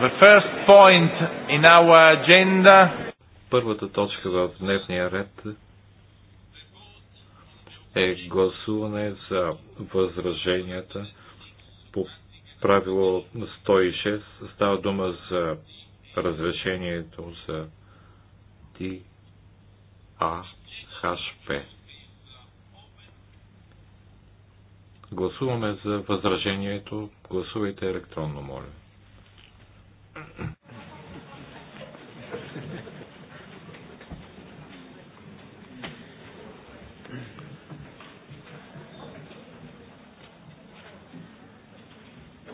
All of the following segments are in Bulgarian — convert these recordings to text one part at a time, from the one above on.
The first point in our agenda. Първата точка в днешния ред е гласуване за възраженията по правило 106. Става дума за разрешението за DAHP. Гласуваме за възражението. Гласувайте електронно, моля.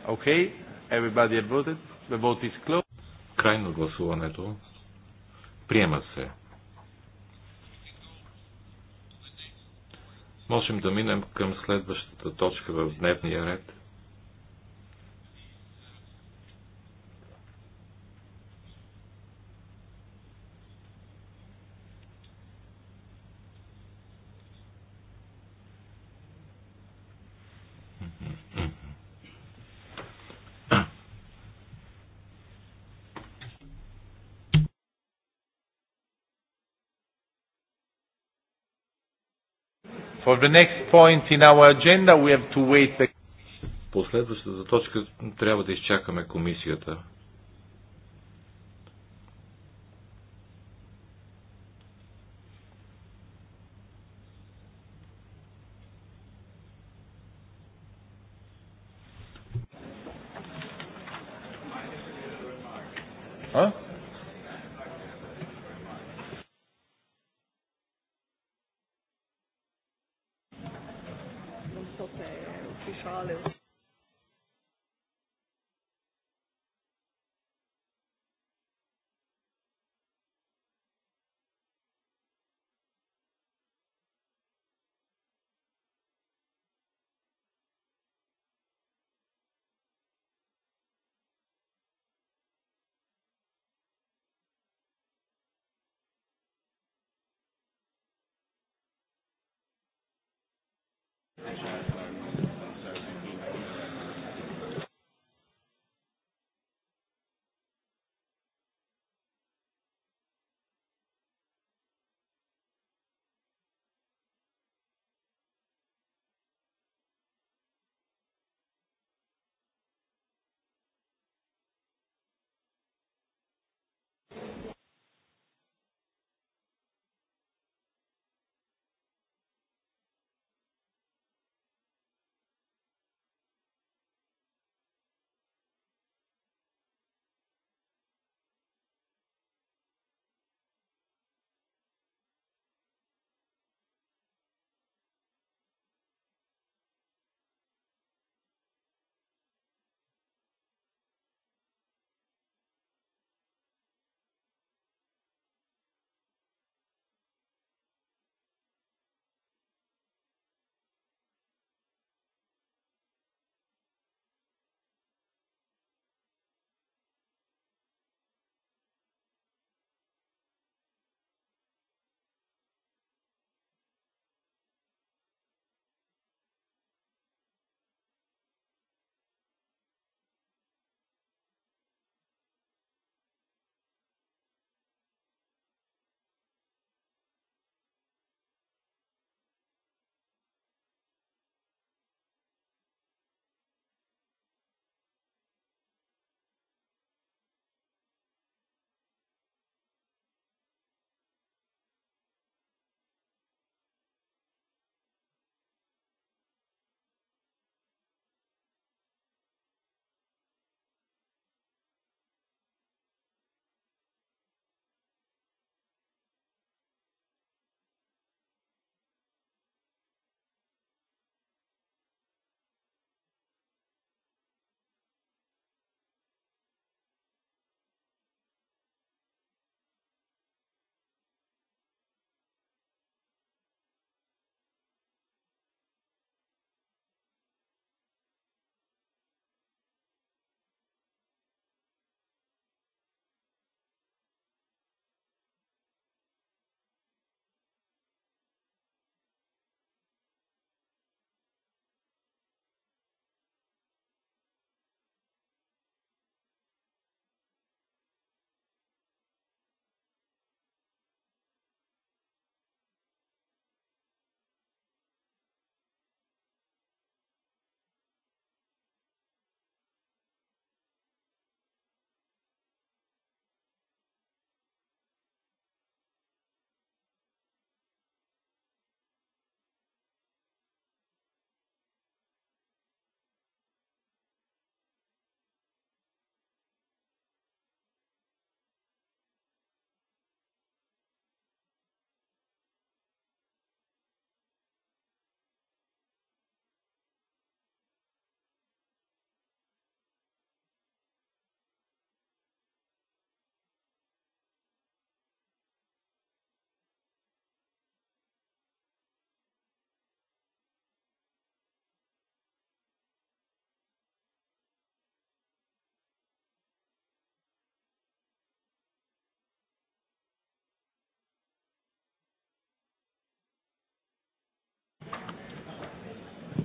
Okay, everybody voted. The vote is closed. Крайно гласуването. Приема се. Можем да минем към следващата точка в дневния ред. For the next point in our agenda we have to wait. the... Последващата точка трябва да изчакаме комисията.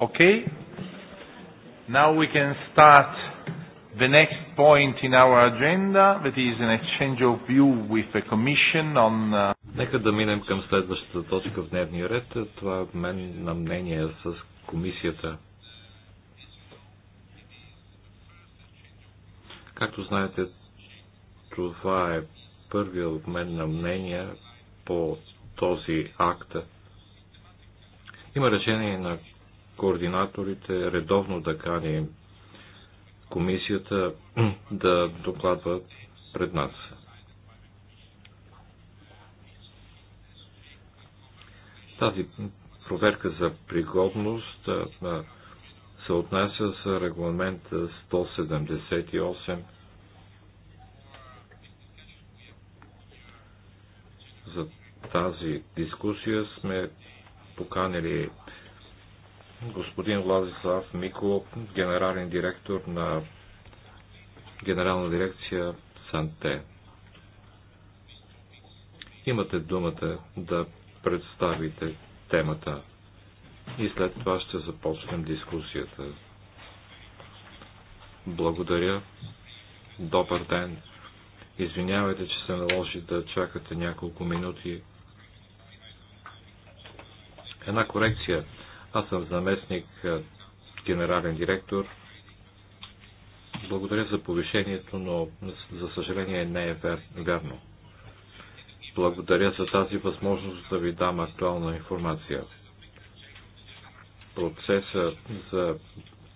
Okay. Now we can start the next point in our agenda, that is an exchange of view with the commission on... Uh, Нека да минем към следващата точка в дневния ред. Това е обмен на мнение с комисията. Както знаете, това е първият обмен на мнение по този акт. Има решение на координаторите редовно да кани комисията да докладва пред нас. Тази проверка за пригодност се отнася с регламент 178 за тази дискусия сме поканили господин Владислав Мико, генерален директор на Генерална дирекция Санте. Имате думата да представите темата и след това ще започнем дискусията. Благодаря. Добър ден. Извинявайте, че се наложи да чакате няколко минути. Една корекция аз съм заместник генерален директор. Благодаря за повишението, но за съжаление не е вярно. Благодаря за тази възможност да ви дам актуална информация. Процеса за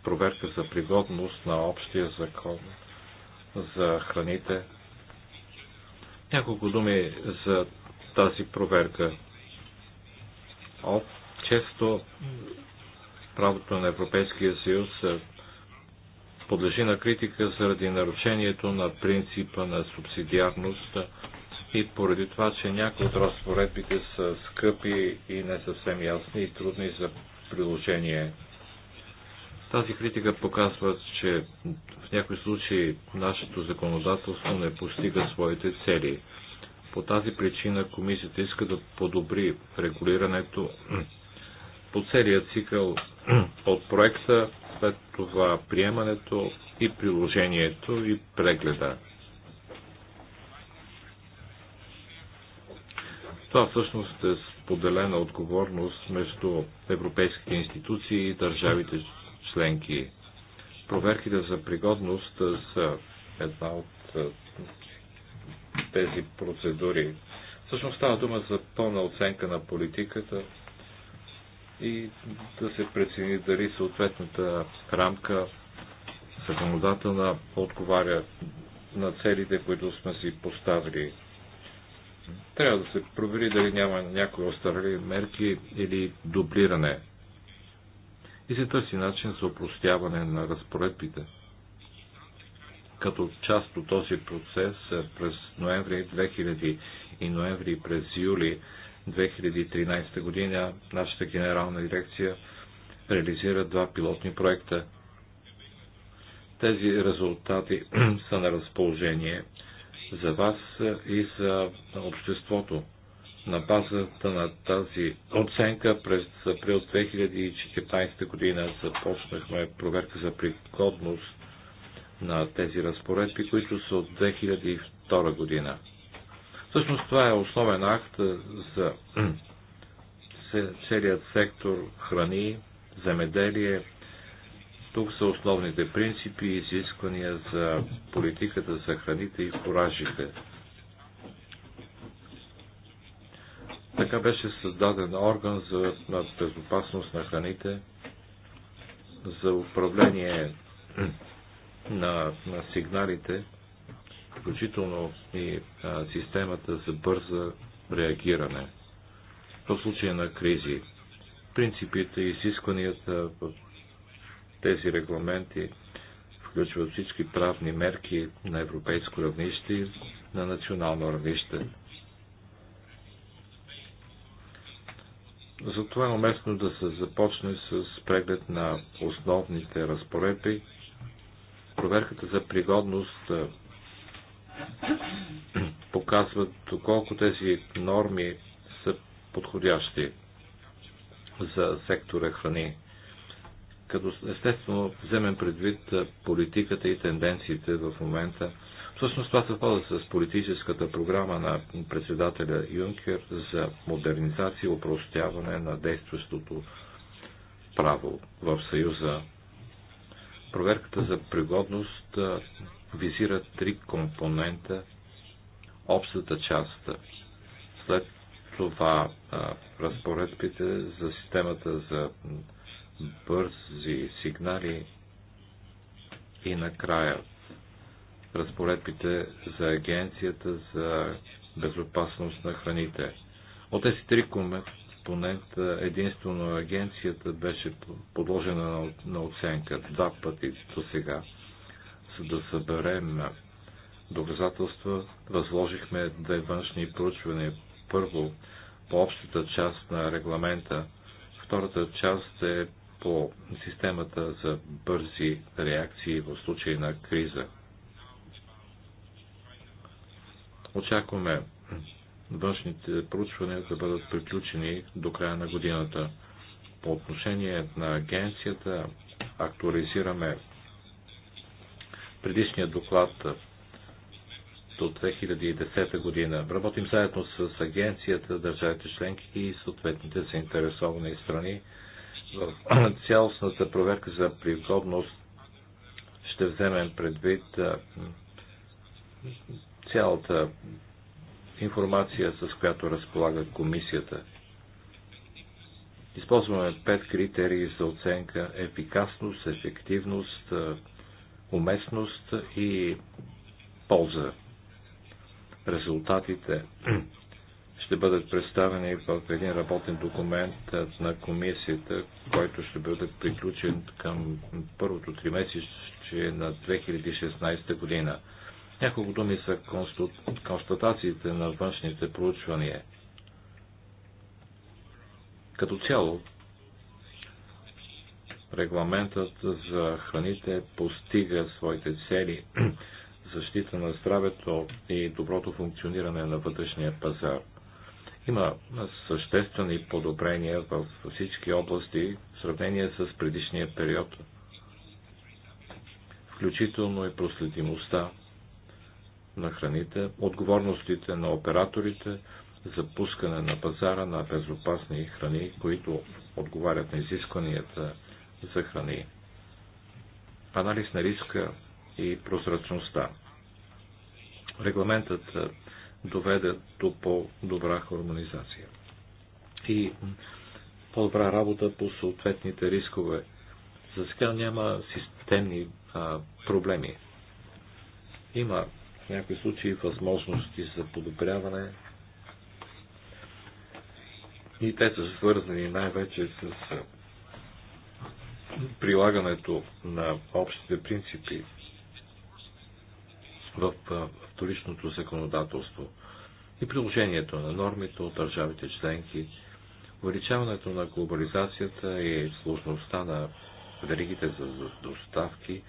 проверка за пригодност на общия закон за храните. Няколко думи за тази проверка. От често правото на Европейския съюз е, подлежи на критика заради нарушението на принципа на субсидиарност и поради това, че някои от разпоредбите са скъпи и не съвсем ясни и трудни за приложение. Тази критика показва, че в някои случаи нашето законодателство не постига своите цели. По тази причина комисията иска да подобри регулирането по целия цикъл от проекта, след това приемането и приложението и прегледа. Това всъщност е споделена отговорност между европейските институции и държавите членки. Проверките за пригодност са една от тези процедури. Всъщност става дума за пълна оценка на политиката и да се прецени дали съответната рамка законодателна отговаря на целите, които сме си поставили. Трябва да се провери дали няма някои остарали мерки или дублиране. И се търси начин за упростяване на разпоредбите. Като част от този процес през ноември 2000 и ноември през юли 2013 година нашата генерална дирекция реализира два пилотни проекта. Тези резултати са на разположение за вас и за обществото. На базата на тази оценка през април 2014 година започнахме проверка за пригодност на тези разпоредби, които са от 2002 година. Всъщност това е основен акт е, за целият сектор храни, земеделие. Тук са основните принципи и изисквания за политиката за храните и фуражите. Така беше създаден орган за безопасност на храните, за управление на, на сигналите включително и а, системата за бърза реагиране в случая на кризи. Принципите и изискванията в тези регламенти включват всички правни мерки на европейско равнище и на национално равнище. Затова е уместно да се започне с преглед на основните разпоредби, проверката за пригодност показват доколко тези норми са подходящи за сектора храни. Като естествено вземем предвид политиката и тенденциите в момента, всъщност това съвпада с политическата програма на председателя Юнкер за модернизация и упростяване на действащото право в Съюза. Проверката за пригодност визира три компонента. Общата част, след това разпоредбите за системата за бързи сигнали и накрая разпоредбите за Агенцията за безопасност на храните. От тези три компонента единствено агенцията беше подложена на оценка два пъти до сега да съберем доказателства, възложихме две външни проучвания. Първо, по общата част на регламента. Втората част е по системата за бързи реакции в случай на криза. Очакваме външните проучвания да бъдат приключени до края на годината. По отношение на агенцията актуализираме предишния доклад до 2010 година. Работим заедно с агенцията, държавите членки и съответните заинтересовани страни. В цялостната проверка за пригодност ще вземем предвид цялата информация, с която разполага комисията. Използваме пет критерии за оценка ефикасност, ефективност, уместност и полза. Резултатите ще бъдат представени в един работен документ на комисията, който ще бъде приключен към първото три месече на 2016 година. Няколко думи са констатациите на външните проучвания. Като цяло, регламентът за храните постига своите цели защита на здравето и доброто функциониране на вътрешния пазар. Има съществени подобрения в всички области в сравнение с предишния период, включително и проследимостта на храните, отговорностите на операторите за пускане на пазара на безопасни храни, които отговарят на изискванията за храни. Анализ на риска и прозрачността. Регламентът доведе до по-добра хармонизация и по-добра работа по съответните рискове. За сега няма системни а, проблеми. Има в някои случаи възможности за подобряване и те са свързани най-вече с прилагането на общите принципи в вторичното законодателство и приложението на нормите от държавите членки, увеличаването на глобализацията и сложността на веригите за доставки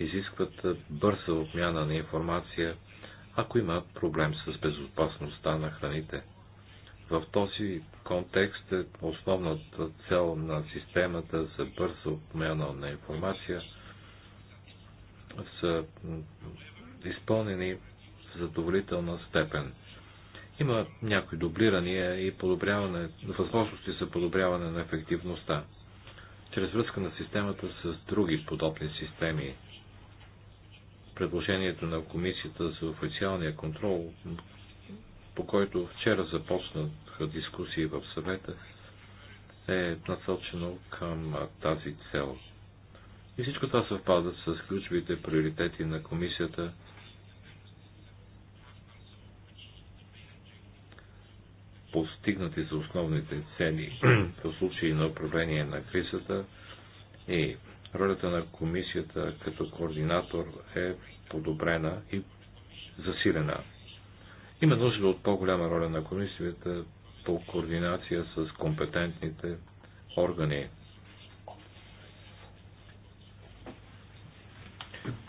изискват бърза отмяна на информация, ако има проблем с безопасността на храните – в този контекст е основната цел на системата за бърза обмяна на информация са изпълнени в задоволителна степен. Има някои дублирания и подобряване, възможности за подобряване на ефективността чрез връзка на системата с други подобни системи. Предложението на Комисията за официалния контрол по който вчера започнаха дискусии в съвета, е насочено към тази цел. И всичко това съвпада с ключовите приоритети на комисията. постигнати за основните цели в случай на управление на кризата и ролята на комисията като координатор е подобрена и засилена. Има нужда от по-голяма роля на комисията по координация с компетентните органи.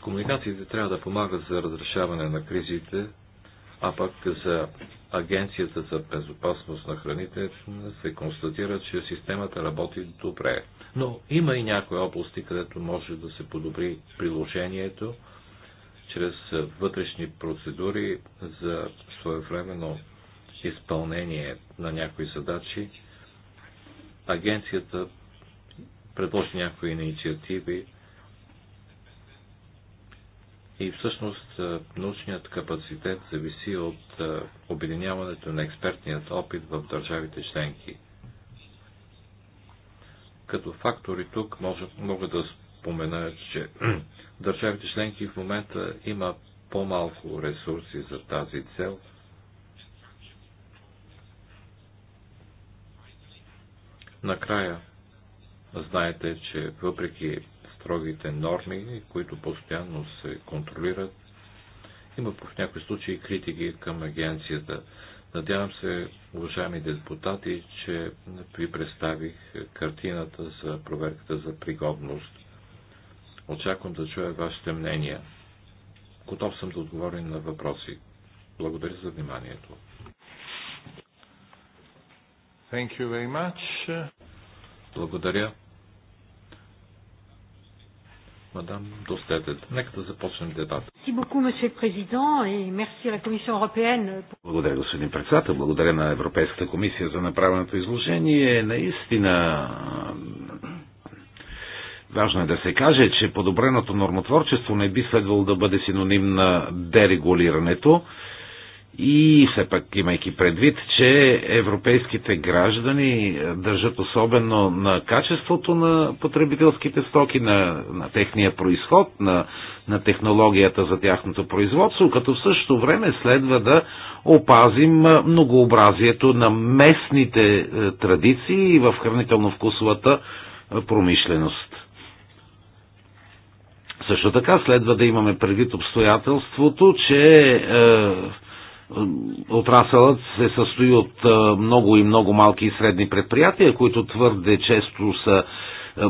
Комуникациите трябва да помагат за разрешаване на кризите, а пък за Агенцията за безопасност на храните се констатира, че системата работи добре. Но има и някои области, където може да се подобри приложението чрез вътрешни процедури за своевременно изпълнение на някои задачи, агенцията предложи някои инициативи и всъщност научният капацитет зависи от обединяването на експертният опит в държавите членки. Като фактори тук може, мога да спомена, че държавите членки в момента има по-малко ресурси за тази цел. Накрая, знаете, че въпреки строгите норми, които постоянно се контролират, има в някои случаи критики към агенцията. Надявам се, уважаеми депутати, че ви представих картината за проверката за пригодност Очаквам да чуя вашите мнения. Готов съм да отговоря на въпроси. Благодаря за вниманието. Thank you very much. Благодаря. Мадам Достетет, нека да започнем дебат. Благодаря, господин председател. Благодаря на Европейската комисия за направеното изложение. Наистина Важно е да се каже, че подобреното нормотворчество не би следвало да бъде синоним на дерегулирането и все пак имайки предвид, че европейските граждани държат особено на качеството на потребителските стоки, на, на техния происход, на, на технологията за тяхното производство, като в същото време следва да опазим многообразието на местните е, традиции в хранително-вкусовата е, промишленост. Също така следва да имаме предвид обстоятелството, че е, е отрасълът се състои от е, много и много малки и средни предприятия, които твърде често са е,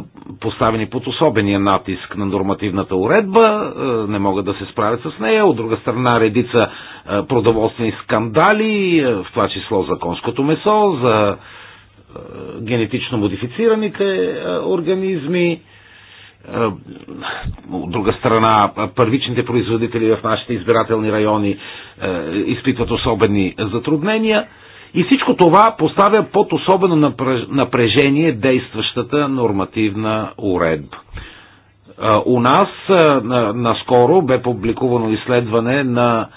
поставени под особения натиск на нормативната уредба, не могат да се справят с нея. От друга страна редица продоволствени скандали, в това число за конското месо, за генетично модифицираните организми е, от друга страна, първичните производители в нашите избирателни райони е, изпитват особени затруднения. И всичко това поставя под особено напрежение действащата нормативна уредба. Е, у нас наскоро бе публикувано изследване на,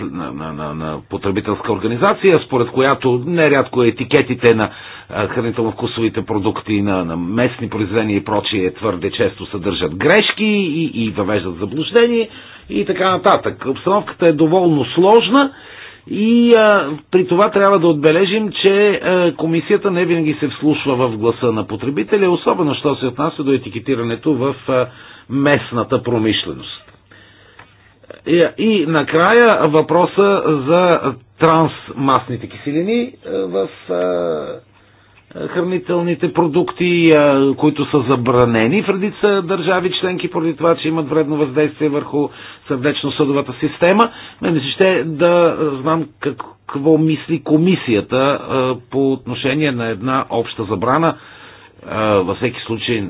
на, на, на потребителска организация, според която нерядко етикетите на хранително-вкусовите продукти, на, на местни произведения и прочие твърде често съдържат грешки и, и въвеждат заблуждение и така нататък. Обстановката е доволно сложна. И а, при това трябва да отбележим, че а, комисията не винаги се вслушва в гласа на потребителя, особено що се отнася до етикетирането в а, местната промишленост. И, и накрая въпроса за трансмасните киселини в е, хранителните продукти, е, които са забранени в редица държави членки, поради това, че имат вредно въздействие върху сърдечно-съдовата система. Мен ще да знам какво мисли комисията е, по отношение на една обща забрана. Във всеки случай,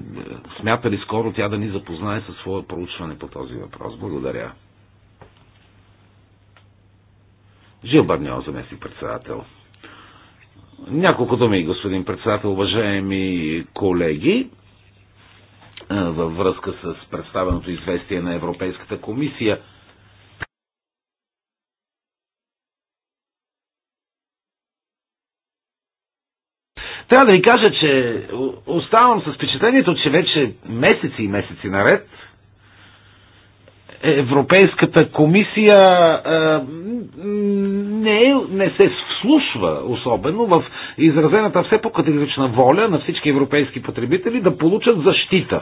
смята ли скоро тя да ни запознае със своя проучване по този въпрос? Благодаря. Жил Барньо, заместник председател. Няколко думи, господин председател, уважаеми колеги, във връзка с представеното известие на Европейската комисия. Трябва да ви кажа, че оставам с впечатлението, че вече месеци и месеци наред – Европейската комисия не, е, не се вслушва особено в изразената все по-категорична воля на всички европейски потребители да получат защита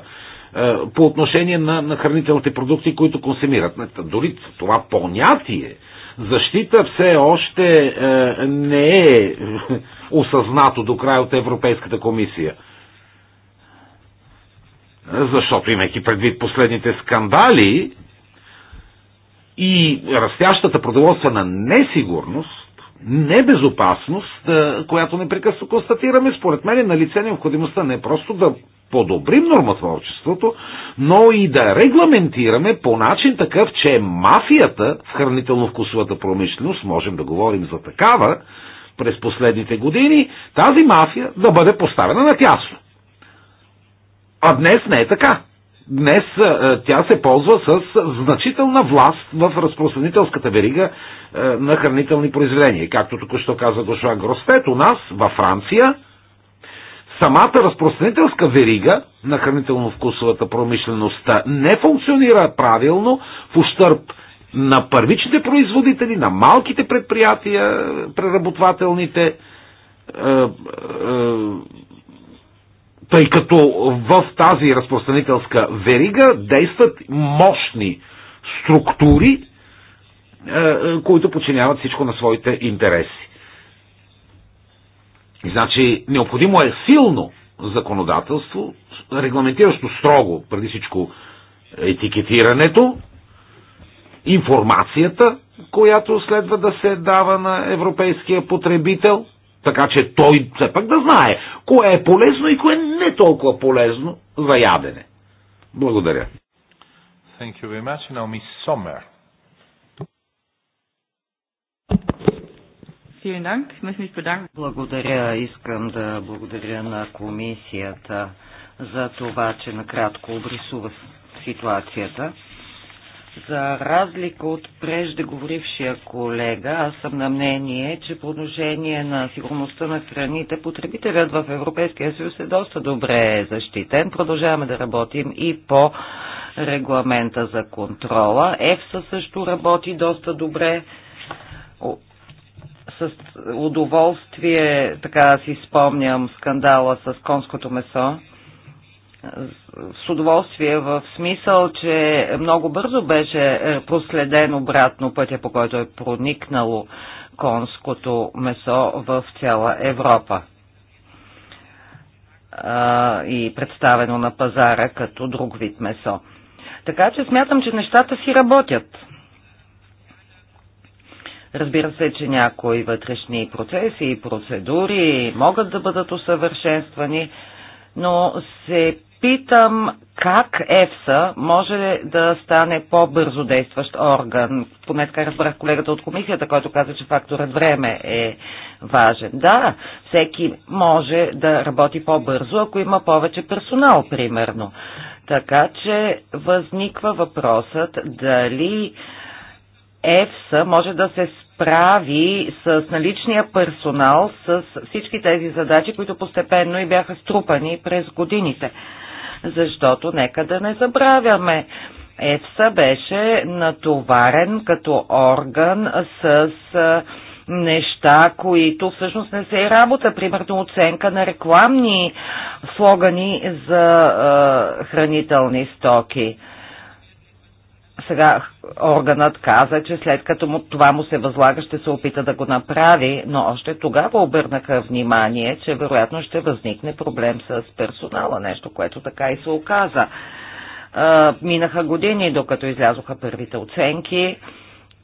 по отношение на, на хранителните продукти, които консумират. Дори това понятие защита все още не е осъзнато до края от Европейската комисия. Защото, имайки предвид последните скандали, и растящата продоволствена несигурност, небезопасност, е, която непрекъснато констатираме, според мен е на лице необходимостта не просто да подобрим нормотворчеството, но и да регламентираме по начин такъв, че мафията в хранително-вкусовата промишленост, можем да говорим за такава, през последните години, тази мафия да бъде поставена на тясно. А днес не е така. Днес е, тя се ползва с значителна власт в разпространителската верига е, на хранителни произведения. Както току-що каза Гошуа Гростет, у нас, във Франция, самата разпространителска верига на хранително-вкусовата промишленост не функционира правилно в ущърп на първичните производители, на малките предприятия, преработвателните, е, тъй като в тази разпространителска верига действат мощни структури, е, които подчиняват всичко на своите интереси. Значи, необходимо е силно законодателство, регламентиращо строго, преди всичко, етикетирането, информацията, която следва да се дава на европейския потребител – така че той все пак да знае кое е полезно и кое не е толкова полезно за ядене. Благодаря. Thank you very much. Now Miss Sommer. Благодаря. Искам да благодаря на комисията за това, че накратко обрисува ситуацията. За разлика от преждеговорившия колега, аз съм на мнение, че по отношение на сигурността на храните, потребителят в Европейския съюз е доста добре защитен. Продължаваме да работим и по регламента за контрола. ЕФСА също работи доста добре. С удоволствие, така си спомням, скандала с конското месо с удоволствие в смисъл, че много бързо беше е, проследен обратно пътя, по който е проникнало конското месо в цяла Европа и представено на пазара като друг вид месо. Така че смятам, че нещата си работят. Разбира се, че някои вътрешни процеси и процедури могат да бъдат усъвършенствани, но се Питам, как ЕФСА може да стане по-бързо действащ орган. Поне така разбрах колегата от комисията, който каза, че факторът време е важен. Да, всеки може да работи по-бързо, ако има повече персонал, примерно. Така че възниква въпросът дали ЕФСА може да се прави с наличния персонал с всички тези задачи, които постепенно и бяха струпани през годините защото нека да не забравяме. ЕФСА беше натоварен като орган с неща, които всъщност не са и работа. Примерно оценка на рекламни слогани за е, хранителни стоки. Сега органът каза, че след като му, това му се възлага, ще се опита да го направи, но още тогава обърнаха внимание, че вероятно ще възникне проблем с персонала, нещо, което така и се оказа. А, минаха години, докато излязоха първите оценки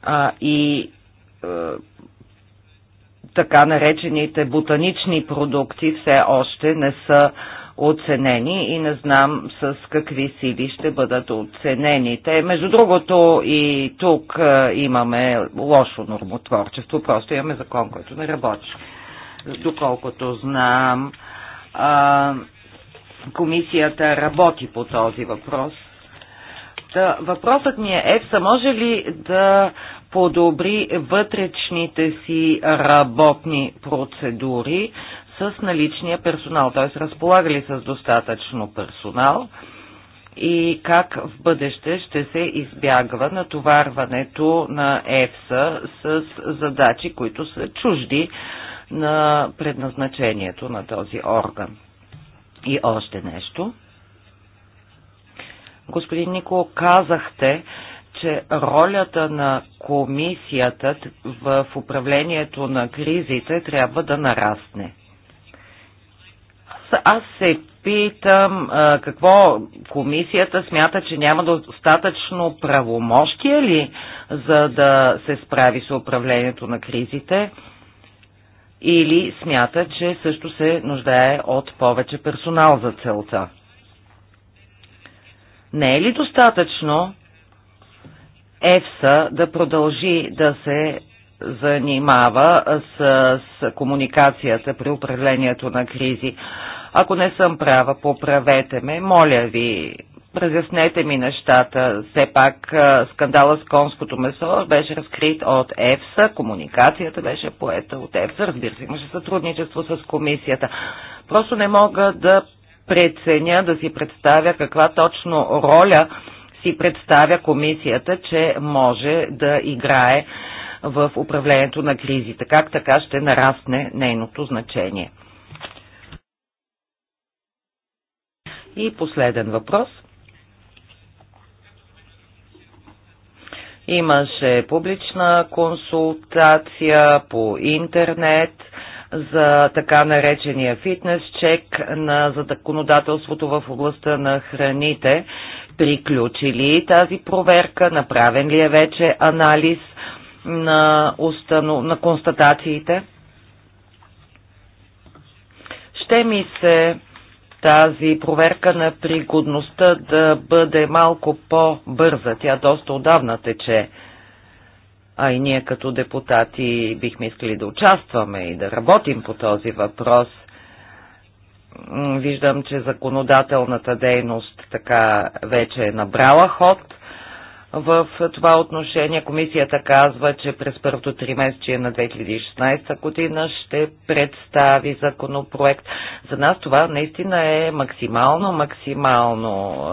а, и а, така наречените ботанични продукти все още не са а, оценени и не знам с какви сили ще бъдат оценени. Те, между другото, и тук е, имаме лошо нормотворчество, просто имаме закон, който не работи. Доколкото знам, а, комисията работи по този въпрос. Та, въпросът ми е, ЕФСА може ли да подобри вътрешните си работни процедури, с наличния персонал, т.е. разполагали с достатъчно персонал и как в бъдеще ще се избягва натоварването на ЕФСА с задачи, които са чужди на предназначението на този орган. И още нещо. Господин Нико, казахте, че ролята на комисията в управлението на кризите трябва да нарасне аз се питам а, какво комисията смята, че няма достатъчно правомощия ли, за да се справи с управлението на кризите или смята, че също се нуждае от повече персонал за целта. Не е ли достатъчно ЕФСА да продължи да се занимава с, с комуникацията при управлението на кризи? Ако не съм права, поправете ме. Моля ви, разяснете ми нещата. Все пак скандала с конското месо беше разкрит от ЕФСА, комуникацията беше поета от ЕФСА, разбира се, имаше сътрудничество с комисията. Просто не мога да преценя, да си представя каква точно роля си представя комисията, че може да играе в управлението на кризите. Как така ще нарасне нейното значение? И последен въпрос. Имаше публична консултация по интернет за така наречения фитнес чек на законодателството в областта на храните. Приключи ли тази проверка? Направен ли е вече анализ на, установ... на констатациите? Ще ми се тази проверка на пригодността да бъде малко по-бърза. Тя доста отдавна тече. А и ние като депутати бихме искали да участваме и да работим по този въпрос. Виждам, че законодателната дейност така вече е набрала ход – в това отношение комисията казва, че през първото три месече на 2016 година ще представи законопроект. За нас това наистина е максимално, максимално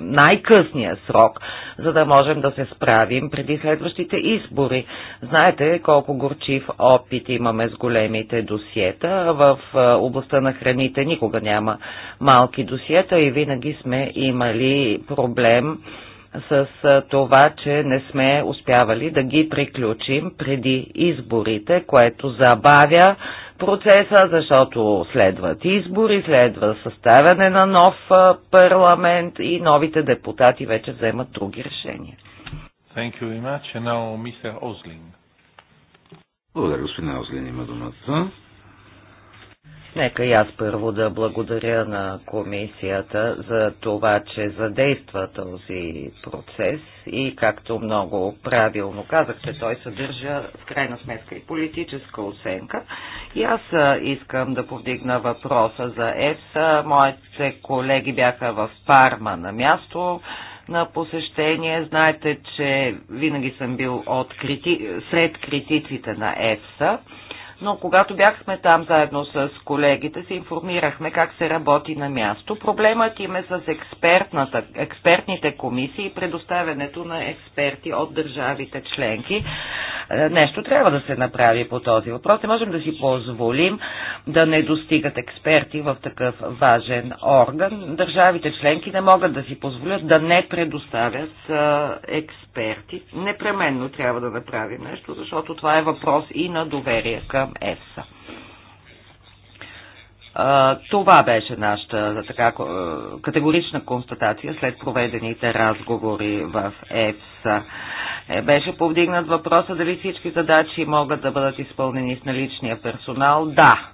най-късния срок, за да можем да се справим преди следващите избори. Знаете колко горчив опит имаме с големите досиета. В областта на храните никога няма малки досиета и винаги сме имали проблем с това, че не сме успявали да ги приключим преди изборите, което забавя процеса, защото следват избори, следва съставяне на нов парламент и новите депутати вече вземат други решения. Thank you very much. And now, Mr. Osling. Благодаря, господин Озлин, има думата. Нека и аз първо да благодаря на комисията за това, че задейства този процес и както много правилно казахте, той съдържа в крайна сметка и политическа оценка. И аз искам да повдигна въпроса за ЕСА. Моите колеги бяха в Парма на място на посещение. Знаете, че винаги съм бил от крити... сред критиците на ЕФСА но когато бяхме там заедно с колегите, се информирахме как се работи на място. Проблемът им е с експертните комисии и предоставянето на експерти от държавите членки. Е, нещо трябва да се направи по този въпрос. Не можем да си позволим да не достигат експерти в такъв важен орган. Държавите членки не могат да си позволят да не предоставят е, експерти. Непременно трябва да направим нещо, защото това е въпрос и на доверие към към ЕФСА. Това беше нашата така, категорична констатация след проведените разговори в ЕФСА. Е, беше повдигнат въпроса дали всички задачи могат да бъдат изпълнени с наличния персонал. Да,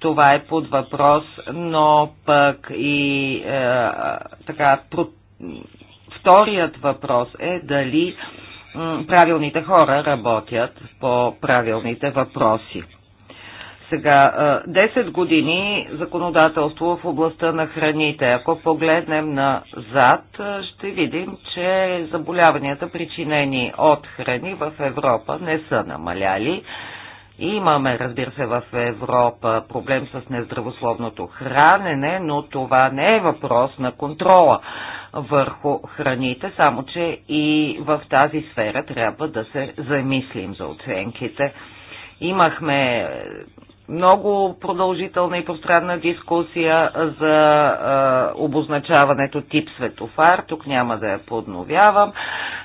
това е под въпрос, но пък и е, така, вторият въпрос е дали правилните хора работят по правилните въпроси. Сега, 10 години законодателство в областта на храните. Ако погледнем назад, ще видим, че заболяванията, причинени от храни в Европа, не са намаляли. Имаме, разбира се, в Европа проблем с нездравословното хранене, но това не е въпрос на контрола върху храните, само че и в тази сфера трябва да се замислим за оценките. Имахме много продължителна и пространна дискусия за а, обозначаването тип светофар. Тук няма да я подновявам.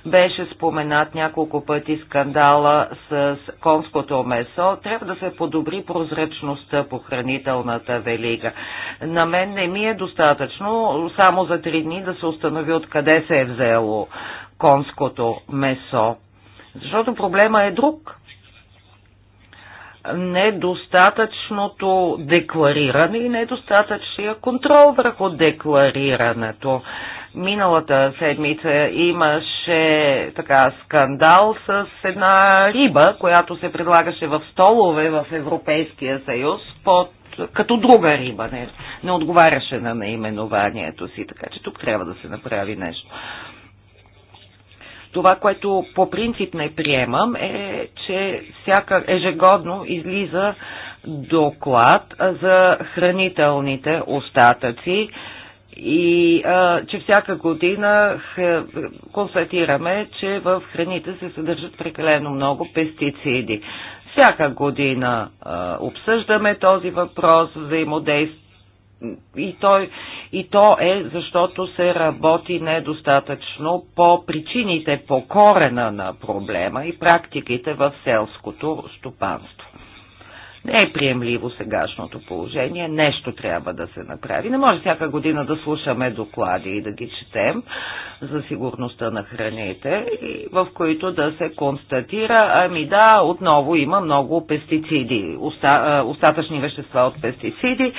Беше споменат няколко пъти скандала с конското месо. Трябва да се подобри прозрачността по хранителната велига. На мен не ми е достатъчно само за три дни да се установи откъде се е взело конското месо. Защото проблема е друг недостатъчното деклариране и недостатъчния контрол върху декларирането. Миналата седмица имаше така скандал с една риба, която се предлагаше в столове в Европейския съюз под като друга риба. Не, не отговаряше на наименованието си, така че тук трябва да се направи нещо. Това, което по принцип не приемам е, че всяка ежегодно излиза доклад за хранителните остатъци и а, че всяка година констатираме, че в храните се съдържат прекалено много пестициди. Всяка година а, обсъждаме този въпрос, взаимодействие и, той, и то е защото се работи недостатъчно по причините, по корена на проблема и практиките в селското стопанство. Не е приемливо сегашното положение, нещо трябва да се направи. Не може всяка година да слушаме доклади и да ги четем за сигурността на храните, в които да се констатира, ами да, отново има много пестициди, остатъчни вещества от пестициди,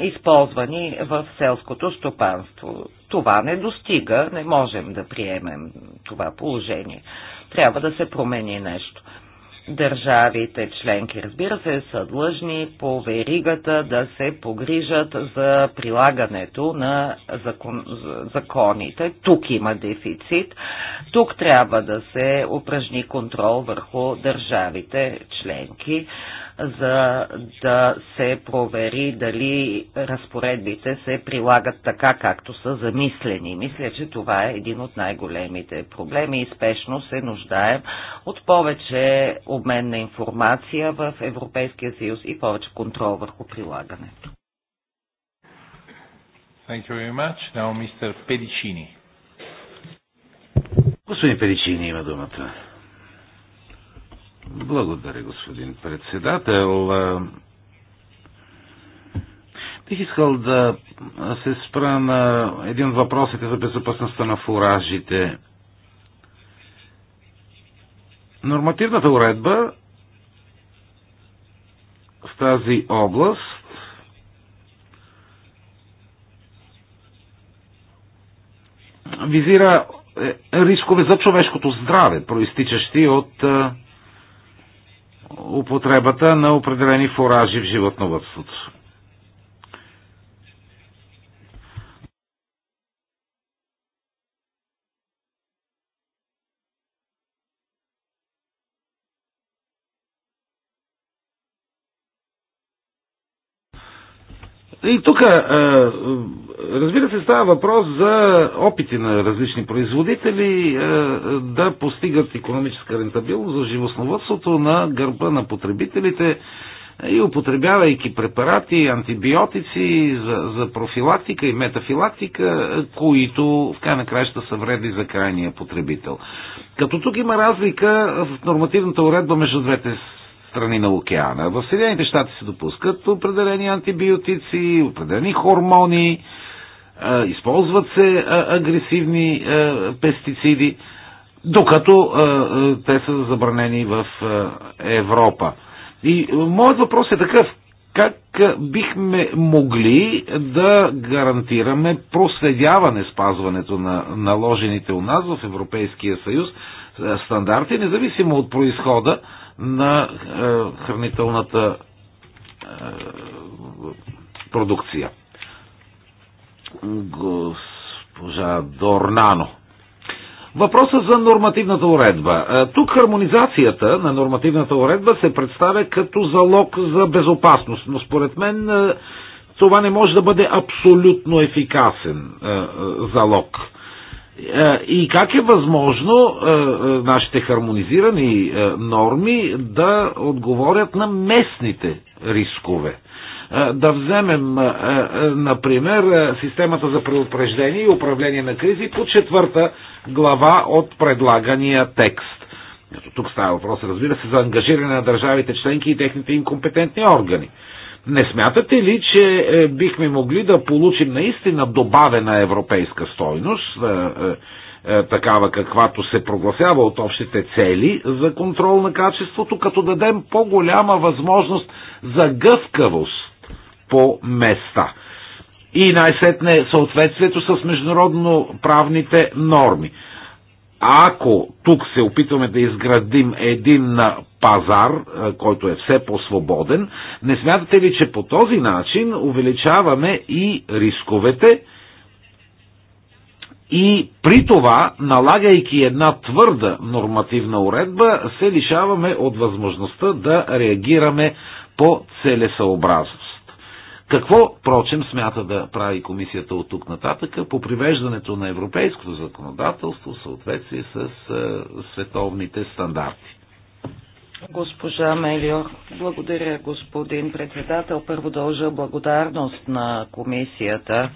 използвани в селското стопанство. Това не достига, не можем да приемем това положение. Трябва да се промени нещо. Държавите членки, разбира се, са длъжни по веригата да се погрижат за прилагането на закон, законите. Тук има дефицит. Тук трябва да се упражни контрол върху държавите членки за да се провери дали разпоредбите се прилагат така, както са замислени. Мисля, че това е един от най-големите проблеми и спешно се нуждаем от повече обмен на информация в Европейския съюз и повече контрол върху прилагането. Thank you very much. Now, Mr. Pedicini. Господин педичини има думата. Благодаря, господин председател. Бих искал да се спра на един от въпросите за безопасността на фуражите. Нормативната уредба в тази област визира е, рискове за човешкото здраве, проистичащи от е, употребата на определени фуражи в животновътството. И тук е, Разбира се, става въпрос за опити на различни производители е, е, да постигат економическа рентабилност за животновътството на гърба на потребителите и употребявайки препарати, антибиотици за, за профилактика и метафилактика, е, които в край на краища са вредни за крайния потребител. Като тук има разлика в нормативната уредба между двете страни на океана. В Съединените щати се допускат определени антибиотици, определени хормони, използват се агресивни пестициди, докато те са забранени в Европа. И моят въпрос е такъв. Как бихме могли да гарантираме проследяване спазването на наложените у нас в Европейския съюз стандарти, независимо от происхода на хранителната продукция? госпожа Дорнано. Въпросът за нормативната уредба. Е, тук хармонизацията на нормативната уредба се представя като залог за безопасност, но според мен е, това не може да бъде абсолютно ефикасен е, залог. И как е възможно нашите хармонизирани норми да отговорят на местните рискове? Да вземем, например, системата за предупреждение и управление на кризи по четвърта глава от предлагания текст. Тук става въпрос, разбира се, за ангажиране на държавите членки и техните им компетентни органи. Не смятате ли, че е, бихме могли да получим наистина добавена европейска стойност, е, е, такава каквато се прогласява от общите цели за контрол на качеството, като дадем по-голяма възможност за гъвкавост по места. И най-сетне съответствието с международно правните норми. Ако тук се опитваме да изградим един пазар, е, който е все по-свободен, не смятате ли, че по този начин увеличаваме и рисковете, и при това, налагайки една твърда нормативна уредба, се лишаваме от възможността да реагираме по целесъобразност. Какво, прочем, смята да прави комисията от тук нататък по привеждането на европейското законодателство в съответствие с е, световните стандарти? Госпожа Мелиор, благодаря господин председател. Първо дължа благодарност на комисията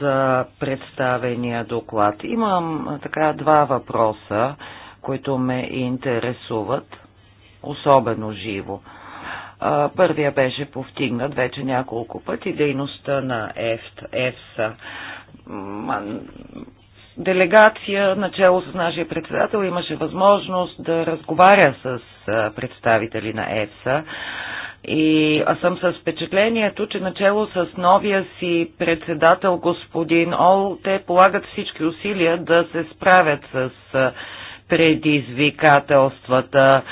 за представения доклад. Имам е, така два въпроса, които ме интересуват особено живо. Първия беше повтигнат вече няколко пъти дейността на ЕФСА. Делегация, начало с нашия председател, имаше възможност да разговаря с представители на ЕФСА. И аз съм с впечатлението, че начало с новия си председател господин Ол, те полагат всички усилия да се справят с предизвикателствата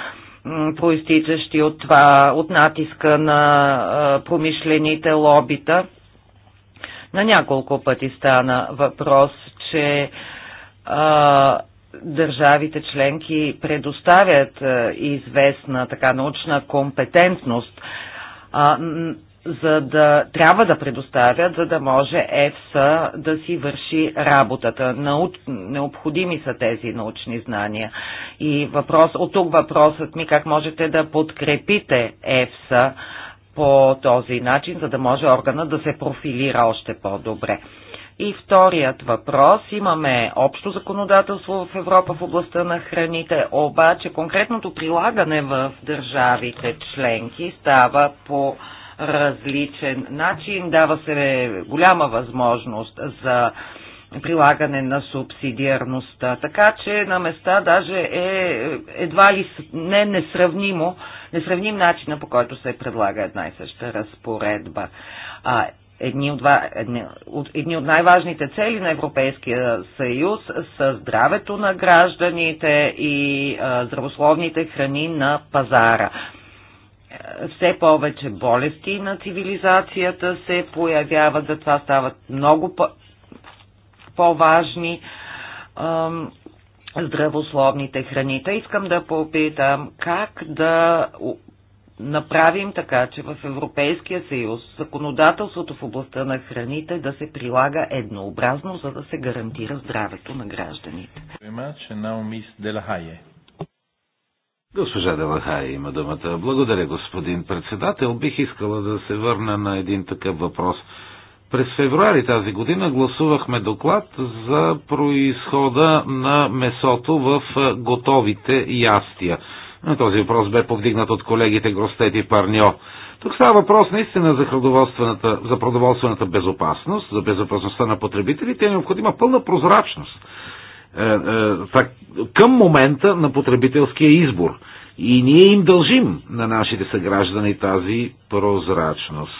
проистичащи от това, от натиска на промишлените лобита. На няколко пъти стана въпрос, че а, държавите членки предоставят а, известна така научна компетентност. А, за да трябва да предоставят, за да може ЕФСА да си върши работата. Нау... Необходими са тези научни знания. И въпрос, от тук въпросът ми как можете да подкрепите ЕФСА по този начин, за да може органа да се профилира още по-добре. И вторият въпрос. Имаме общо законодателство в Европа в областта на храните, обаче конкретното прилагане в държавите членки става по различен начин. Дава се голяма възможност за прилагане на субсидиарността. Така че на места даже е едва ли не несравнимо, несравним начина по който се предлага една и съща разпоредба. А, едни от, едни, от, едни от най-важните цели на Европейския съюз са здравето на гражданите и а, здравословните храни на пазара все повече болести на цивилизацията се появяват, затова стават много по-важни здравословните храните. Искам да попитам как да направим така, че в Европейския съюз законодателството в областта на храните да се прилага еднообразно, за да се гарантира здравето на гражданите. Госпожа Делахай има думата. Благодаря, господин председател. Бих искала да се върна на един такъв въпрос. През февруари тази година гласувахме доклад за происхода на месото в готовите ястия. Този въпрос бе повдигнат от колегите Гростет и Парньо. Тук става въпрос наистина за, за продоволствената безопасност, за безопасността на потребителите е необходима пълна прозрачност е, е, към момента на потребителския избор. И ние им дължим на нашите съграждани тази прозрачност.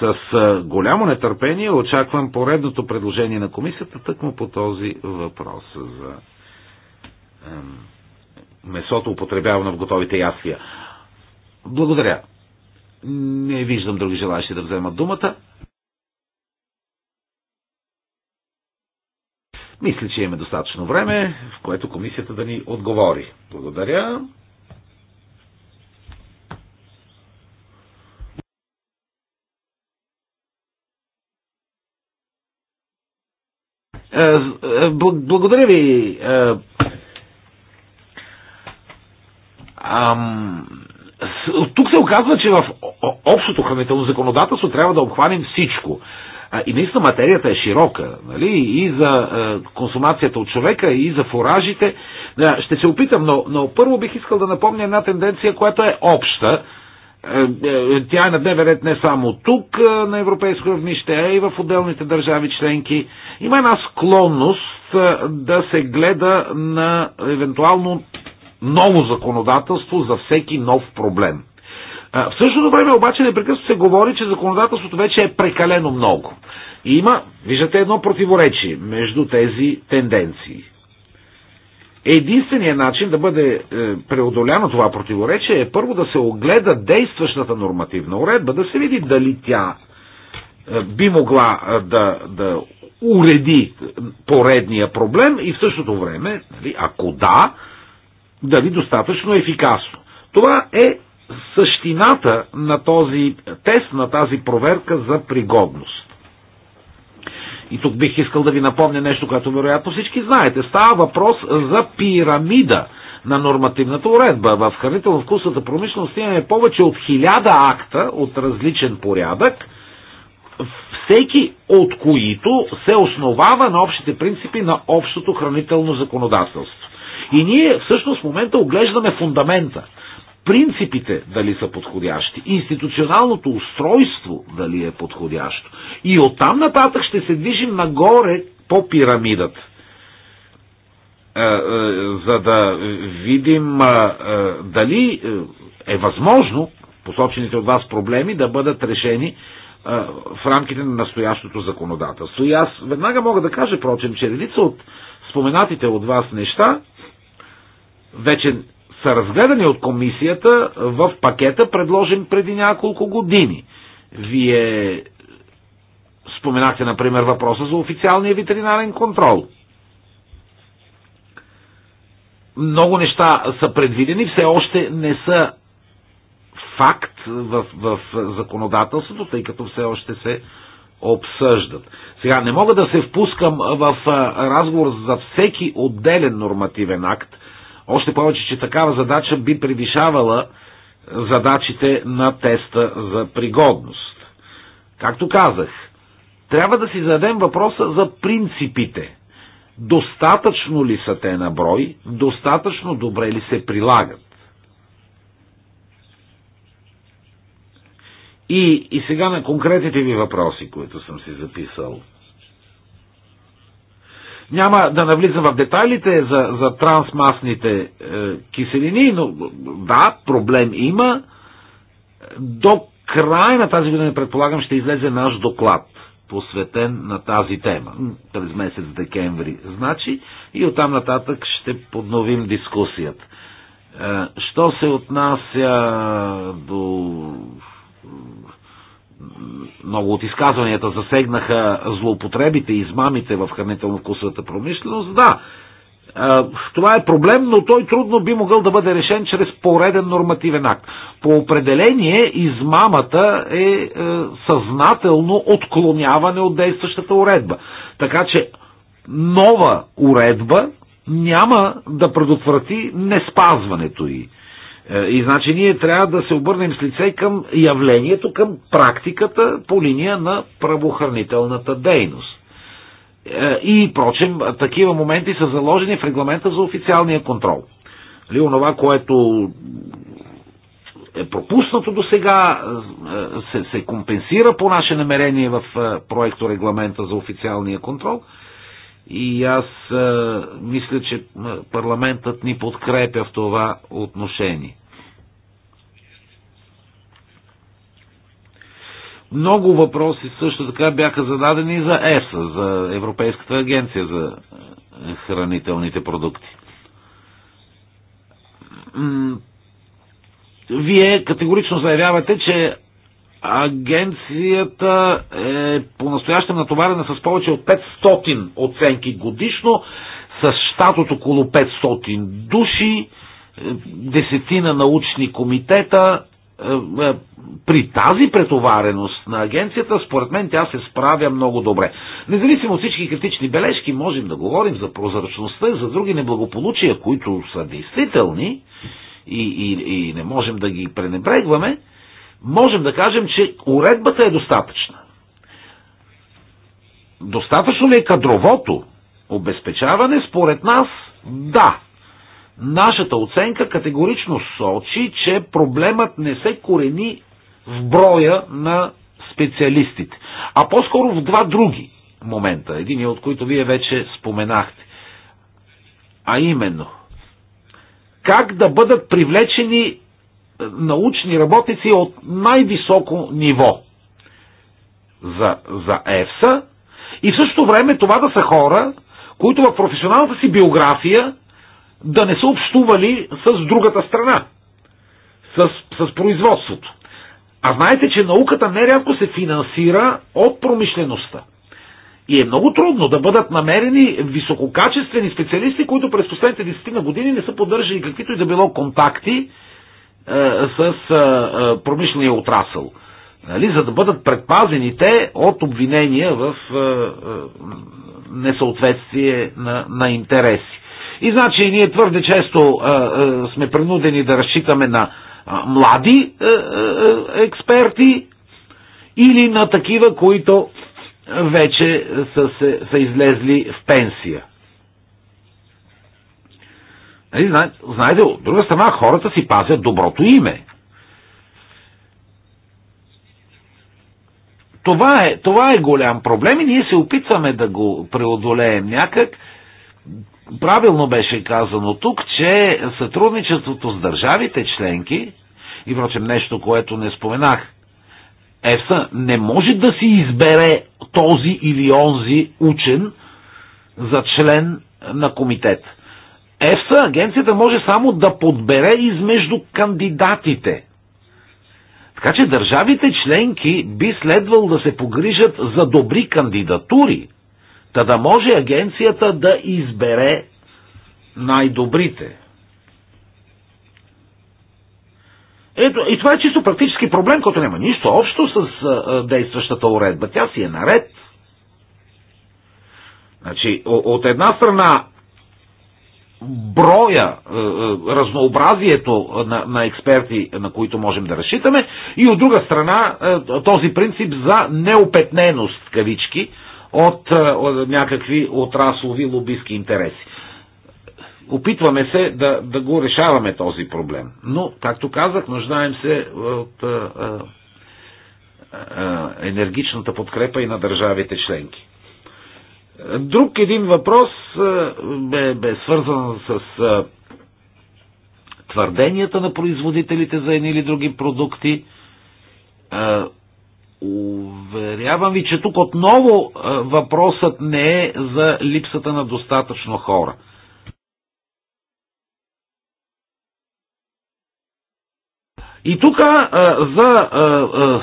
С е, голямо нетърпение очаквам поредното предложение на комисията тъкмо по този въпрос за месото употребявано в готовите ястия. Благодаря. Не виждам други желащи да вземат думата. Мисля, че имаме достатъчно време, в което комисията да ни отговори. Благодаря. Е, е, благодаря ви. Е, ам... Тук се оказва, че в общото хранително законодателство трябва да обхванем всичко. И наистина материята е широка, нали? и за консумацията от човека, и за фуражите. Ще се опитам, но, но първо бих искал да напомня една тенденция, която е обща. Е, е, тя е на дневен ред не само тук е, на европейско равнище, а и в отделните държави членки. Има една склонност да се гледа на евентуално ново законодателство за всеки нов проблем. В същото време обаче непрекъснато се говори, че законодателството вече е прекалено много. И има, виждате, едно противоречие между тези тенденции. Единственият начин да бъде е, преодоляно това противоречие е първо да се огледа действащата нормативна уредба, да се види дали тя е, би могла е, да, да уреди поредния проблем и в същото време, нали, ако да, дали достатъчно ефикасно. Това е същината на този тест, на тази проверка за пригодност. И тук бих искал да ви напомня нещо, което вероятно всички знаете. Става въпрос за пирамида на нормативната уредба. В хранително-вкусната промишленост имаме повече от хиляда акта от различен порядък, всеки от които се основава на общите принципи на общото хранително законодателство. И ние всъщност в момента оглеждаме фундамента принципите дали са подходящи, институционалното устройство дали е подходящо. И оттам нататък ще се движим нагоре по пирамидата. Е, е, за да видим е, дали е възможно посочените от вас проблеми да бъдат решени в рамките на настоящото законодателство. И аз веднага мога да кажа, прочим, че редица от споменатите от вас неща вече са разгледани от комисията в пакета, предложен преди няколко години. Вие споменахте, например, въпроса за официалния ветеринарен контрол. Много неща са предвидени, все още не са факт в, в законодателството, тъй като все още се обсъждат. Сега не мога да се впускам в разговор за всеки отделен нормативен акт, още повече, че такава задача би превишавала задачите на теста за пригодност. Както казах, трябва да си зададем въпроса за принципите. Достатъчно ли са те на брой? Достатъчно добре ли се прилагат? И, и сега на конкретните ви въпроси, които съм си записал – няма да навлизам в детайлите за, за трансмасните е, киселини, но да, проблем има. До края на тази година, предполагам, ще излезе наш доклад, посветен на тази тема. През месец декември, значи, и оттам нататък ще подновим дискусията. Е, що се отнася до много от изказванията засегнаха злоупотребите и измамите в хранително-вкусовата промишленост. Да, това е проблем, но той трудно би могъл да бъде решен чрез пореден нормативен акт. По определение измамата е, е съзнателно отклоняване от действащата уредба. Така че нова уредба няма да предотврати неспазването й. Е, и значи ние трябва да се обърнем с лице към явлението, към практиката по линия на правоохранителната дейност. Е, и, прочим, такива моменти са заложени в регламента за официалния контрол. Ли, онова, което е пропуснато до сега, е, се, се компенсира по наше намерение в проекто регламента за официалния контрол – и аз мисля, че парламентът ни подкрепя в това отношение. Много въпроси също така бяха зададени за ЕСА, за Европейската агенция за хранителните продукти. Вие категорично заявявате, че Агенцията е по-настоящем натоварена с повече от 500 оценки годишно, с щат от около 500 души, е, десетина научни комитета. Е, е, при тази претовареност на агенцията, според мен, тя се справя много добре. Независимо от всички критични бележки, можем да говорим за прозрачността и за други неблагополучия, които са действителни и, и, и не можем да ги пренебрегваме, можем да кажем, че уредбата е достатъчна. Достатъчно ли е кадровото обезпечаване? Според нас, да. Нашата оценка категорично сочи, че проблемът не се корени в броя на специалистите, а по-скоро в два други момента, един от които вие вече споменахте. А именно, как да бъдат привлечени научни работници от най-високо ниво за, за ЕФСА и в същото време това да са хора, които в професионалната си биография да не са общували с другата страна, с, с производството. А знаете, че науката нерядко се финансира от промишлеността. И е много трудно да бъдат намерени висококачествени специалисти, които през последните 10 на години не са поддържали каквито и да било контакти е, с е, е, промишления отрасъл. Нали, за да бъдат предпазени те от обвинения в несъответствие на, на интереси. И значи ние твърде често а, а, сме принудени да разчитаме на а, млади а, а, експерти или на такива, които вече са, се, са излезли в пенсия. Нали, знаете, от друга страна хората си пазят доброто име. Това е, това е голям проблем и ние се опитваме да го преодолеем някак. Правилно беше казано тук, че сътрудничеството с държавите членки, и впрочем нещо, което не споменах, ЕФСА не може да си избере този или онзи учен за член на комитет. ЕФСА, агенцията може само да подбере измежду кандидатите. Така че държавите членки би следвал да се погрижат за добри кандидатури, та да може агенцията да избере най-добрите. Ето, и това е чисто практически проблем, който няма нищо общо с а, действащата уредба. Тя си е наред. Значи, от една страна броя, е, е, разнообразието на, експерти, на които можем да разчитаме, и от друга страна е, този принцип за неопетненост, кавички, от, от някакви отраслови лобистки интереси. Опитваме се да, да го решаваме този проблем. Но, както казах, нуждаем се от а, а, енергичната подкрепа и на държавите членки. Друг един въпрос бе, бе свързан с твърденията на производителите за едни или други продукти. Уверявам ви, че тук отново въпросът не е за липсата на достатъчно хора. И тук за, а,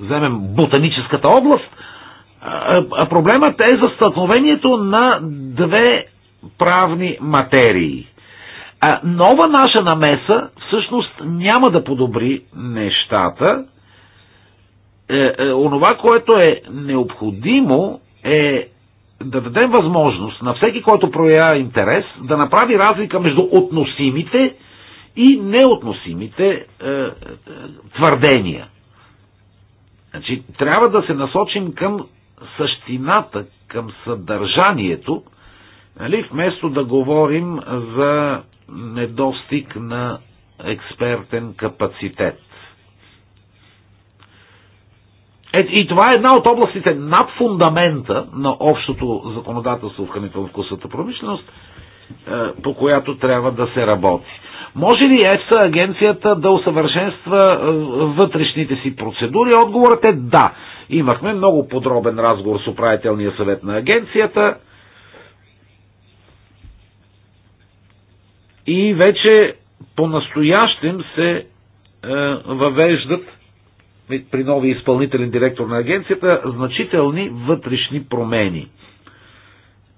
вземем ботаническата област, а проблемът е за стълкновението на две правни материи. А нова наша намеса всъщност няма да подобри нещата. Е, е, онова, което е необходимо е да дадем възможност на всеки, който проявява интерес, да направи разлика между относимите и неотносимите е, е, твърдения. Значи, трябва да се насочим към същината, към съдържанието, нали, вместо да говорим за недостиг на експертен капацитет. Е, и това е една от областите над фундамента на общото законодателство в хранително-вкусната промишленост, е, по която трябва да се работи. Може ли ЕФСА агенцията да усъвършенства вътрешните си процедури? Отговорът е да. Имахме много подробен разговор с управителния съвет на агенцията. И вече по-настоящем се е, въвеждат при нови изпълнителен директор на агенцията значителни вътрешни промени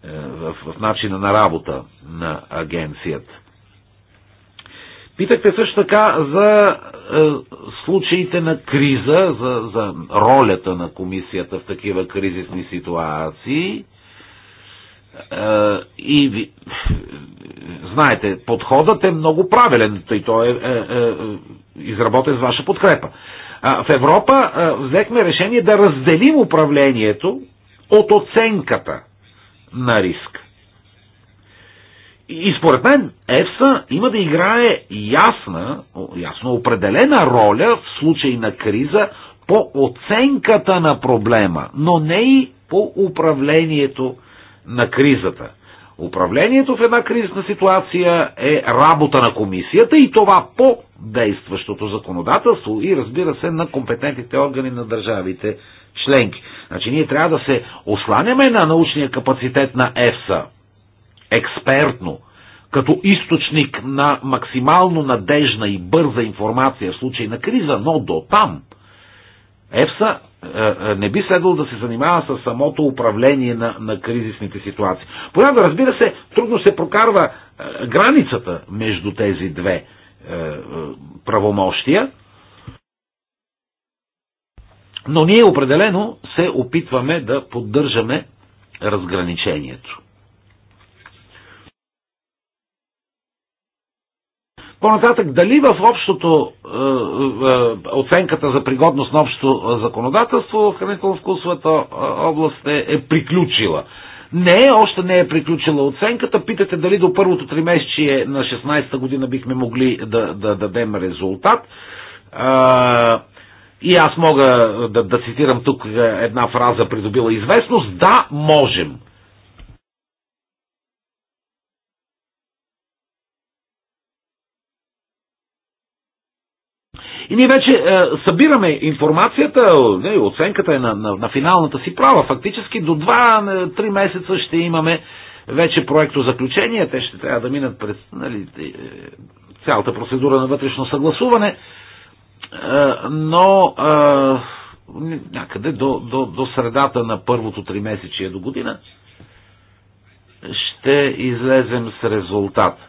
е, в, в начина на работа на агенцията. Питахте също така за е, случаите на криза, за, за ролята на комисията в такива кризисни ситуации. Е, и ви, знаете, подходът е много правилен, тъй той е, е, е изработен с ваша подкрепа. А, в Европа а, е, взехме решение да разделим управлението от оценката на риск. И според мен ЕФСА има да играе ясна, ясно определена роля в случай на криза по оценката на проблема, но не и по управлението на кризата. Управлението в една кризисна ситуация е работа на комисията и това по действащото законодателство и разбира се на компетентните органи на държавите членки. Значи ние трябва да се осланяме на научния капацитет на ЕФСА експертно, като източник на максимално надежна и бърза информация в случай на криза, но до там ЕФСА е, е, не би следвало да се занимава с самото управление на, на кризисните ситуации. Понякога, разбира се, трудно се прокарва е, границата между тези две правомощия, но ние определено се опитваме да поддържаме разграничението. По-нататък, дали в общото е, е, е, оценката за пригодност на общото законодателство в хранително-вкусовата е, област е, е приключила? Не, е, още не е приключила оценката. Питате дали до първото тримесечие на 16-та година бихме могли да, да, да дадем резултат. Е, и аз мога да, да цитирам тук една фраза, придобила известност. Да, можем. И ние вече е, събираме информацията, не, оценката е на, на, на финалната си права. Фактически до 2-3 е, месеца ще имаме вече проекто заключение. Те ще трябва да минат през нали, е, цялата процедура на вътрешно съгласуване. Е, но е, някъде до, до, до средата на първото 3 месечие до година ще излезем с резултат.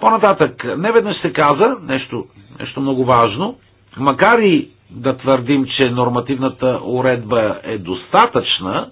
По-нататък, неведнъж се каза нещо, нещо много важно, макар и да твърдим, че нормативната уредба е достатъчна,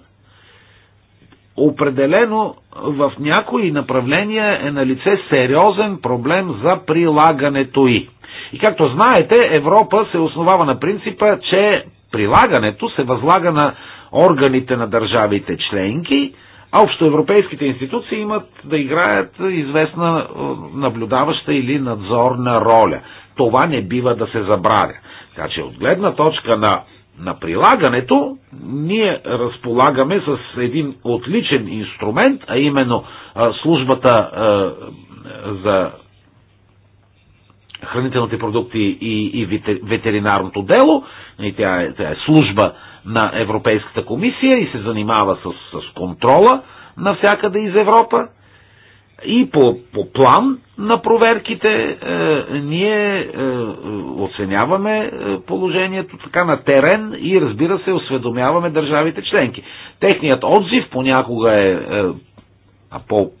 определено в някои направления е на лице сериозен проблем за прилагането й. И както знаете, Европа се основава на принципа, че прилагането се възлага на органите на държавите членки, а общоевропейските институции имат да играят известна е, наблюдаваща или надзорна роля. Това не бива да се забравя. Така че от гледна точка на, на прилагането, ние разполагаме с един отличен инструмент, а именно а, е, службата а, е, за хранителните продукти и, и ветеринарното дело. И тя, е, тя е служба на Европейската комисия и се занимава с, с контрола навсякъде из Европа. И по, по план на проверките е, ние е, е оценяваме е, положението така на терен и разбира се осведомяваме държавите членки. Техният отзив понякога е, е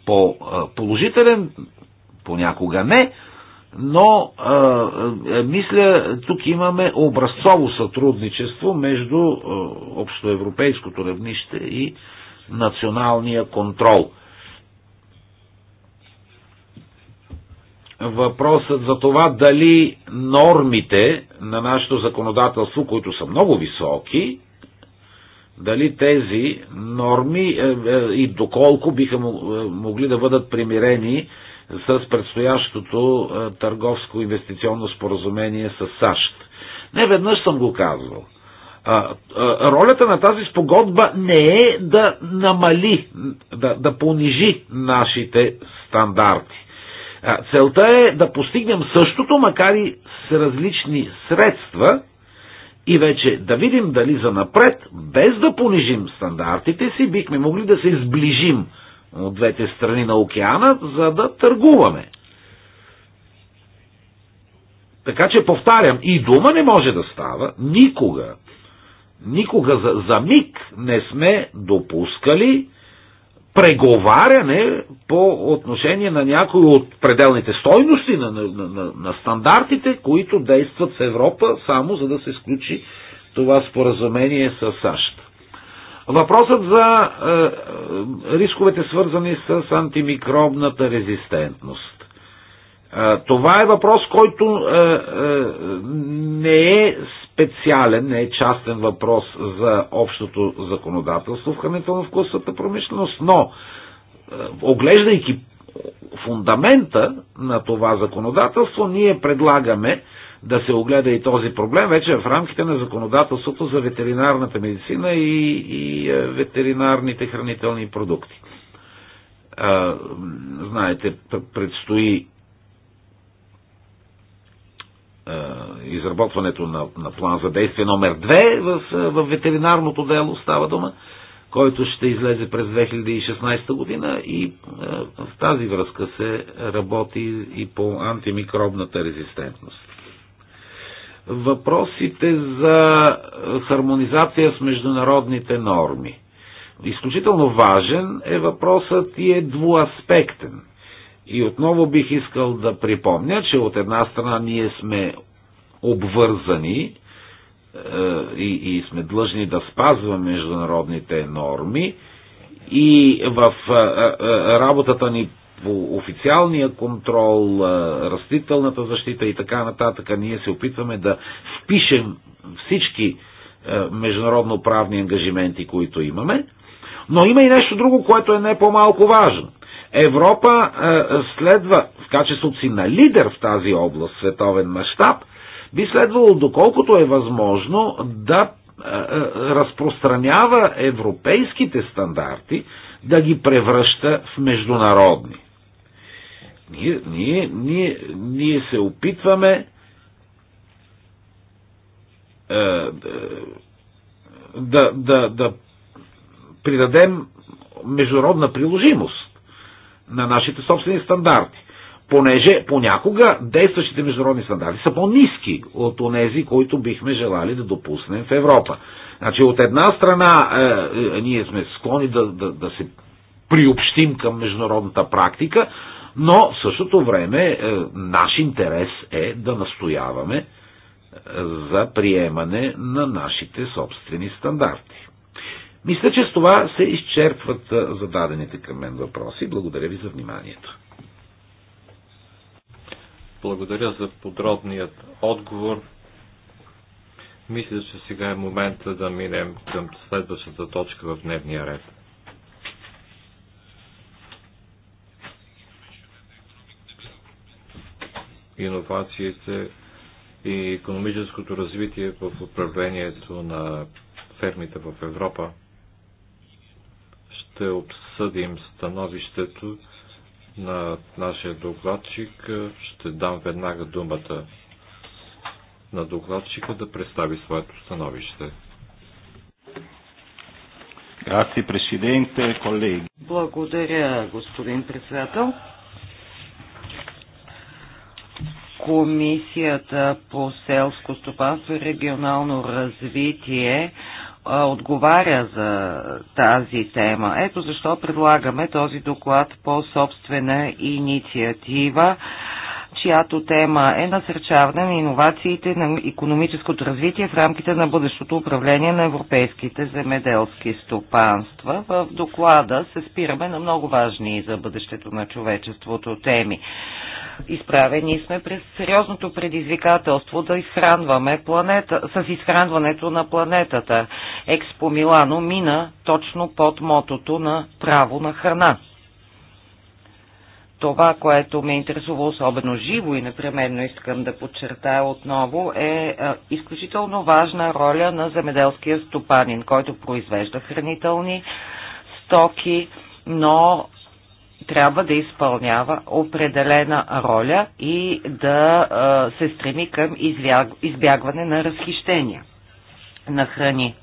по-положителен, е, понякога не, но а, мисля, тук имаме образцово сътрудничество между а, общоевропейското равнище и националния контрол. Въпросът за това дали нормите на нашето законодателство, които са много високи, дали тези норми е, е, и доколко биха е, могли да бъдат примирени с предстоящото е, търговско инвестиционно споразумение с САЩ. Не веднъж съм го казвал. Ролята на тази спогодба не е да намали, да, да понижи нашите стандарти. Целта е да постигнем същото, макар и с различни средства, и вече да видим дали за напред, без да понижим стандартите си, бихме могли да се изближим от двете страни на океана, за да търгуваме. Така че повтарям, и дума не може да става никога. Никога за, за миг не сме допускали преговаряне по отношение на някои от пределните стойности, на, на, на, на стандартите, които действат в Европа, само за да се сключи това споразумение с САЩ. Въпросът за е, е, рисковете свързани с антимикробната резистентност. Е, това е въпрос, който е, е, не е специален, не е частен въпрос за общото законодателство в хранително-вкусната промишленост, но е, оглеждайки фундамента на това законодателство, ние предлагаме да се огледа и този проблем вече в рамките на законодателството за ветеринарната медицина и, и е, ветеринарните хранителни продукти. А, знаете, предстои изработването на, на план за действие номер 2 в, е, в ветеринарното дело става дума, който ще излезе през 2016 година и е, в тази връзка се работи и по антимикробната резистентност въпросите за е, хармонизация с международните норми. Изключително важен е въпросът и е двуаспектен. И отново бих искал да припомня, че от една страна ние сме обвързани е, и, и сме длъжни да спазваме международните норми и в е, е, е работата ни по официалния контрол, растителната защита и така нататък, ние се опитваме да впишем всички международно правни ангажименти, които имаме. Но има и нещо друго, което е не по-малко важно. Европа следва в качеството си на лидер в тази област, световен мащаб, би следвало, доколкото е възможно, да разпространява европейските стандарти, да ги превръща в международни. Ние, ние, ние, ние се опитваме е, е, да, да, да придадем международна приложимост на нашите собствени стандарти. Понеже понякога действащите международни стандарти са по-низки от онези, които бихме желали да допуснем в Европа. Значи от една страна е, е, ние сме склонни да, да, да се приобщим към международната практика, но в същото време е, наш интерес е да настояваме е, за приемане на нашите собствени стандарти. Мисля, че с това се изчерпват е, зададените към мен въпроси. Благодаря ви за вниманието. Благодаря за подробният отговор. Мисля, че сега е момента да минем към следващата точка в дневния ред. иновациите и економическото развитие в управлението на фермите в Европа. Ще обсъдим становището на нашия докладчик. Ще дам веднага думата на докладчика да представи своето становище. Благодаря, господин председател. Комисията по селско стопанство и регионално развитие отговаря за тази тема. Ето защо предлагаме този доклад по собствена инициатива чиято тема е насърчаване на иновациите на економическото развитие в рамките на бъдещото управление на европейските земеделски стопанства. В доклада се спираме на много важни за бъдещето на човечеството теми. Изправени сме през сериозното предизвикателство да изхранваме планета, с изхранването на планетата. Експо Милано мина точно под мотото на право на храна. Това, което ме интересува особено живо и непременно искам да подчертая отново, е, е изключително важна роля на земеделския стопанин, който произвежда хранителни стоки, но трябва да изпълнява определена роля и да е, се стреми към избягване на разхищения на храни.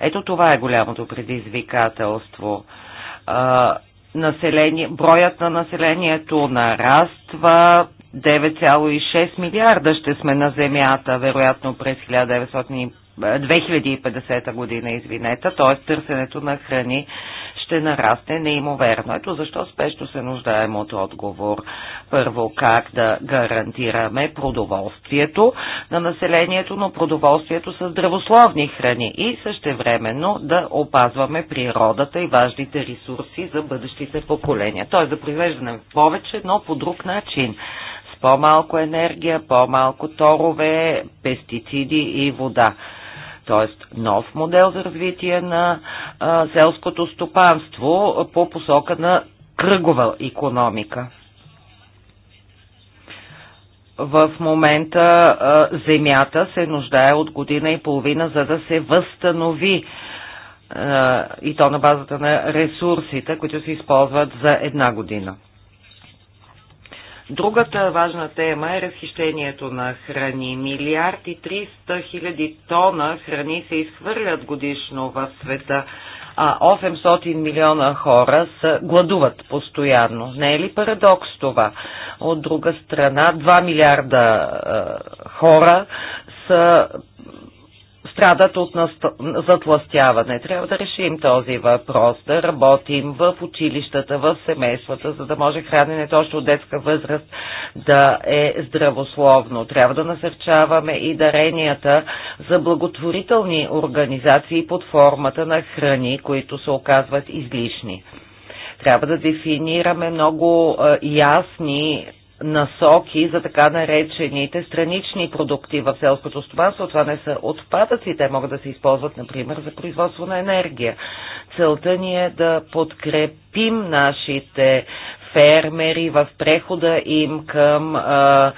Ето това е голямото предизвикателство е, население, броят на населението нараства, 9,6 милиарда ще сме на земята, вероятно през 1900, 2050 година, извинете, т.е. търсенето на храни ще нарасне неимоверно. Е Ето защо спешно се нуждаем от отговор. Първо, как да гарантираме продоволствието на населението, но продоволствието с здравословни храни и същевременно да опазваме природата и важните ресурси за бъдещите поколения. Тоест да произвеждаме повече, но по друг начин по-малко енергия, по-малко торове, пестициди и вода т.е. нов модел за развитие на а, селското стопанство по посока на кръгова економика. В момента а, земята се нуждае от година и половина, за да се възстанови а, и то на базата на ресурсите, които се използват за една година. Другата важна тема е разхищението на храни. Милиард и 300 хиляди тона храни се изхвърлят годишно в света, а 800 милиона хора са, гладуват постоянно. Не е ли парадокс това? От друга страна, 2 милиарда е, хора са страдат от затластяване. Трябва да решим този въпрос, да работим в училищата, в семействата, за да може храненето още от детска възраст да е здравословно. Трябва да насърчаваме и даренията за благотворителни организации под формата на храни, които се оказват излишни. Трябва да дефинираме много е, ясни насоки за така наречените странични продукти в селското стопанство. Това не са отпадъци, те могат да се използват, например, за производство на енергия. Целта ни е да подкрепим нашите фермери в прехода им към а,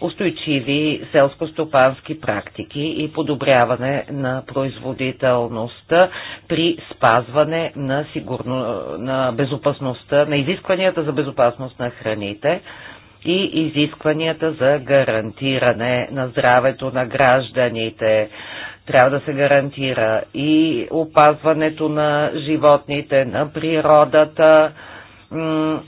устойчиви селско-стопански практики и подобряване на производителността при спазване на, сигурно, на безопасността, на изискванията за безопасност на храните и изискванията за гарантиране на здравето на гражданите. Трябва да се гарантира и опазването на животните, на природата,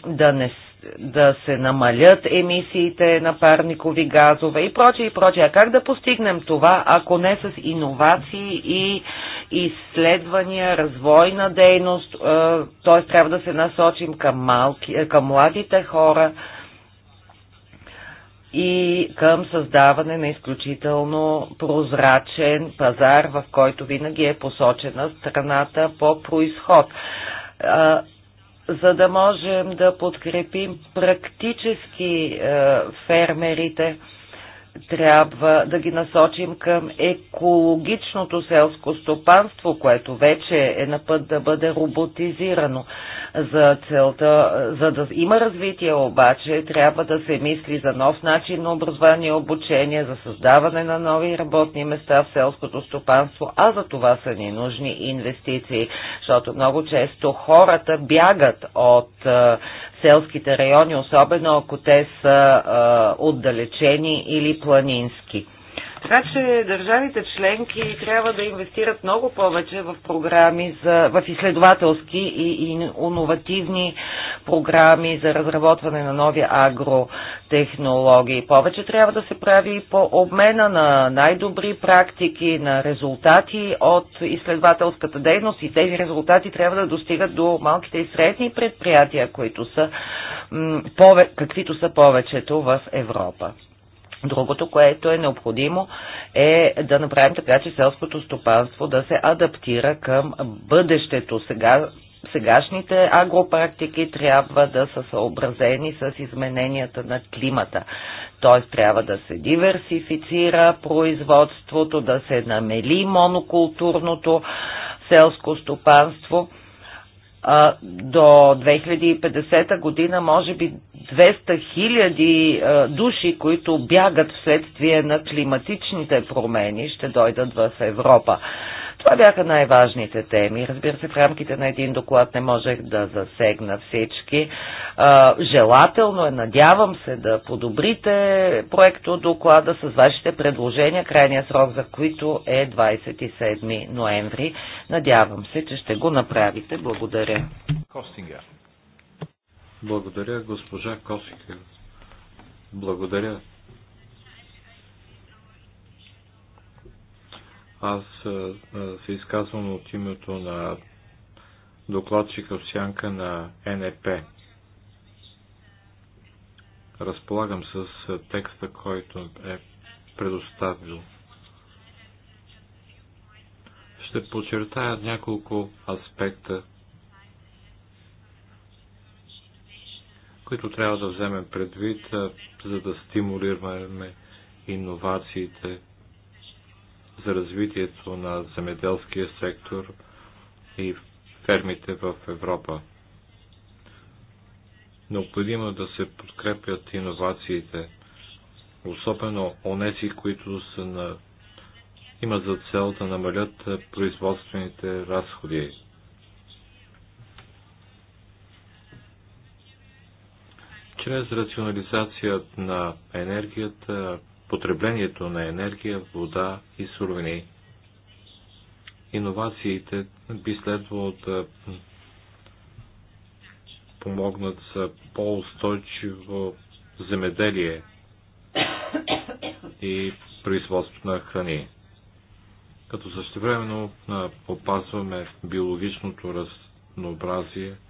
да не да се намалят емисиите на парникови газове и прочее и прочее. А как да постигнем това, ако не с иновации и изследвания, развойна дейност, т.е. трябва да се насочим към, малки, към младите хора, и към създаване на изключително прозрачен пазар, в който винаги е посочена страната по происход. За да можем да подкрепим практически е, фермерите, трябва да ги насочим към екологичното селско стопанство, което вече е на път да бъде роботизирано. За целта, за да има развитие обаче, трябва да се мисли за нов начин на образование и обучение, за създаване на нови работни места в селското стопанство, а за това са ни нужни инвестиции, защото много често хората бягат от е, селските райони, особено ако те са а, отдалечени или планински. Така че държавите членки трябва да инвестират много повече в програми за, в изследователски и иновативни програми за разработване на нови агротехнологии. Повече трябва да се прави по обмена на най-добри практики, на резултати от изследователската дейност и тези резултати трябва да достигат до малките и средни предприятия, които са, пове, каквито са повечето в Европа. Другото, което е необходимо е да направим така, че селското стопанство да се адаптира към бъдещето. Сега сегашните агропрактики трябва да са съобразени с измененията на климата. Т.е. трябва да се диверсифицира производството, да се намели монокултурното селско стопанство – а, до 2050 година може би 200 хиляди души, които бягат вследствие на климатичните промени, ще дойдат в Европа. Това бяха най-важните теми. Разбира се, в рамките на един доклад не можех да засегна всички. А, желателно е, надявам се, да подобрите проекто доклада с вашите предложения, крайния срок за които е 27 ноември. Надявам се, че ще го направите. Благодаря. Костинга. Благодаря, госпожа Косингер. Благодаря Аз е, е, се изказвам от името на докладчика в сянка на НЕП. Разполагам с е, текста, който е предоставил. Ще подчертая няколко аспекта, които трябва да вземем предвид, за да стимулираме иновациите за развитието на земеделския сектор и фермите в Европа. Необходимо е да се подкрепят иновациите, особено онези, които са на... имат за цел да намалят производствените разходи. Чрез рационализация на енергията, потреблението на енергия, вода и суровини. Иновациите би следвало да помогнат за по-устойчиво земеделие и производство на храни. Като същевременно опазваме биологичното разнообразие –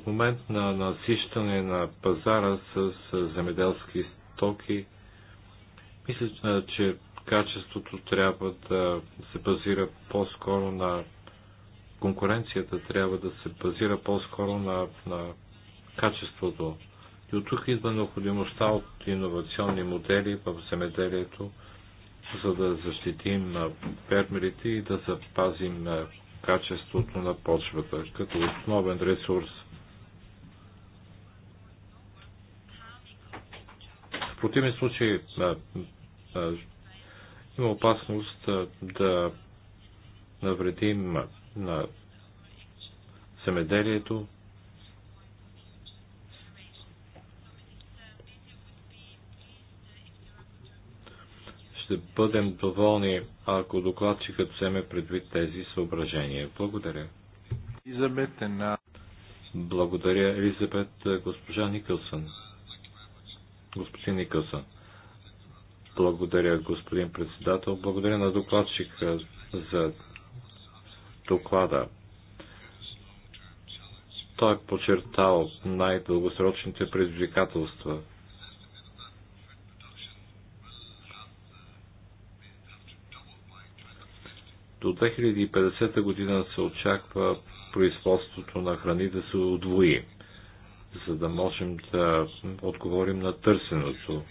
В момент на насищане на пазара с земеделски стоки, мисля, че качеството трябва да се базира по-скоро на конкуренцията, трябва да се базира по-скоро на, на качеството. И от тук идва необходимостта от иновационни модели в земеделието, за да защитим фермерите и да запазим качеството на почвата като основен ресурс. противен случай има опасност да навредим на земеделието. Ще бъдем доволни, ако докладчикът вземе предвид тези съображения. Благодаря. Елизабет, Благодаря, Елизабет, госпожа Никълсън. Господин Никълсън. Благодаря, господин председател. Благодаря на докладчика за доклада. Той е подчертал най-дългосрочните предизвикателства. До 2050 година се очаква производството на храните да се удвои за да можем да отговорим на търсеното.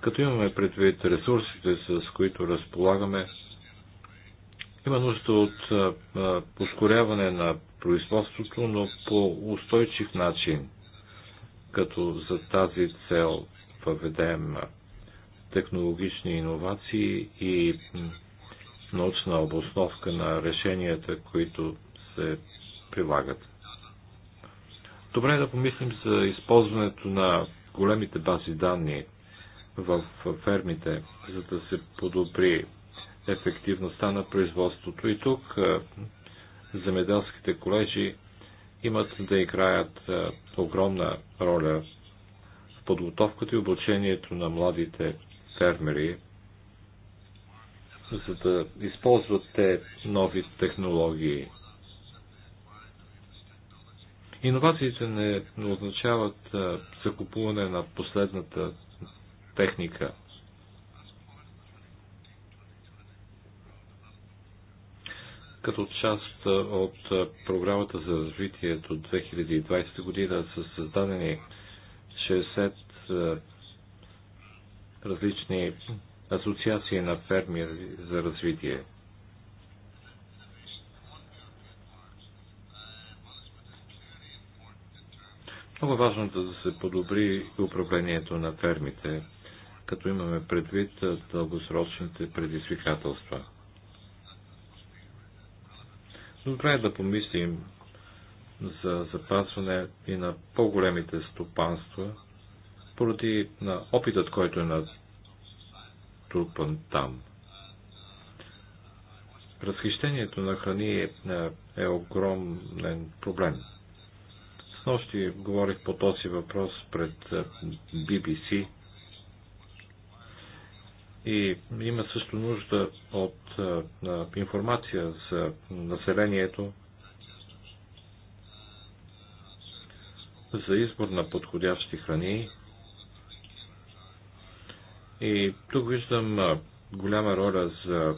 Като имаме предвид ресурсите, с които разполагаме, има нужда от ускоряване на производството, но по устойчив начин, като за тази цел въведем технологични иновации и научна обосновка на решенията, които се прилагат. Добре е да помислим за използването на големите бази данни в фермите, за да се подобри ефективността на производството. И тук земеделските колежи имат да играят огромна роля в подготовката и обучението на младите фермери, за да използват те нови технологии. Иновациите не означават закупуване на последната техника. Като част от програмата за развитие до 2020 година са създадени 60 различни асоциации на ферми за развитие. Много важно е да се подобри управлението на фермите, като имаме предвид дългосрочните предизвикателства. Добре е да помислим за запасване и на по-големите стопанства, поради на опитът, който е натрупан там. Разхищението на храни е, е огромен проблем. С нощи говорих по този въпрос пред BBC и има също нужда от информация за населението, за избор на подходящи храни. И тук виждам голяма роля за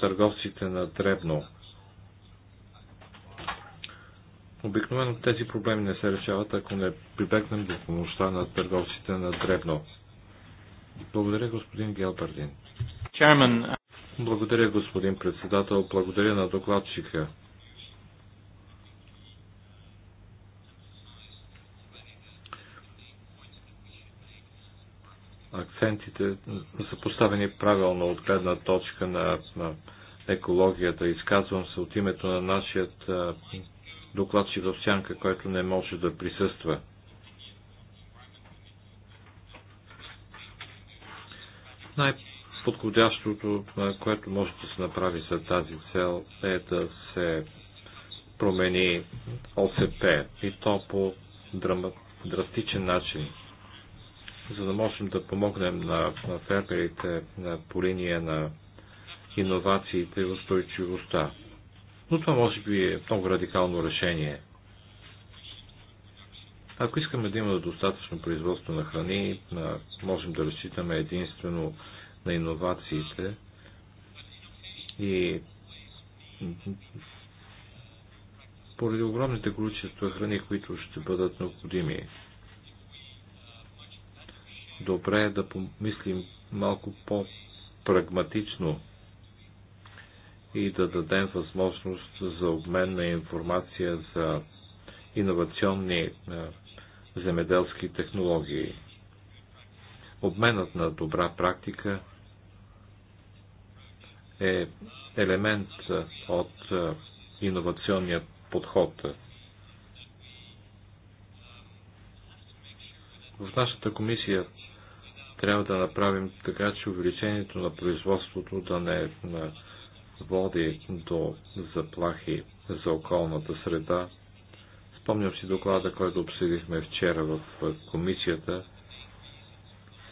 търговците на дребно. Обикновено тези проблеми не се решават, ако не прибегнем до помощта на търговците на дребно. Благодаря, господин Гелбардин. Chairman. Благодаря, господин председател. Благодаря на докладчика. Акцентите са поставени правилно от гледна точка на екологията. Изказвам се от името на нашият докладчик в сянка, който не може да присъства. Най-подходящото, което може да се направи за тази цел е да се промени ОСП и то по драма, драстичен начин, за да можем да помогнем на, на фермерите на, по линия на иновациите и устойчивостта. Но това може би е много радикално решение. Ако искаме да имаме достатъчно производство на храни, можем да разчитаме единствено на иновациите и поради огромните количества храни, които ще бъдат необходими. Добре е да помислим малко по-прагматично и да дадем възможност за обмен на информация за иновационни е, земеделски технологии. Обменът на добра практика е елемент от е, иновационния подход. В нашата комисия трябва да направим така, че увеличението на производството да не е на води до заплахи за околната среда. Спомням си доклада, който обсъдихме вчера в комисията.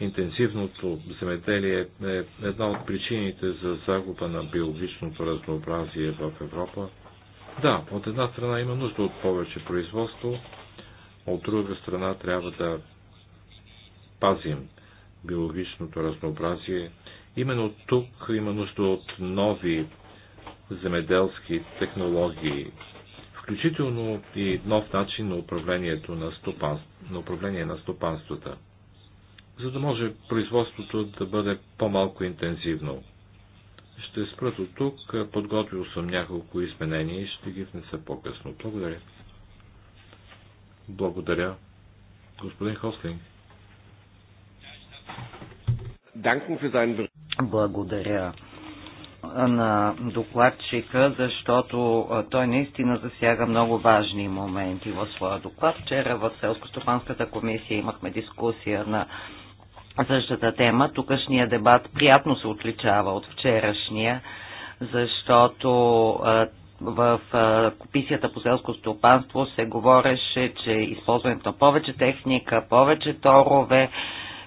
Интенсивното земеделие е една от причините за загуба на биологичното разнообразие в Европа. Да, от една страна има нужда от повече производство, от друга страна трябва да пазим биологичното разнообразие. Именно тук има нужда от нови земеделски технологии, включително и нов начин на, управлението на, стопанство, на управление на стопанствата, за да може производството да бъде по-малко интензивно. Ще спра от тук, подготвил съм няколко изменения и ще ги внеса по-късно. Благодаря. Благодаря. Господин Хослинг. Благодаря на докладчика, защото той наистина засяга много важни моменти в своя доклад. Вчера в Селско-стопанската комисия имахме дискусия на същата тема. Тукашният дебат приятно се отличава от вчерашния, защото в Комисията по селско стопанство се говореше, че използването на повече техника, повече торове,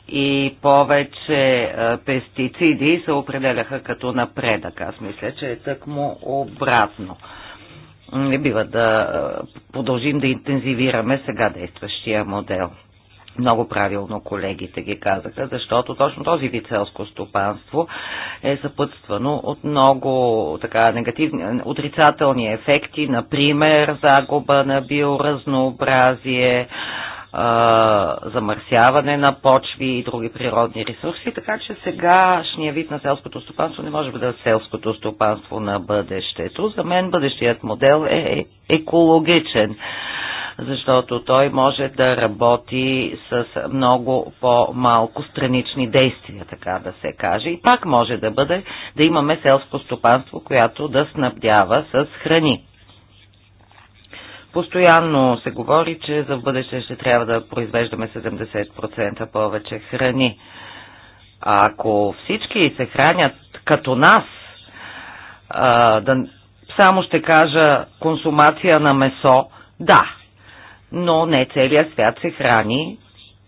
и повече е, пестициди се определяха като напредък. Аз мисля, че е тъкмо обратно. Не бива да е, продължим да интензивираме сега действащия модел. Много правилно колегите ги казаха, защото точно този вид селско стопанство е съпътствано от много така, негативни, отрицателни ефекти, например загуба на биоразнообразие, замърсяване на почви и други природни ресурси, така че сегашния вид на селското стопанство не може да бъде селското стопанство на бъдещето. За мен бъдещият модел е екологичен защото той може да работи с много по-малко странични действия, така да се каже. И пак може да бъде да имаме селско стопанство, която да снабдява с храни. Постоянно се говори, че за бъдеще ще трябва да произвеждаме 70% повече храни. А ако всички се хранят като нас, а, да, само ще кажа консумация на месо, да, но не целият свят се храни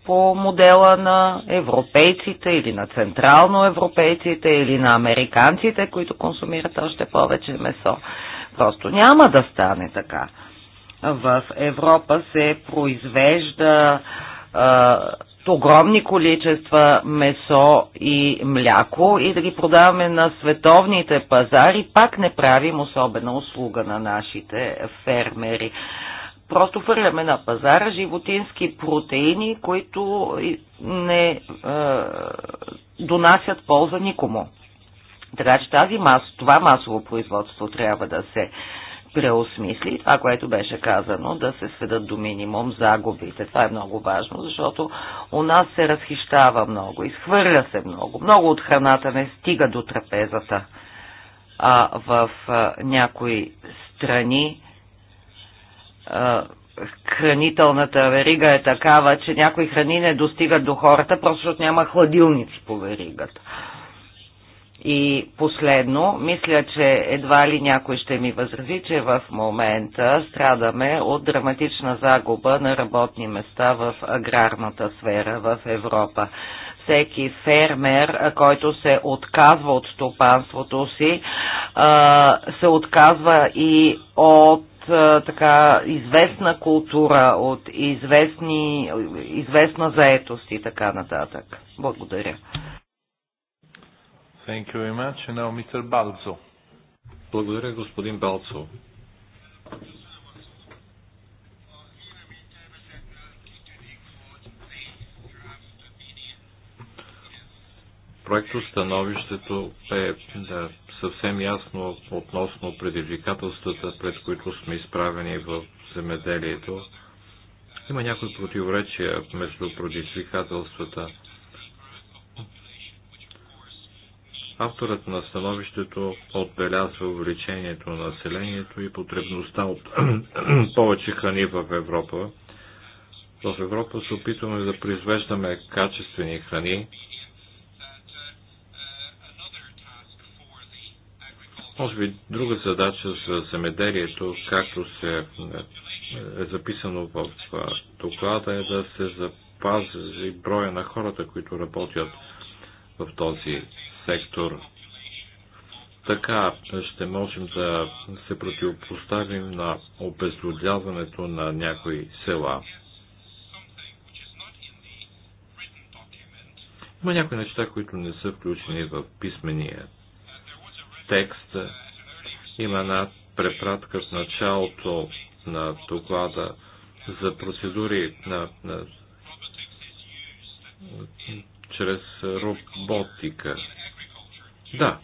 по модела на европейците или на централноевропейците или на американците, които консумират още повече месо. Просто няма да стане така в Европа се произвежда а, огромни количества месо и мляко и да ги продаваме на световните пазари, пак не правим особена услуга на нашите фермери. Просто фърляме на пазара животински протеини, които не а, донасят полза никому. Така че тази мас, това масово производство трябва да се преосмисли това, което беше казано, да се сведат до минимум загубите. Това е много важно, защото у нас се разхищава много, изхвърля се много, много от храната не стига до трапезата. А в а, някои страни а, хранителната верига е такава, че някои храни не достигат до хората, просто защото няма хладилници по веригата. И последно, мисля, че едва ли някой ще ми възрази, че в момента страдаме от драматична загуба на работни места в аграрната сфера в Европа. Всеки фермер, който се отказва от стопанството си, се отказва и от така известна култура, от известни, известна заетост и така нататък. Благодаря. Thank you very much. And now Mr. Balzo. Благодаря, господин Балцо. Проекто становището е да, съвсем ясно относно предизвикателствата, пред които сме изправени в земеделието. Има някои противоречия между предизвикателствата Авторът на становището отбелязва увеличението на населението и потребността от повече храни в Европа. В Европа се опитваме да произвеждаме качествени храни. Може би друга задача за земеделието, както се е записано в доклада, е да се запази броя на хората, които работят в този сектор. Така ще можем да се противопоставим на обезлюдяването на някои села. Има някои неща, които не са включени в писмения текст. Има една препратка в началото на доклада за процедури на, на, чрез роботика. Да,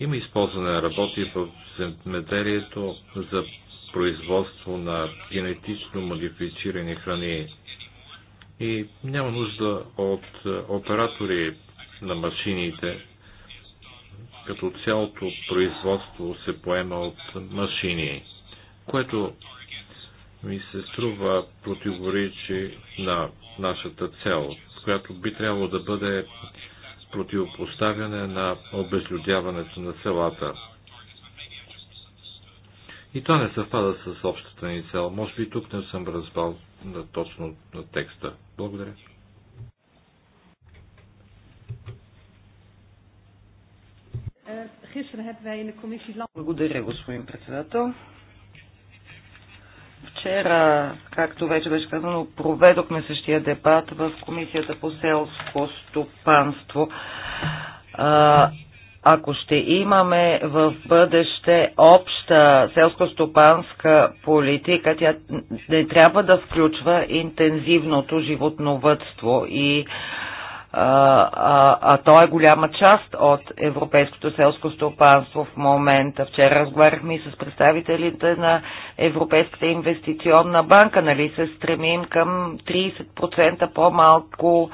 има използване на работи в земеделието за производство на генетично модифицирани храни и няма нужда от е, оператори на машините. Като цялото производство се поема от машини, което ми се струва противоречи на нашата цел, която би трябвало да бъде противопоставяне на обезлюдяването на селата. И това не съвпада с общата ни цел. Може би тук не съм разбрал на точно на текста. Благодаря. Е, Благодаря, господин председател. Вчера, както вече беше казано, проведохме същия дебат в Комисията по селско стопанство. Ако ще имаме в бъдеще обща селско-стопанска политика, тя не трябва да включва интензивното животновътство и а, а, а, а то е голяма част от европейското селско стопанство в момента. Вчера разговаряхме и с представителите на Европейската инвестиционна банка, нали се стремим към 30% по-малко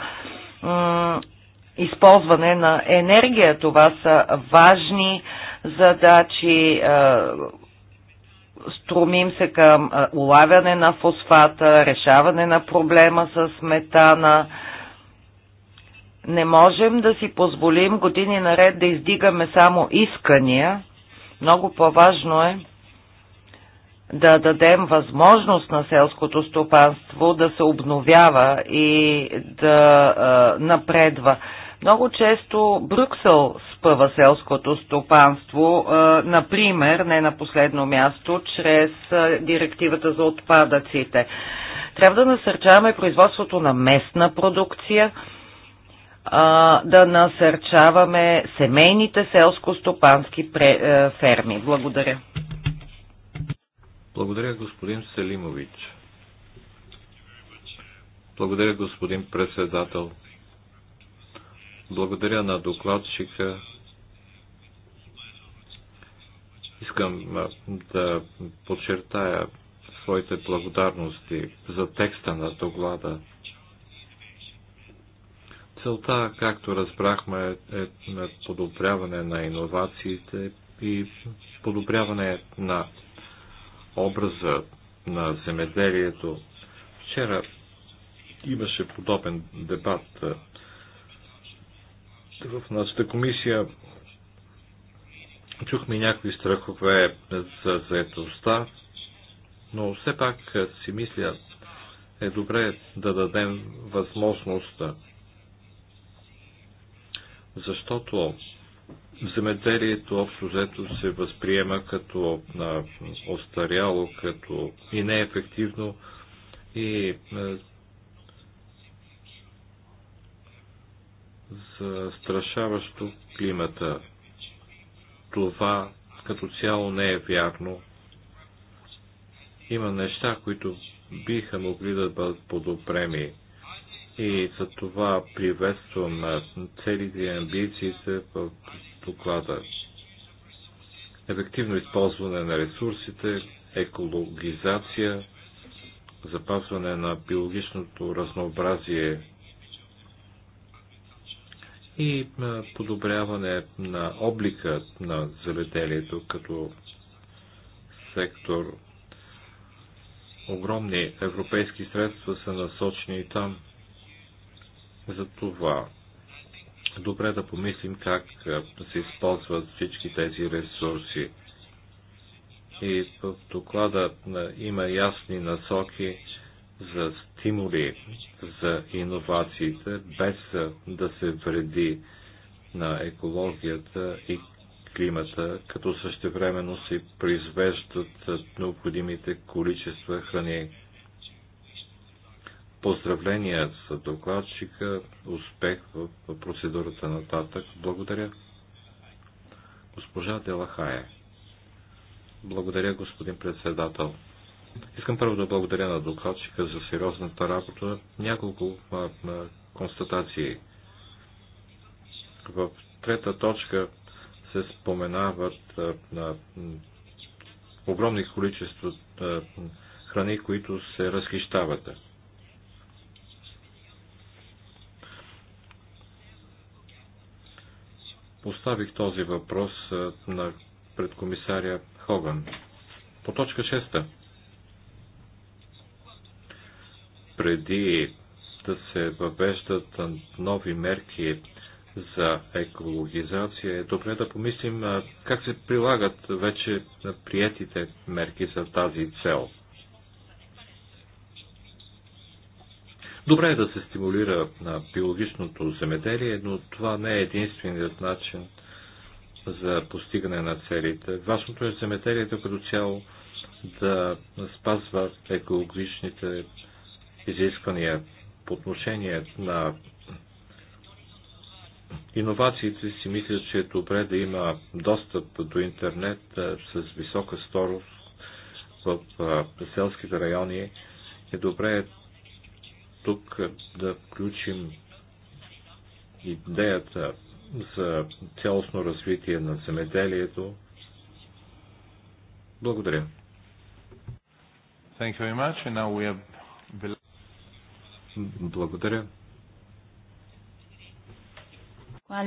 използване на енергия. Това са важни задачи. А, струмим се към улавяне на фосфата, решаване на проблема с метана, не можем да си позволим години наред да издигаме само искания. Много по-важно е да дадем възможност на селското стопанство да се обновява и да а, напредва. Много често Брюксел спъва селското стопанство, например, не на последно място, чрез директивата за отпадъците. Трябва да насърчаваме производството на местна продукция, а, да насърчаваме семейните селско-стопански е, ферми. Благодаря. Благодаря, господин Селимович. Благодаря, господин председател. Благодаря на докладчика. Искам да подчертая своите благодарности за текста на доклада. Целта, както разбрахме, е на подобряване на иновациите и подобряване на образа на земеделието. Вчера имаше подобен дебат в нашата комисия. Чухме някакви страхове за заедостта, но все пак си мисля, е добре да дадем възможност защото земеделието общо взето се възприема като на остаряло, като и неефективно и застрашаващо климата. Това като цяло не е вярно. Има неща, които биха могли да бъдат подопреми и за това приветствам целите и амбициите в доклада. Ефективно използване на ресурсите, екологизация, запазване на биологичното разнообразие и подобряване на облика на заведението като сектор. Огромни европейски средства са насочени и там – за това добре да помислим как се използват всички тези ресурси. И в доклада има ясни насоки за стимули за иновациите, без да се вреди на екологията и климата, като същевременно се произвеждат необходимите количества храни. Поздравления за докладчика, успех в процедурата нататък. Благодаря. Госпожа Делахае. Благодаря, господин председател. Искам първо да благодаря на докладчика за сериозната работа. Няколко а, а, констатации. В трета точка се споменават а, огромни количества а, храни, които се разхищават. Поставих този въпрос на предкомисаря Хоган. По точка 6. Преди да се въвеждат нови мерки за екологизация, е добре да помислим как се прилагат вече приетите мерки за тази цел – Добре е да се стимулира на биологичното земеделие, но това не е единственият начин за постигане на целите. Важното е земеделието като цяло да спазва екологичните изисквания по отношение на иновациите си мисля, че е добре да има достъп до интернет с висока скорост в селските райони. Е добре тук да включим идеята за цялостно развитие на земеделието. Благодаря. Thank you very much. And now we have... Благодаря.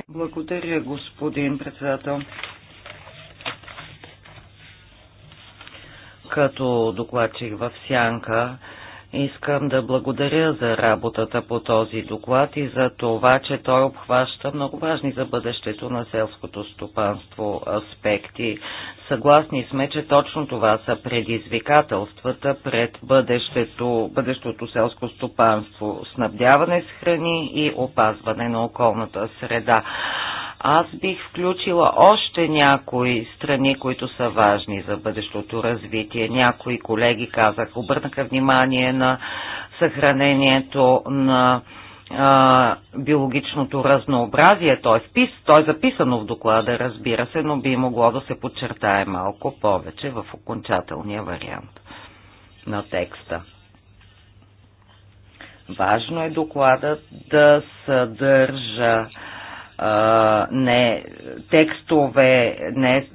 Благодаря, господин председател. Като докладчик в Сянка, Искам да благодаря за работата по този доклад и за това, че той обхваща много важни за бъдещето на селското стопанство аспекти. Съгласни сме, че точно това са предизвикателствата пред бъдещето, бъдещото селско стопанство – снабдяване с храни и опазване на околната среда. Аз бих включила още някои страни, които са важни за бъдещото развитие. Някои колеги казах, обърнаха внимание на съхранението на а, биологичното разнообразие, то е, впис, то е записано в доклада, разбира се, но би могло да се подчертае малко повече в окончателния вариант на текста. Важно е докладът да съдържа не текстове не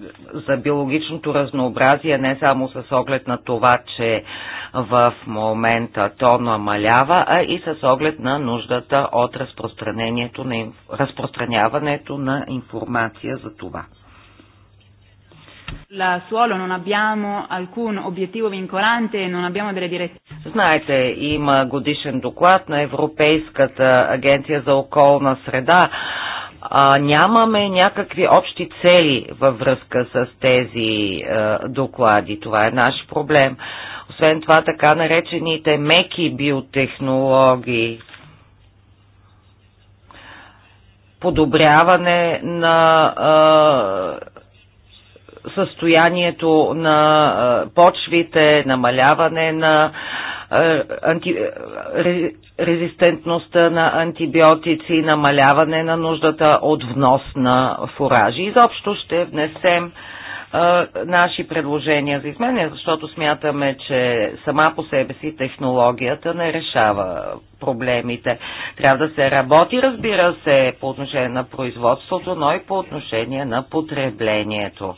за биологичното разнообразие, не само с оглед на това, че в момента то намалява, а и с оглед на нуждата от разпространението на, разпространяването на информация за това. La suolo non abbiamo alcun obiettivo vincolante, non abbiamo delle direttive. Знаете, има годишен доклад на Европейската агенция за околна среда а, нямаме някакви общи цели във връзка с тези а, е, доклади. Това е наш проблем. Освен това, така наречените меки биотехнологии, подобряване на а, е, състоянието на а, е, почвите, намаляване на а, е, анти, е, резистентността на антибиотици, намаляване на нуждата от внос на фуражи. Изобщо ще внесем е, наши предложения за изменения, защото смятаме, че сама по себе си технологията не решава проблемите. Трябва да се работи, разбира се, по отношение на производството, но и по отношение на потреблението.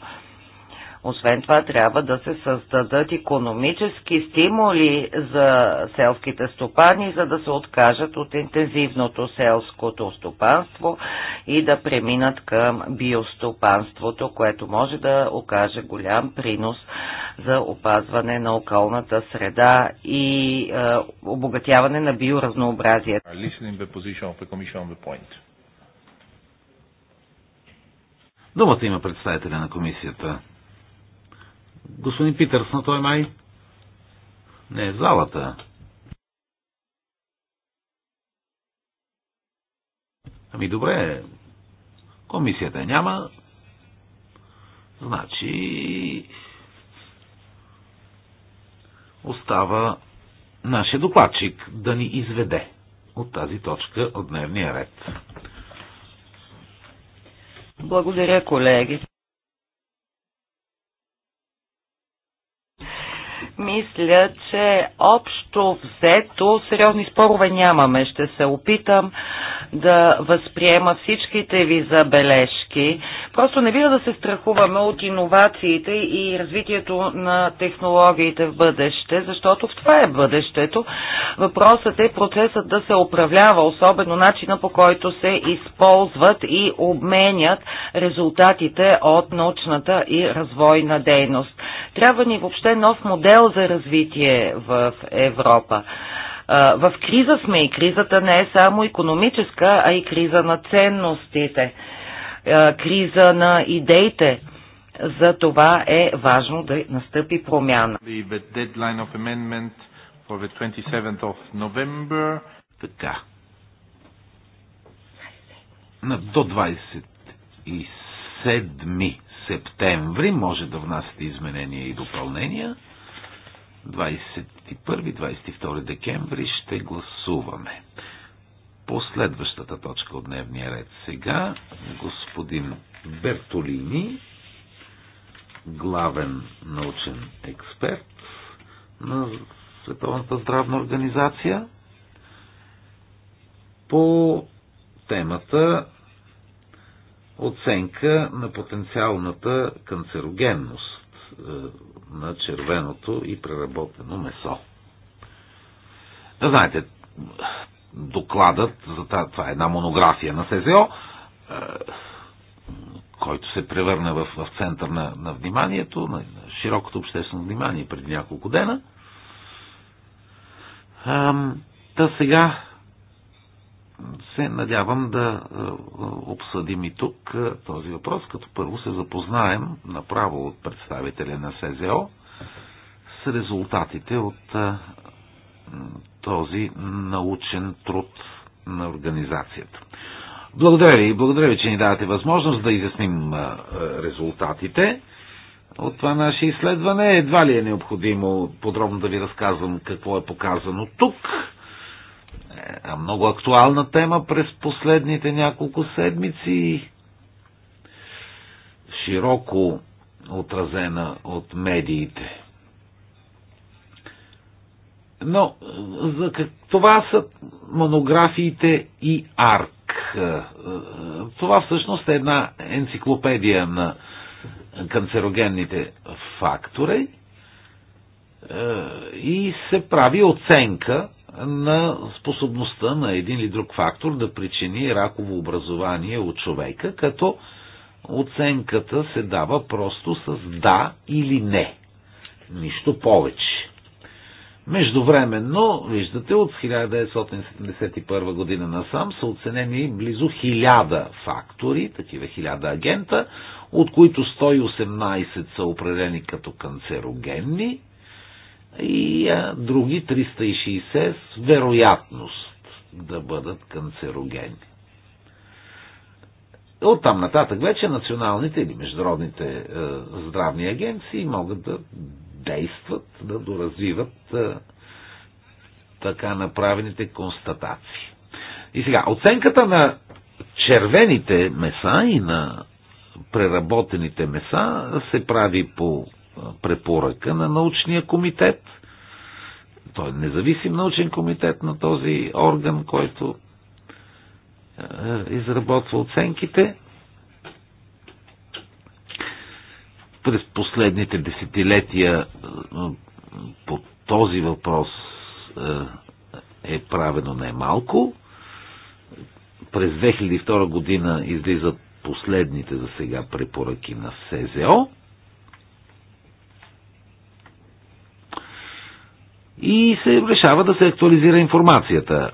Освен това трябва да се създадат економически стимули за селските стопани, за да се откажат от интензивното селското стопанство и да преминат към биостопанството, което може да окаже голям принос за опазване на околната среда и е, обогатяване на биоразнообразието. Думата има представителя на комисията. Господин Питърс, но той май не е в залата. Ами добре, комисията няма. Значи остава нашия докладчик да ни изведе от тази точка от дневния ред. Благодаря, колеги. Мисля, че общо взето сериозни спорове нямаме. Ще се опитам да възприема всичките ви забележки. Просто не бива да се страхуваме от иновациите и развитието на технологиите в бъдеще, защото в това е бъдещето. Въпросът е процесът да се управлява, особено начина по който се използват и обменят резултатите от научната и развойна дейност. Трябва ни въобще нов модел за развитие в Европа. В криза сме и кризата не е само економическа, а и криза на ценностите, криза на идеите. За това е важно да настъпи промяна. Така. До 27 септември. Може да внасяте изменения и допълнения. 21-22 декември ще гласуваме. Последващата точка от дневния ред сега господин Бертолини, главен научен експерт на Световната здравна организация по темата оценка на потенциалната канцерогенност е, на червеното и преработено месо. знаете, докладът, за това е една монография на СЗО, е, който се превърна в, в център на, на вниманието, на, на широкото обществено внимание преди няколко дена. Ам, та сега се надявам да е, обсъдим и тук е, този въпрос, като първо се запознаем направо от представителя на СЗО с резултатите от е, този научен труд на организацията. Благодаря ви, благодаря ви, че ни давате възможност да изясним резултатите от това наше изследване. Едва ли е необходимо подробно да ви разказвам какво е показано тук е много актуална тема през последните няколко седмици, широко отразена от медиите. Но за как... това са монографиите и арк. Е, е, това всъщност е една енциклопедия на канцерогенните фактори е, и се прави оценка на способността на един или друг фактор да причини раково образование от човека, като оценката се дава просто с да или не. Нищо повече. Междувременно, виждате, от 1971 година насам са оценени близо 1000 фактори, такива 1000 агента, от които 118 са определени като канцерогенни, и а, други 360 с вероятност да бъдат канцерогени. От там нататък вече националните или международните е, здравни агенции могат да действат, да доразвиват е, така направените констатации. И сега, оценката на червените меса и на преработените меса се прави по препоръка на научния комитет. Той е независим научен комитет на този орган, който е, изработва оценките. През последните десетилетия е, по този въпрос е, е правено немалко. През 2002 година излизат последните за сега препоръки на СЗО. и се решава да се актуализира информацията.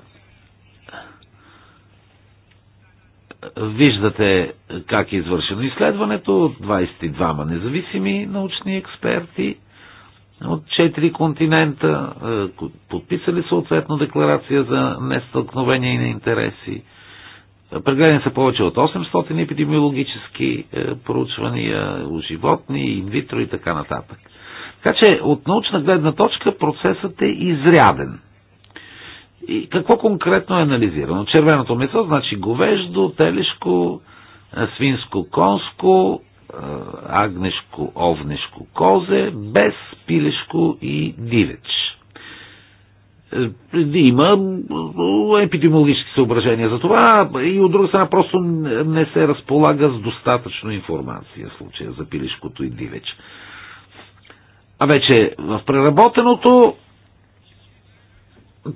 Виждате как е извършено изследването от 22 независими научни експерти от 4 континента, е, подписали съответно декларация за нестълкновение на интереси. Прегледани са повече от 800 епидемиологически е, проучвания у животни, инвитро и така нататък. Така че от научна гледна точка процесът е изряден. И какво конкретно е анализирано? Червеното месо значи говеждо, телешко, свинско, конско, агнешко, овнешко, козе, без пилешко и дивеч. Е, има епидемиологически съображения за това и от друга страна просто не се разполага с достатъчно информация в случая за пилешкото и дивеч. А вече в преработеното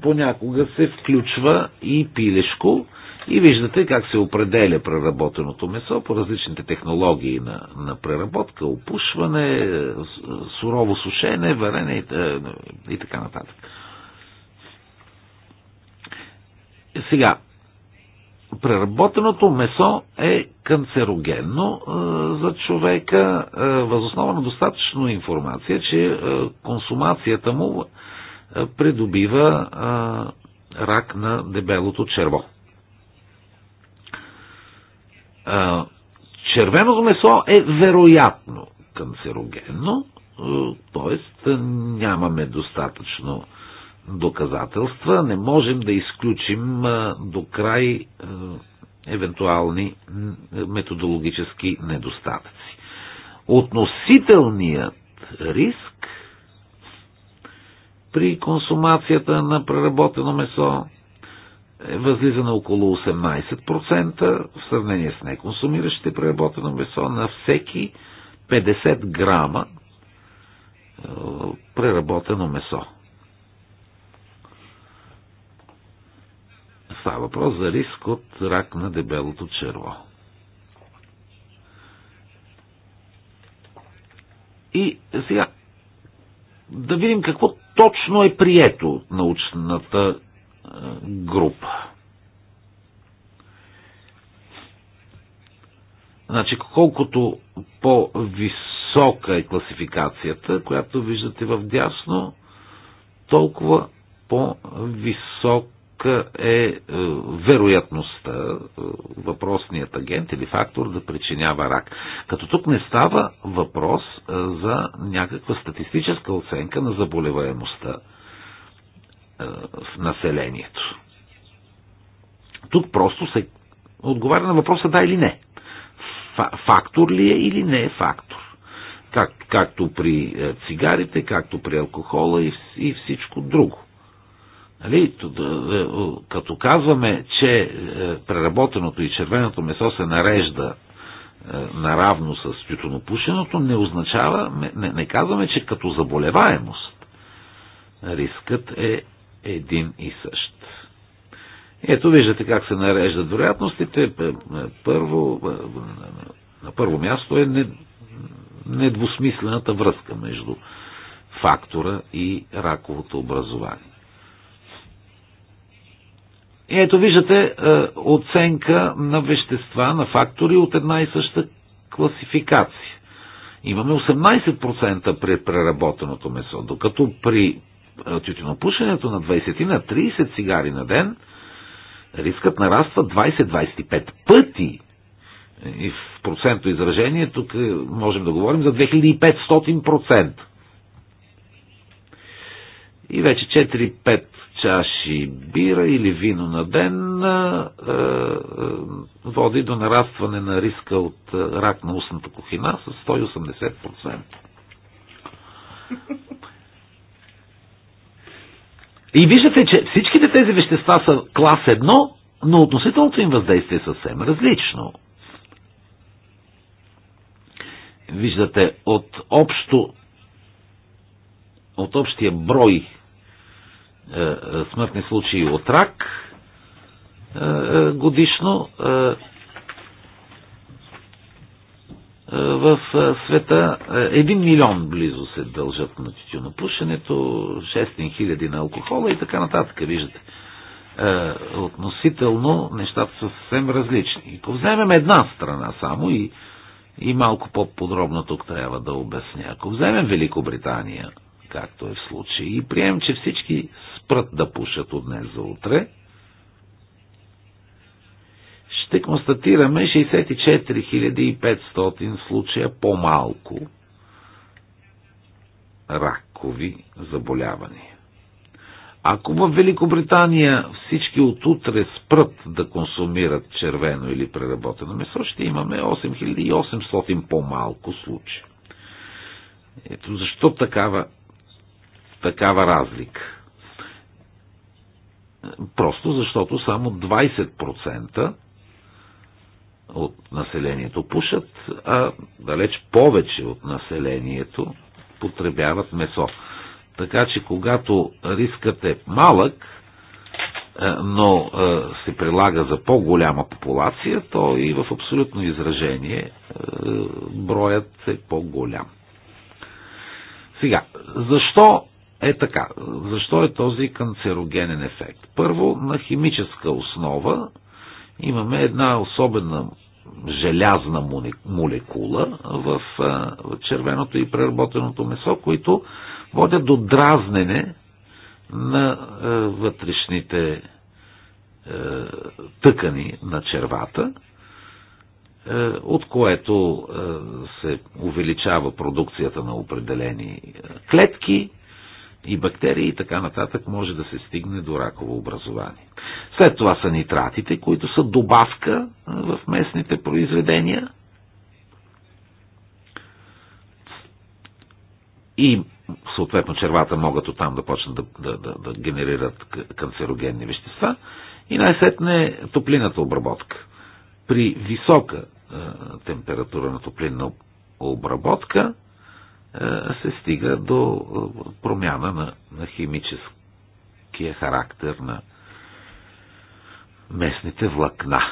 понякога се включва и пилешко и виждате как се определя преработеното месо по различните технологии на, на преработка, опушване, сурово сушене, варене и, е, и така нататък. Сега, преработеното месо е канцерогенно а, е, за човека, е, възоснова на достатъчно информация, че а, е, консумацията му а, придобива а, рак на дебелото черво. А, червеното месо е вероятно канцерогенно, т.е. нямаме достатъчно а, доказателства, не можем да изключим до край евентуални методологически недостатъци. Относителният риск при консумацията на преработено месо е възлиза на около 18% в сравнение с неконсумиращите преработено месо на всеки 50 грама преработено месо. Става въпрос за риск от рак на дебелото черво. И сега да видим какво точно е прието от научната е, група. Значи, колкото по-висока е класификацията, която виждате в дясно, толкова по-висок е, е вероятността е, въпросният агент или фактор да причинява рак. Като тук не става въпрос е, за някаква статистическа оценка на заболеваемостта в населението. Тук просто се отговаря на въпроса да или не. Фактор ли е или не е фактор? Как, както при цигарите, както при алкохола и, и всичко друго. Нали, е, като казваме, че е, преработеното и червеното месо се нарежда е, наравно с тютюнопушеното, не означава, не, не казваме, че като заболеваемост рискът е един и същ. Ето виждате как се нареждат вероятностите. Първо, на първо място е недвусмислената връзка между фактора и раковото образование. И ето виждате е, оценка на вещества, на фактори от една и съща класификация. Имаме 18% при преработеното месо, докато при е, тютюнопушенето на 20 на 30 цигари на ден рискът нараства 20-25 пъти. И в процентно изражение тук е, можем да говорим за 2500%. И вече 4-5 чаши бира или вино на ден води до нарастване на риска от рак на устната кухина с 180%. И виждате, че всичките тези вещества са клас 1, но относителното им въздействие е съвсем различно. Виждате, от общо от общия брой е, е, смъртни случаи от рак е, годишно в света. Един милион близо се дължат на тютюнопушенето, 6 хиляди на алкохола и така нататък, виждате. Относително нещата са съвсем различни. И ако вземем една страна само и, и малко по-подробно тук трябва да обясня. Ако вземем Великобритания – както е в случай, и прием, че всички спрат да пушат от днес за утре, ще констатираме 64 500 случая по-малко ракови заболявания. Ако в Великобритания всички от утре спрат да консумират червено или преработено месо, ще имаме 8800 по-малко случаи. Ето защо такава такава разлика. Просто защото само 20% от населението пушат, а далеч повече от населението потребяват месо. Така че когато рискът е малък, е, но е, се прилага за по-голяма популация, то и в абсолютно изражение е, броят е по-голям. Сега, защо е така. Защо е този канцерогенен ефект? Първо, на химическа основа имаме една особена желязна молекула в червеното и преработеното месо, които водят до дразнене на вътрешните тъкани на червата, от което се увеличава продукцията на определени клетки, и бактерии и така нататък може да се стигне до раково образование. След това са нитратите, които са добавка в местните произведения. И съответно червата могат оттам да почнат да, да, да, да генерират канцерогенни вещества. И най-сетне топлината обработка. При висока е, температура на топлинна обработка се стига до промяна на, на химическия характер на местните влакна.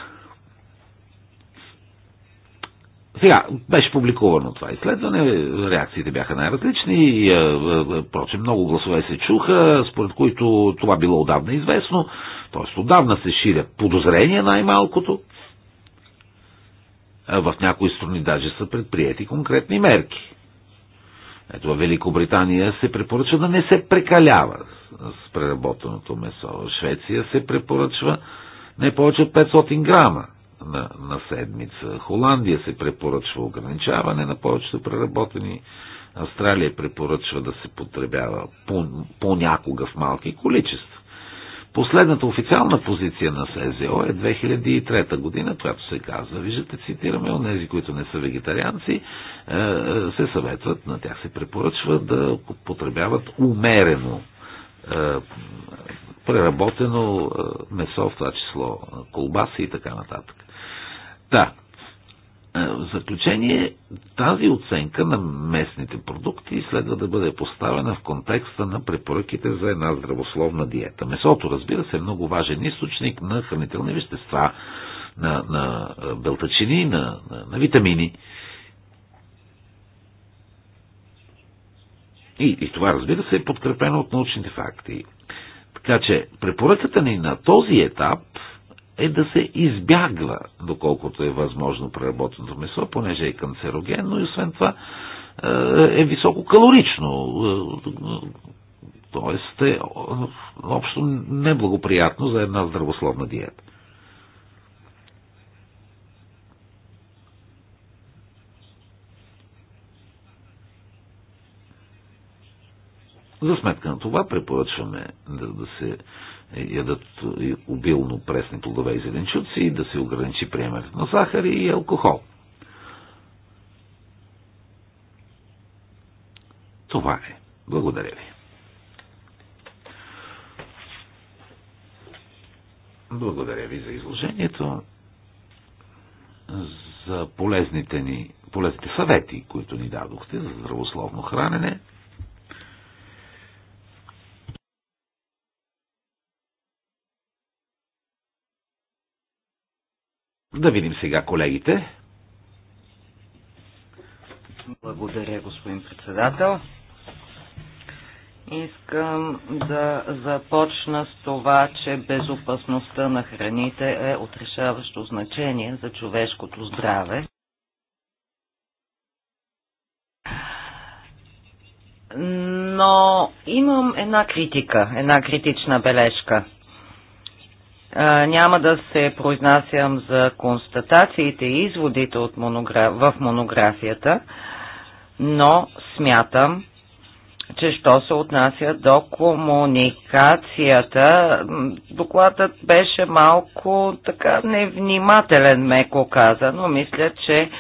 Сега, беше публикувано това изследване, реакциите бяха най-различни, и, проче много гласове се чуха, според които това било отдавна известно, т.е. отдавна се ширят подозрения най-малкото. В някои страни даже са предприяти конкретни мерки. Ето в Великобритания се препоръчва да не се прекалява с преработеното месо. В Швеция се препоръчва не повече от 500 грама на, на седмица. Холандия се препоръчва ограничаване на повечето преработени. Австралия препоръчва да се потребява понякога в малки количества. Последната официална позиция на СЗО е 2003 година, която се казва, виждате, цитираме, от тези, които не са вегетарианци, е, е, се съветват, на тях се препоръчва да потребяват умерено е, преработено месо, в това число колбаси и така нататък. Да, е, в заключение, тази оценка на местните продукти следва да бъде поставена в контекста на препоръките за една здравословна диета. Месото, разбира се, е много важен източник на хранителни вещества, на, на е, белтачини, на, на, на витамини. И, и това, разбира се, е подкрепено от научните факти. Така че препоръката ни на този етап – е да се избягва, доколкото е възможно преработеното месо, понеже е канцерогенно и освен това е, е висококалорично. Тоест е общо неблагоприятно за една здравословна диета. За сметка на това препоръчваме да, да се ядат обилно пресни плодове и зеленчуци, да се ограничи приемането на захар и алкохол. Това е. Благодаря ви. Благодаря ви за изложението, за полезните ни полезните съвети, които ни дадохте за здравословно хранене. Да видим сега колегите. Благодаря, господин председател. Искам да започна с това, че безопасността на храните е отрешаващо значение за човешкото здраве. Но имам една критика, една критична бележка – няма да се произнасям за констатациите и изводите от монограф... в монографията, но смятам, че що се отнася до комуникацията, докладът беше малко така невнимателен, меко казано. Мисля, че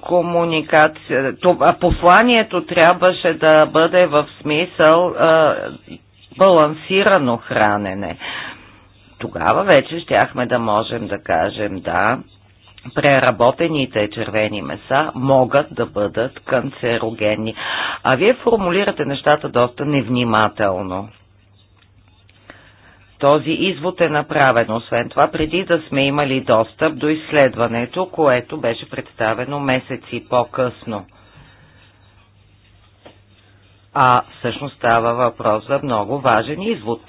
комуникация, посланието трябваше да бъде в смисъл балансирано хранене тогава вече щяхме да можем да кажем да, преработените червени меса могат да бъдат канцерогенни. А вие формулирате нещата доста невнимателно. Този извод е направен, освен това, преди да сме имали достъп до изследването, което беше представено месеци по-късно. А всъщност става въпрос за много важен извод.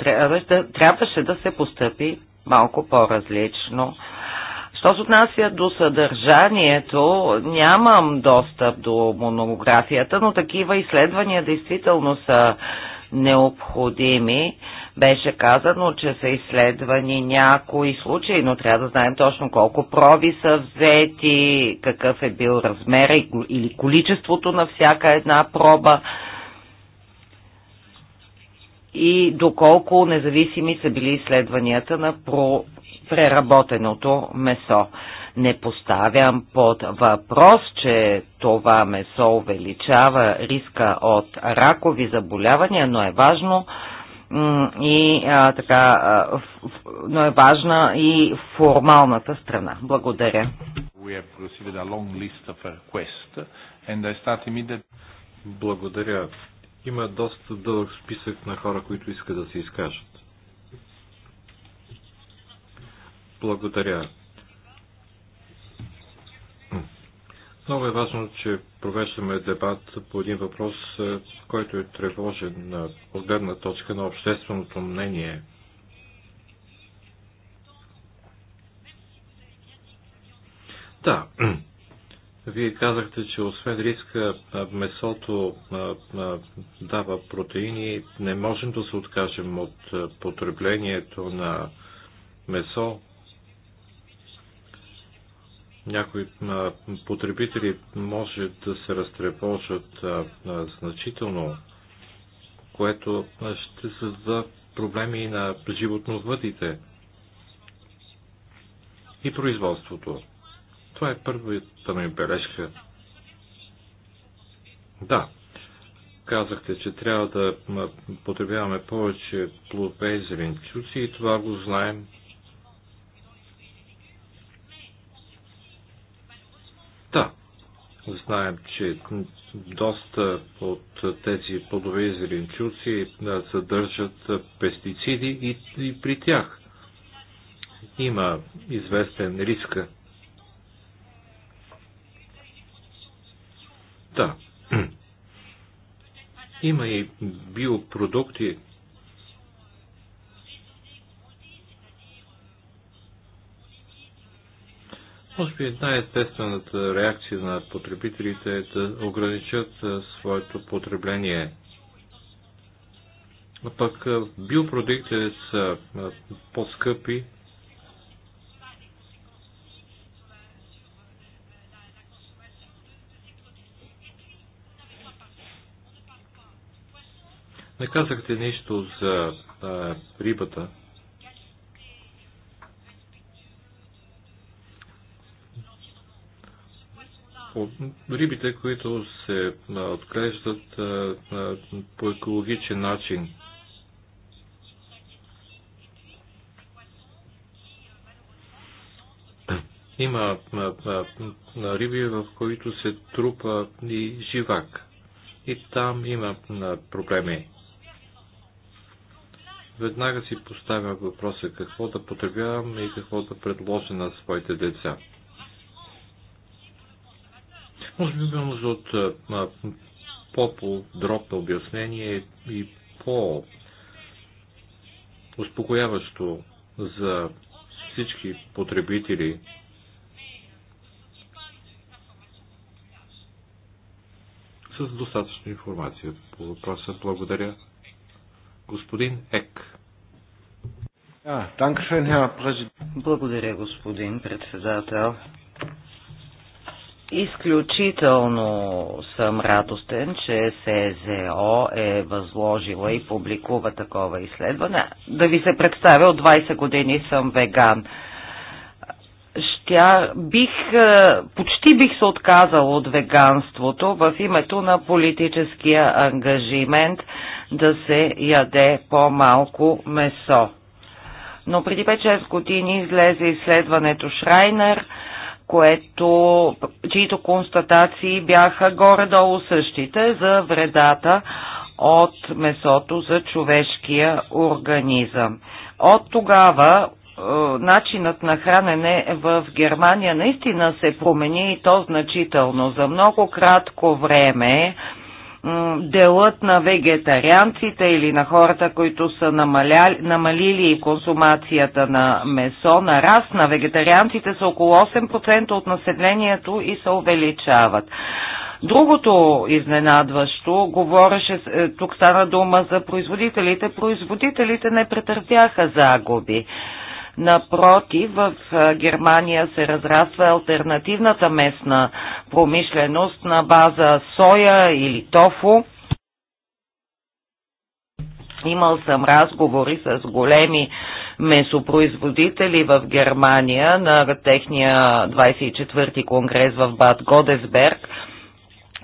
Трябваше да се постъпи малко по-различно. Що се отнася до съдържанието, нямам достъп до монографията, но такива изследвания действително са необходими. Беше казано, че са изследвани някои случаи, но трябва да знаем точно колко проби са взети, какъв е бил размер или количеството на всяка една проба и доколко независими са били изследванията на про преработеното месо. Не поставям под въпрос, че това месо увеличава риска от ракови заболявания, но е важно и а, така, а, но е важна и формалната страна. Благодаря. Благодаря. Има доста дълъг списък на хора, които искат да се изкажат. Благодаря. Много е важно, че провеждаме дебат по един въпрос, е, който е тревожен е, от гледна точка на общественото мнение. Да, вие казахте, че освен риска месото дава протеини. Не можем да се откажем от потреблението на месо. Някои потребители може да се разтревожат значително, което ще създаде проблеми на животновъдите и производството. Това е първата ми бележка. Да, казахте, че трябва да потребяваме повече плодове и зеленчуци и това го знаем. Да, знаем, че доста от тези плодове и зеленчуци съдържат пестициди и, и при тях има известен риск Да, Има и биопродукти, Може би най-естествената реакция на потребителите е да ограничат своето потребление. А пък биопродуктите са по-скъпи Не казахте нищо за а, рибата. Рибите, които се отглеждат по екологичен начин. Има риби, в които се трупа и живак. И там има проблеми веднага си поставям въпроса какво да потребявам и какво да предложа на своите деца. Може би имам нужда от по-подробно обяснение и по-успокояващо за всички потребители. С достатъчно информация по въпроса. Благодаря господин Ек. Благодаря, господин председател. Изключително съм радостен, че СЗО е възложила и публикува такова изследване. Да ви се представя, от 20 години съм веган. Щя, бих, е, почти бих се отказал от веганството в името на политическия ангажимент да се яде по-малко месо. Но преди 5-6 години излезе изследването Шрайнер, което, чието констатации бяха горе-долу същите за вредата от месото за човешкия организъм. От тогава е, начинът на хранене в Германия наистина се промени и то значително. За много кратко време делът на вегетарианците или на хората, които са намаляли, намалили консумацията на месо, нарасна. Вегетарианците са около 8% от населението и се увеличават. Другото изненадващо, говореше, е, тук стана дума за производителите, производителите не претърпяха загуби. Напротив, в Германия се разраства альтернативната местна промишленост на база соя или тофу. Имал съм разговори с големи месопроизводители в Германия на техния 24-ти конгрес в Бад Годесберг.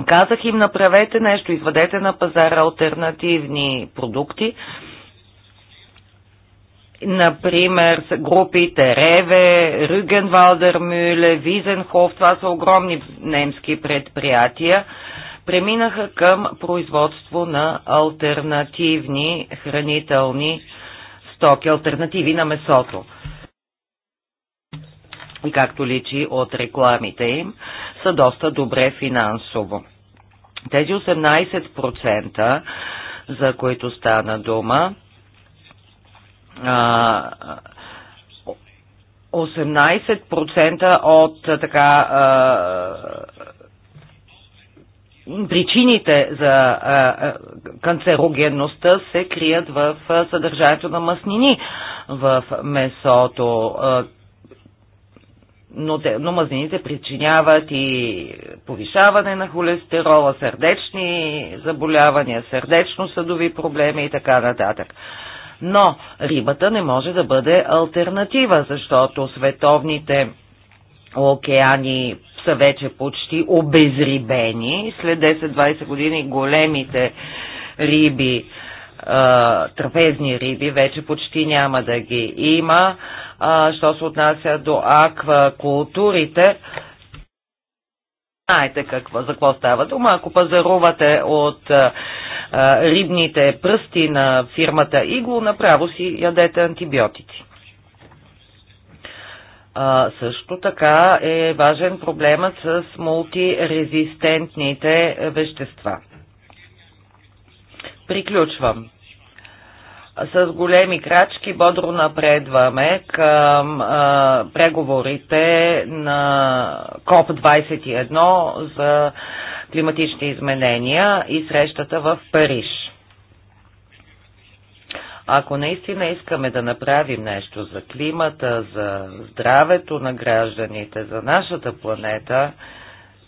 Казах им, направете нещо, извадете на пазара альтернативни продукти, Например, групите Реве, Рюгенвалдермюле, Визенхов, това са огромни немски предприятия, преминаха към производство на альтернативни хранителни стоки, альтернативи на месото. И както личи от рекламите им, са доста добре финансово. Тези 18%, за които стана дума, а 18% от така причините за канцерогенността се крият в съдържанието на мъснини в месото. Но, те, но мазнините причиняват и повишаване на холестерола, сърдечни заболявания, сърдечно-съдови проблеми и така нататък. Но рибата не може да бъде альтернатива, защото световните океани са вече почти обезрибени. След 10-20 години големите риби, трапезни риби, вече почти няма да ги има. що се отнася до аквакултурите, знаете какво, за какво става дума. Ако пазарувате от а, рибните пръсти на фирмата Игло, направо си ядете антибиотици. А, също така е важен проблемът с мултирезистентните вещества. Приключвам с големи крачки бодро напредваме към а, преговорите на КОП-21 за климатични изменения и срещата в Париж. Ако наистина искаме да направим нещо за климата, за здравето на гражданите, за нашата планета,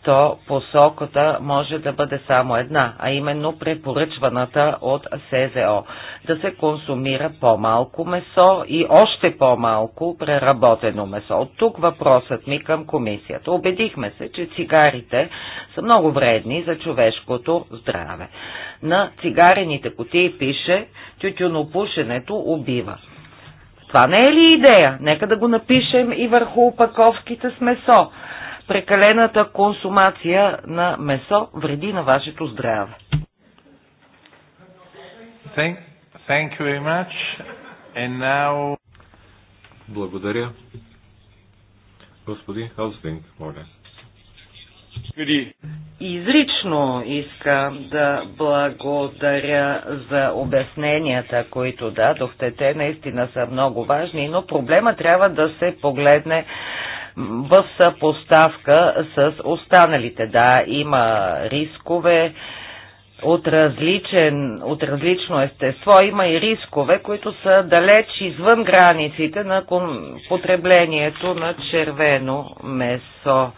то посоката може да бъде само една, а именно препоръчваната от СЗО. Да се консумира по-малко месо и още по-малко преработено месо. От тук въпросът ми към комисията. Обедихме се, че цигарите са много вредни за човешкото здраве. На цигарените кутии пише тютюнопушенето убива. Това не е ли идея? Нека да го напишем и върху опаковките с месо прекалената консумация на месо вреди на вашето здраве. Thank, thank you very much. And now... Благодаря. Господин Хаузлинг, моля. Изрично искам да благодаря за обясненията, които дадохте. Те наистина са много важни, но проблема трябва да се погледне в съпоставка с останалите. Да, има рискове от, различен, от различно естество. Има и рискове, които са далеч извън границите на потреблението на червено месо.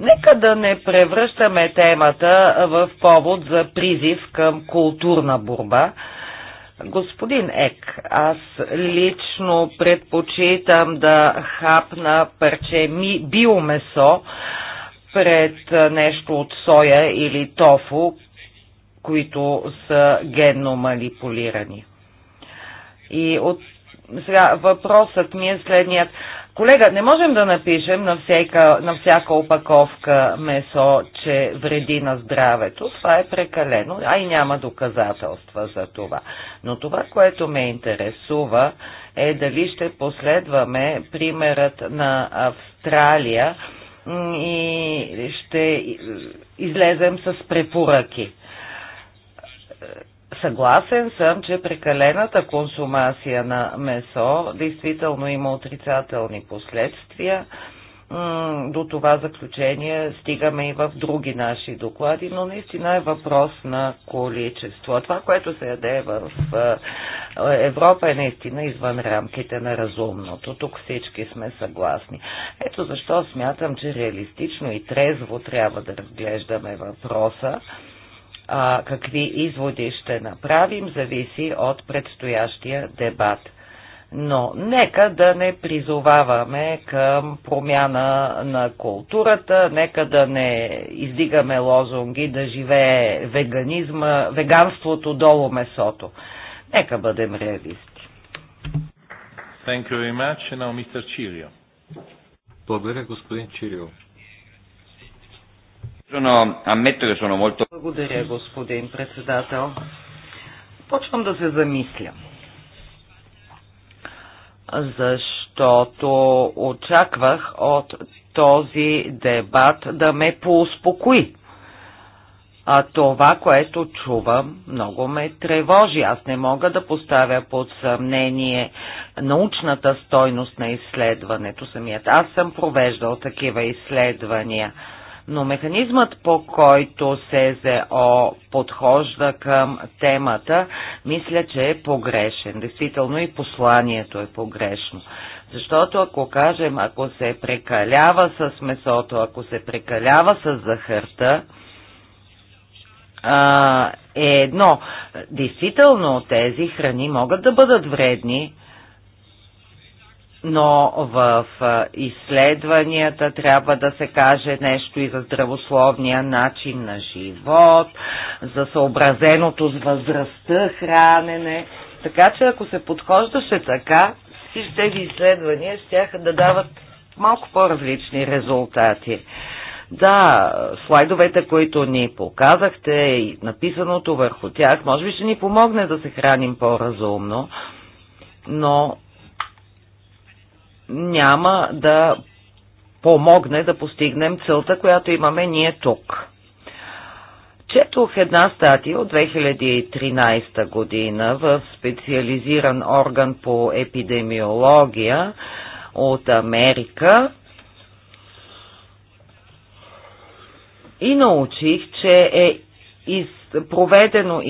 Нека да не превръщаме темата в повод за призив към културна борба, Господин Ек, аз лично предпочитам да хапна парче ми биомесо пред нещо от соя или тофу, които са генно манипулирани. И от сега въпросът ми е следният. Колега, не можем да напишем на всяка, на всяка опаковка месо, че вреди на здравето. Това е прекалено, а и няма доказателства за това. Но това, което ме интересува е дали ще последваме примерът на Австралия и ще излезем с препоръки. Съгласен съм, че прекалената консумация на месо действително има отрицателни последствия. До това заключение стигаме и в други наши доклади, но наистина е въпрос на количество. Това, което се яде в е, Европа е наистина извън рамките на разумното. Тук всички сме съгласни. Ето защо смятам, че реалистично и трезво трябва да разглеждаме въпроса а, какви изводи ще направим, зависи от предстоящия дебат. Но нека да не призоваваме към промяна на културата, нека да не издигаме лозунги да живее веганизма, веганството долу месото. Нека бъдем реалисти. Благодаря, господин Чирио. Благодаря, господин председател. Почвам да се замисля. Защото очаквах от този дебат да ме поуспокои. А това, което чувам, много ме тревожи. Аз не мога да поставя под съмнение научната стойност на изследването самият. Аз съм провеждал такива изследвания – но механизмът по който СЗО подхожда към темата, мисля, че е погрешен. Действително и посланието е погрешно. Защото ако кажем, ако се прекалява с месото, ако се прекалява с захарта, е едно. Действително тези храни могат да бъдат вредни, но в изследванията трябва да се каже нещо и за здравословния начин на живот, за съобразеното с възрастта хранене. Така че ако се подхождаше така, всички тези изследвания ще да дават малко по-различни резултати. Да, слайдовете, които ни показахте и написаното върху тях, може би ще ни помогне да се храним по-разумно, но няма да помогне да постигнем целта, която имаме ние тук. Четох една статия от 2013 година в специализиран орган по епидемиология от Америка и научих, че е из проведено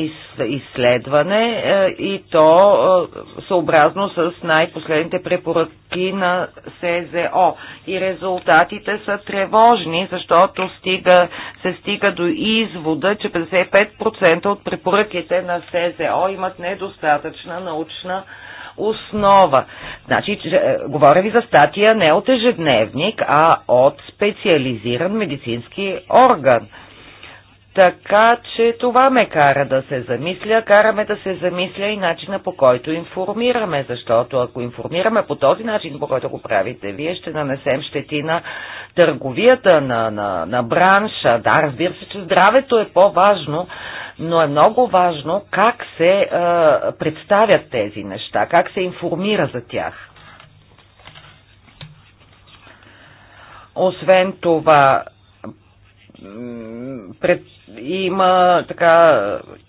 изследване е, и то е, съобразно с най-последните препоръки на СЗО. И резултатите са тревожни, защото стига, се стига до извода, че 55% от препоръките на СЗО имат недостатъчна научна основа. Значи, че, е, говоря ви за статия не от ежедневник, а от специализиран медицински орган – така че това ме кара да се замисля, караме да се замисля и начина по който информираме, защото ако информираме по този начин, по който го правите, вие ще нанесем щети на търговията, на, на, на бранша. Да, разбира се, че здравето е по-важно, но е много важно как се е, представят тези неща, как се информира за тях. Освен това, пред, има така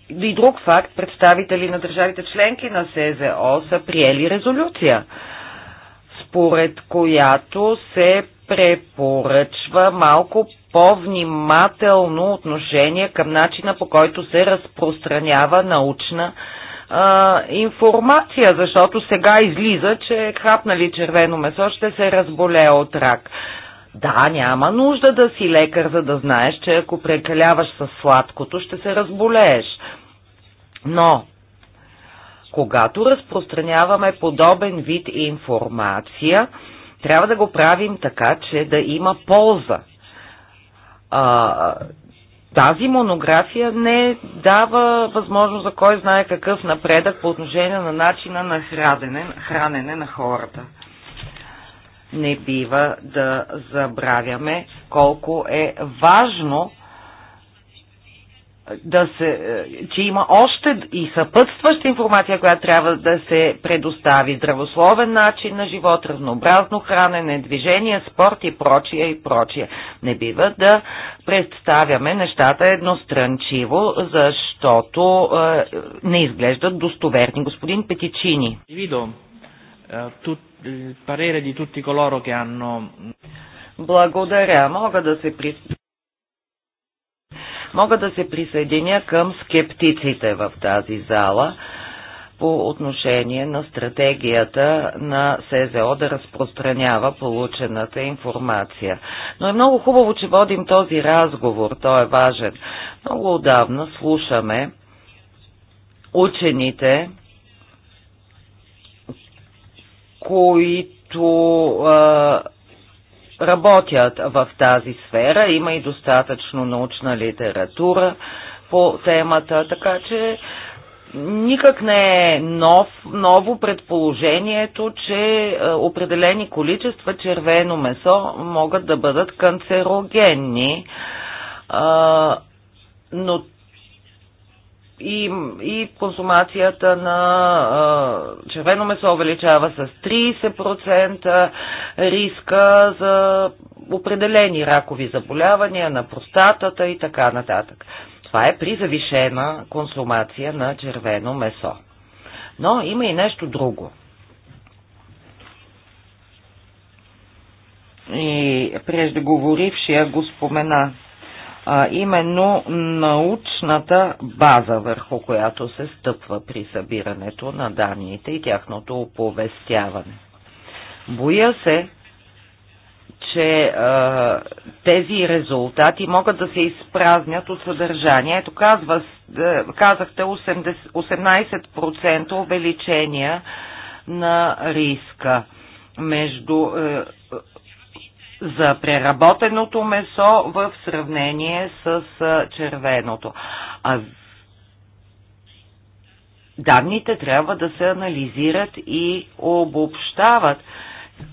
и друг факт. Представители на държавите членки на СЗО са приели резолюция, според която се препоръчва малко по-внимателно отношение към начина по който се разпространява научна а, информация, защото сега излиза, че е хапнали червено месо ще се разболее от рак. Да, няма нужда да си лекар, за да знаеш, че ако прекаляваш със сладкото, ще се разболееш. Но, когато разпространяваме подобен вид информация, трябва да го правим така, че да има полза. А, тази монография не дава възможност за кой знае какъв напредък по отношение на начина на хранене, хранене на хората не бива да забравяме колко е важно да се, че има още и съпътстваща информация, която трябва да се предостави. Здравословен начин на живот, разнообразно хранене, движение, спорт и прочие и прочие. Не бива да представяме нещата едностранчиво, защото е, не изглеждат достоверни. Господин Петичини. Видо, е, Тут il parere di tutti coloro che hanno... Благодаря. Мога да се при... Мога да се присъединя към скептиците в тази зала по отношение на стратегията на СЗО да разпространява получената информация. Но е много хубаво, че водим този разговор, той е важен. Много отдавна слушаме учените, които а, работят в тази сфера. Има и достатъчно научна литература по темата, така че никак не е нов, ново предположението, че определени количества червено месо могат да бъдат канцерогенни. А, но и, и консумацията на а, червено месо увеличава с 30%, риска за определени ракови заболявания на простатата и така нататък. Това е при завишена консумация на червено месо. Но има и нещо друго. И преждеговорившия го спомена – а именно научната база, върху която се стъпва при събирането на данните и тяхното оповестяване. Боя се, че а, тези резултати могат да се изпразнят от съдържание. Ето казва, казахте 80, 18% увеличение на риска между е, за преработеното месо в сравнение с червеното. А данните трябва да се анализират и обобщават,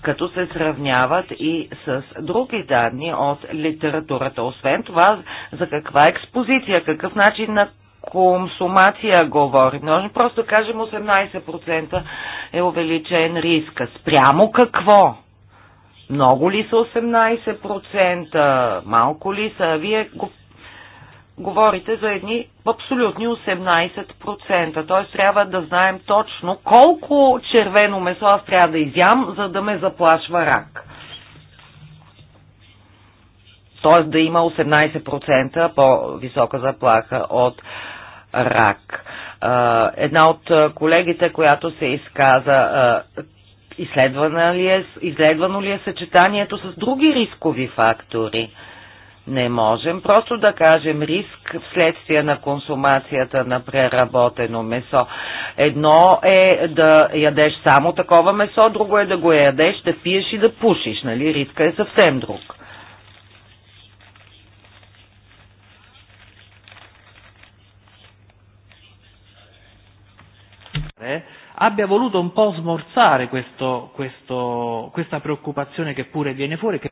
като се сравняват и с други данни от литературата. Освен това, за каква експозиция, какъв начин на консумация говорим. Може просто да кажем 18% е увеличен риска. Спрямо какво? Много ли са 18%? Малко ли са? Вие го говорите за едни абсолютни 18%. Т.е. трябва да знаем точно колко червено месо аз трябва да изям, за да ме заплашва рак. Т.е. да има 18% по-висока заплаха от рак. Една от колегите, която се изказа Изследвано ли е, изследвано ли е съчетанието с други рискови фактори? Не можем просто да кажем риск вследствие на консумацията на преработено месо. Едно е да ядеш само такова месо, друго е да го ядеш, да пиеш и да пушиш. Нали? Риска е съвсем друг. Не? abbia voluto un po' smorzare questo, questo, questa preoccupazione che pure viene fuori. Che...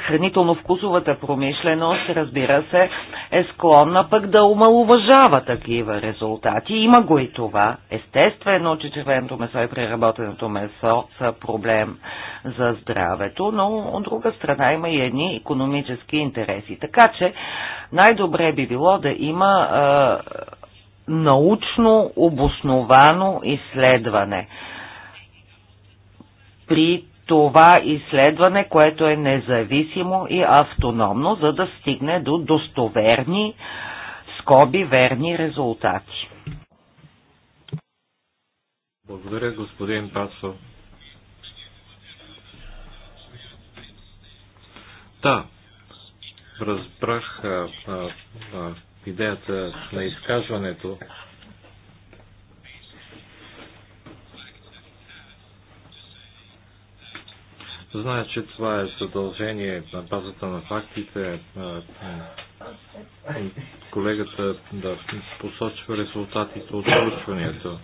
Хранително-вкусовата промишленост, разбира се, е склонна пък да омалуважава такива резултати. Има го и това. Естествено, че червеното месо и преработеното месо са проблем за здравето, но от друга страна има и едни економически интереси. Така че най-добре би било да има научно обосновано изследване. При това изследване, което е независимо и автономно, за да стигне до достоверни, скоби верни резултати. Благодаря, господин Пасо. Да, разбрах а, а, идеята на изказването. Зная, че това е задължение на базата на фактите. Колегата да посочва резултатите от проучването.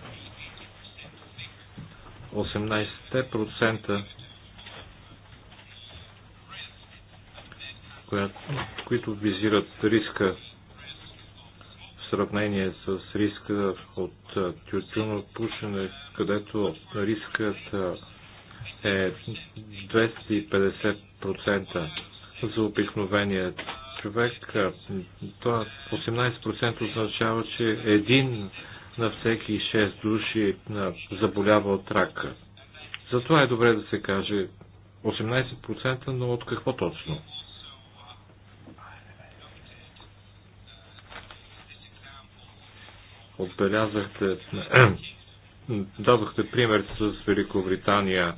18% които визират риска сравнение с риска от тютюно пушене, където рискът е 250% за обикновения човек. Това 18% означава, че един на всеки 6 души заболява от рака. Затова е добре да се каже 18%, но от какво точно? Отбелязахте, дадохте пример с Великобритания,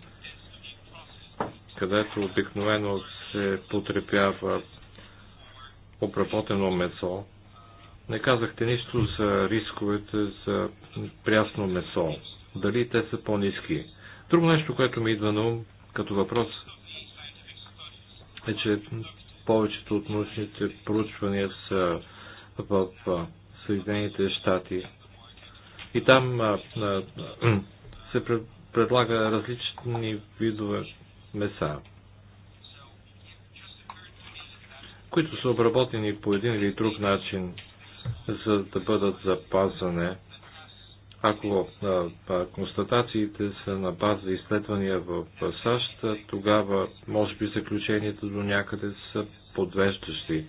където обикновено се потрепява обработено месо. Не казахте нищо за рисковете за прясно месо. Дали те са по-низки? Друго нещо, което ми идва на ум като въпрос е, че повечето от научните проучвания са в Съединените щати. И там а, а, се предлага различни видове меса, които са обработени по един или друг начин, за да бъдат запазване. Ако а, а, констатациите са на база изследвания в САЩ, тогава може би заключенията до някъде са подвеждащи.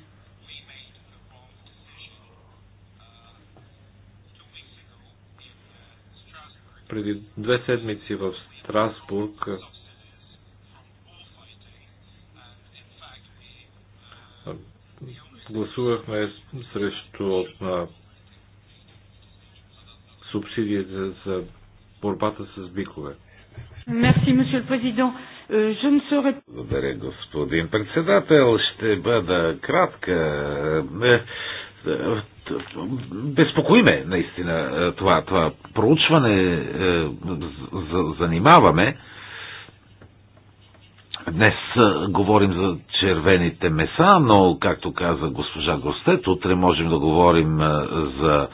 преди две седмици в Страсбург гласувахме срещу субсидии за борбата с бикове. Мерси, месье президент. Благодаря, господин председател. Ще бъда кратка. Е, безпокоиме наистина е, това, това проучване, е, занимаваме. Днес е, говорим за червените меса, но, както каза госпожа Гостет, утре можем да говорим за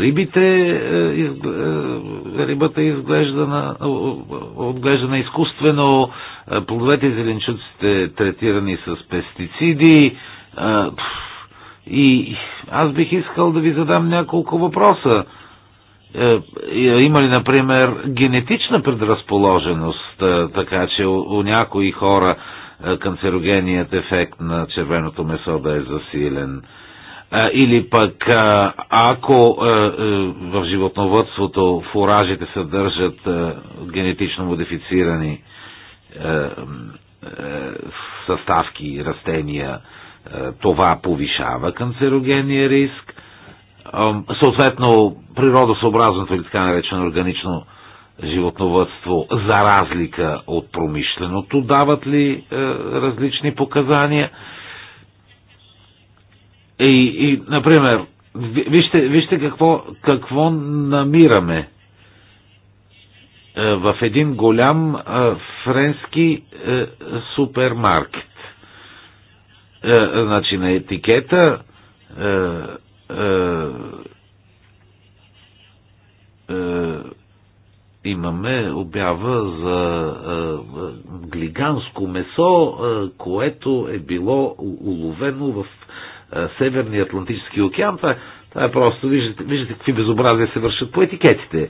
рибите. Рибата е изглеждана, отглеждана изкуствено, плодовете и зеленчуците третирани с пестициди и аз бих искал да ви задам няколко въпроса. Е, е, има ли, например, генетична предразположеност, е, така че у някои хора канцерогеният ефект на червеното месо да е засилен? Или пък, ако в животновътството фуражите съдържат генетично модифицирани съставки, растения, това повишава канцерогенния риск. Съответно, природосъобразното или така наречено органично животновътство, за разлика от промишленото, дават ли е, различни показания. И, и например, вижте, вижте какво, какво намираме е, в един голям е, френски е, супермаркет е, значи на етикета е, е, е, имаме обява за е, глиганско месо, е, което е било уловено в е, Северния Атлантически океан. Това, това е просто, виждате, виждате какви безобразия се вършат по етикетите е,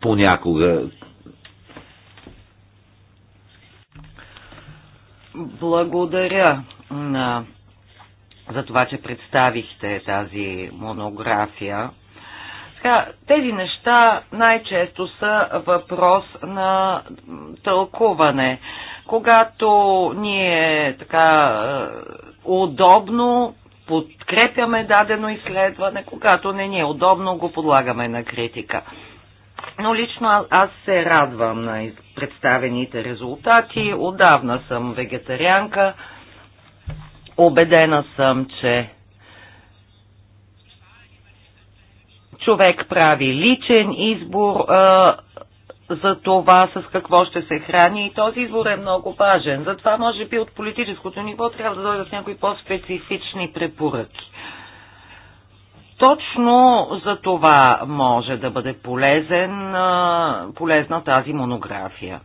понякога. Благодаря на, за това, че представихте тази монография. Така, тези неща най-често са въпрос на тълкуване. Когато ние така е, удобно подкрепяме дадено изследване, когато не ни е удобно, го подлагаме на критика. Но лично аз се радвам на представените резултати. Отдавна съм вегетарианка Обедена съм, че човек прави личен избор а, за това с какво ще се храни и този избор е много важен. Затова може би от политическото ниво трябва да дойдат някои по-специфични препоръки. Точно за това може да бъде полезен, а, полезна тази монография.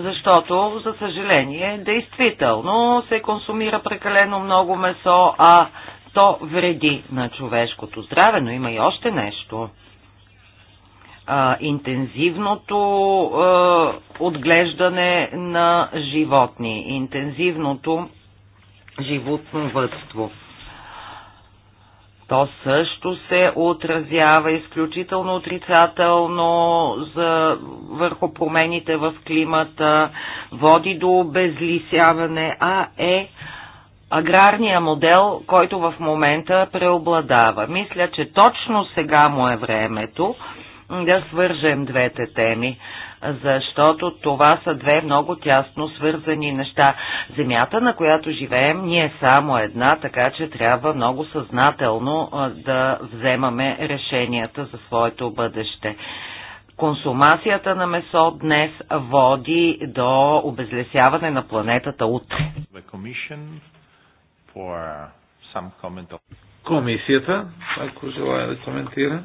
защото, за съжаление, действително се консумира прекалено много месо, а то вреди на човешкото здраве, но има и още нещо. А, интензивното а, отглеждане на животни, интензивното животновътство то също се отразява изключително отрицателно за, върху промените в климата, води до обезлисяване, а е аграрния модел, който в момента преобладава. Мисля, че точно сега му е времето да свържем двете теми защото това са две много тясно свързани неща. Земята, на която живеем, ни е само една, така че трябва много съзнателно да вземаме решенията за своето бъдеще. Консумацията на месо днес води до обезлесяване на планетата утре. Комисията, ако желая да коментира.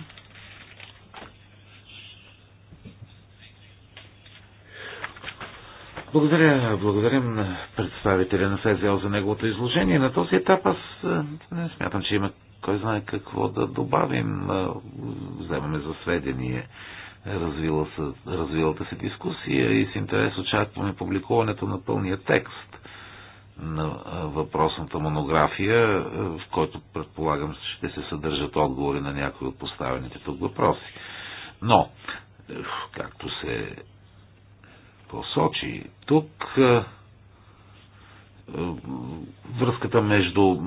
Благодаря, благодарим на представителя на ФЗО за неговото изложение. На този етап аз е, не смятам, че има кой знае какво да добавим. Е, вземаме за сведение развила се, развилата се дискусия и с интерес очакваме публикуването на пълния текст на е, въпросната монография, в който предполагам ще се съдържат отговори на някои от поставените тук въпроси. Но, както се посочи тук е, е, връзката между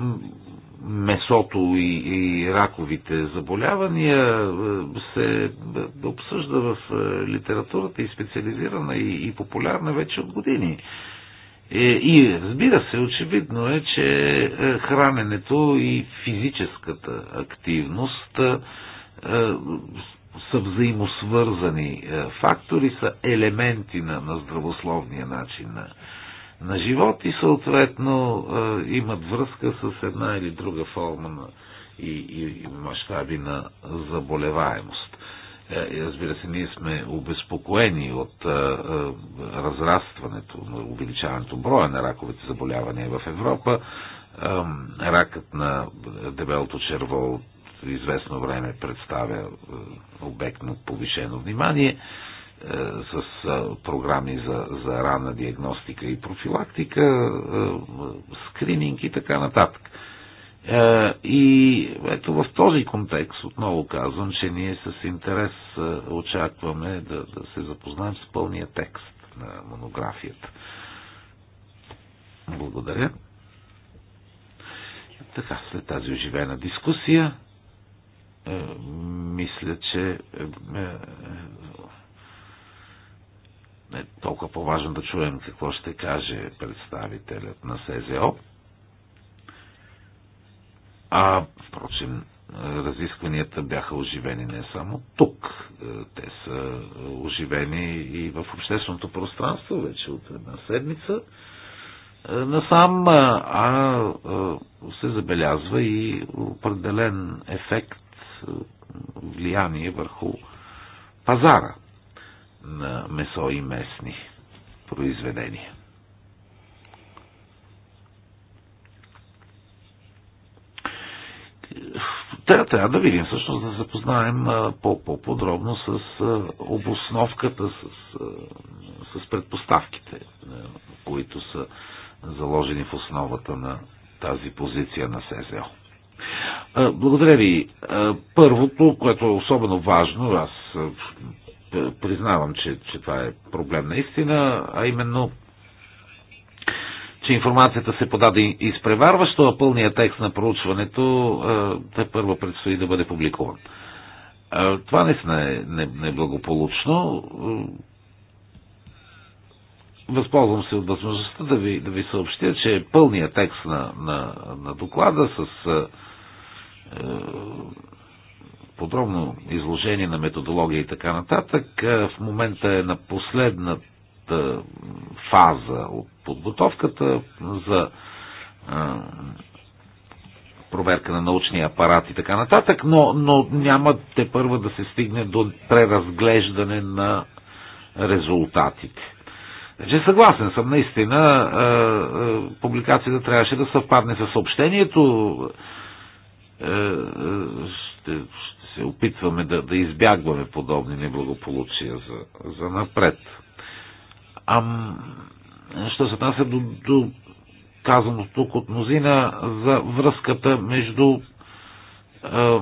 месото и, и раковите заболявания е, се обсъжда в литературата и специализирана и, и популярна вече от години. И разбира се, очевидно е, че храненето и физическата активност са взаимосвързани е, фактори, са елементи на, на здравословния начин на, на живот и съответно е, имат връзка с една или друга форма на, и, и, и мащаби на заболеваемост. Е, разбира се, ние сме обезпокоени от а, а, разрастването, увеличаването броя на раковите заболявания в Европа. А, ракът на дебелото черво известно време представя е, обект на повишено внимание е, с е, програми за, за ранна диагностика и профилактика, скрининг и така нататък. И ето в този контекст отново казвам, че ние с интерес очакваме да, да се запознаем с пълния текст на монографията. Благодаря. Така, след тази оживена дискусия е, мисля, че е, е, е толкова по-важно да чуем какво ще каже представителят на СЗО. А, впрочем, разискванията бяха оживени не само тук, те са оживени и в общественото пространство вече от една седмица. Насам а, се забелязва и определен ефект влияние върху пазара на месо и местни произведения. Трябва, трябва да видим, всъщност да запознаем по-подробно -по с обосновката, с, с предпоставките, които са заложени в основата на тази позиция на СЗО. Благодаря ви. Първото, което е особено важно, аз признавам, че, че това е проблем наистина, а именно че информацията се подаде изпреварващо, а пълният текст на проучването те първо предстои да бъде публикуван. Това наистина е неблагополучно. Възползвам се от възможността да ви, да ви съобщя, че пълният текст на, на, на доклада с е, подробно изложение на методология и така нататък. Е, в момента е на последната фаза от подготовката за е, проверка на научния апарат и така нататък, но, но няма те първа да се стигне до преразглеждане на резултатите. Че съгласен съм, наистина, публикацията трябваше да съвпадне с съобщението, е, е, ще, ще се опитваме да, да избягваме подобни неблагополучия за, за напред. А що се отнася до, до казано тук от мнозина за връзката между е,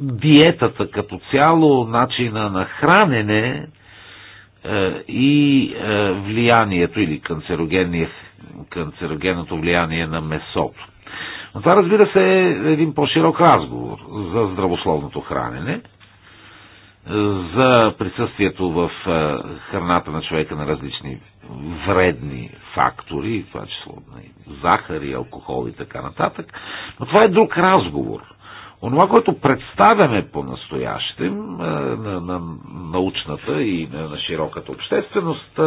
диетата като цяло, начина на хранене е, и е, влиянието или канцерогенното влияние на месото. Но това, разбира се, е един по-широк разговор за здравословното хранене, за присъствието в е, храната на човека на различни вредни фактори, това число нали, захар и алкохол и така нататък. Но това е друг разговор. Онова, което представяме по-настоящем е, на, на научната и на, на широката общественост,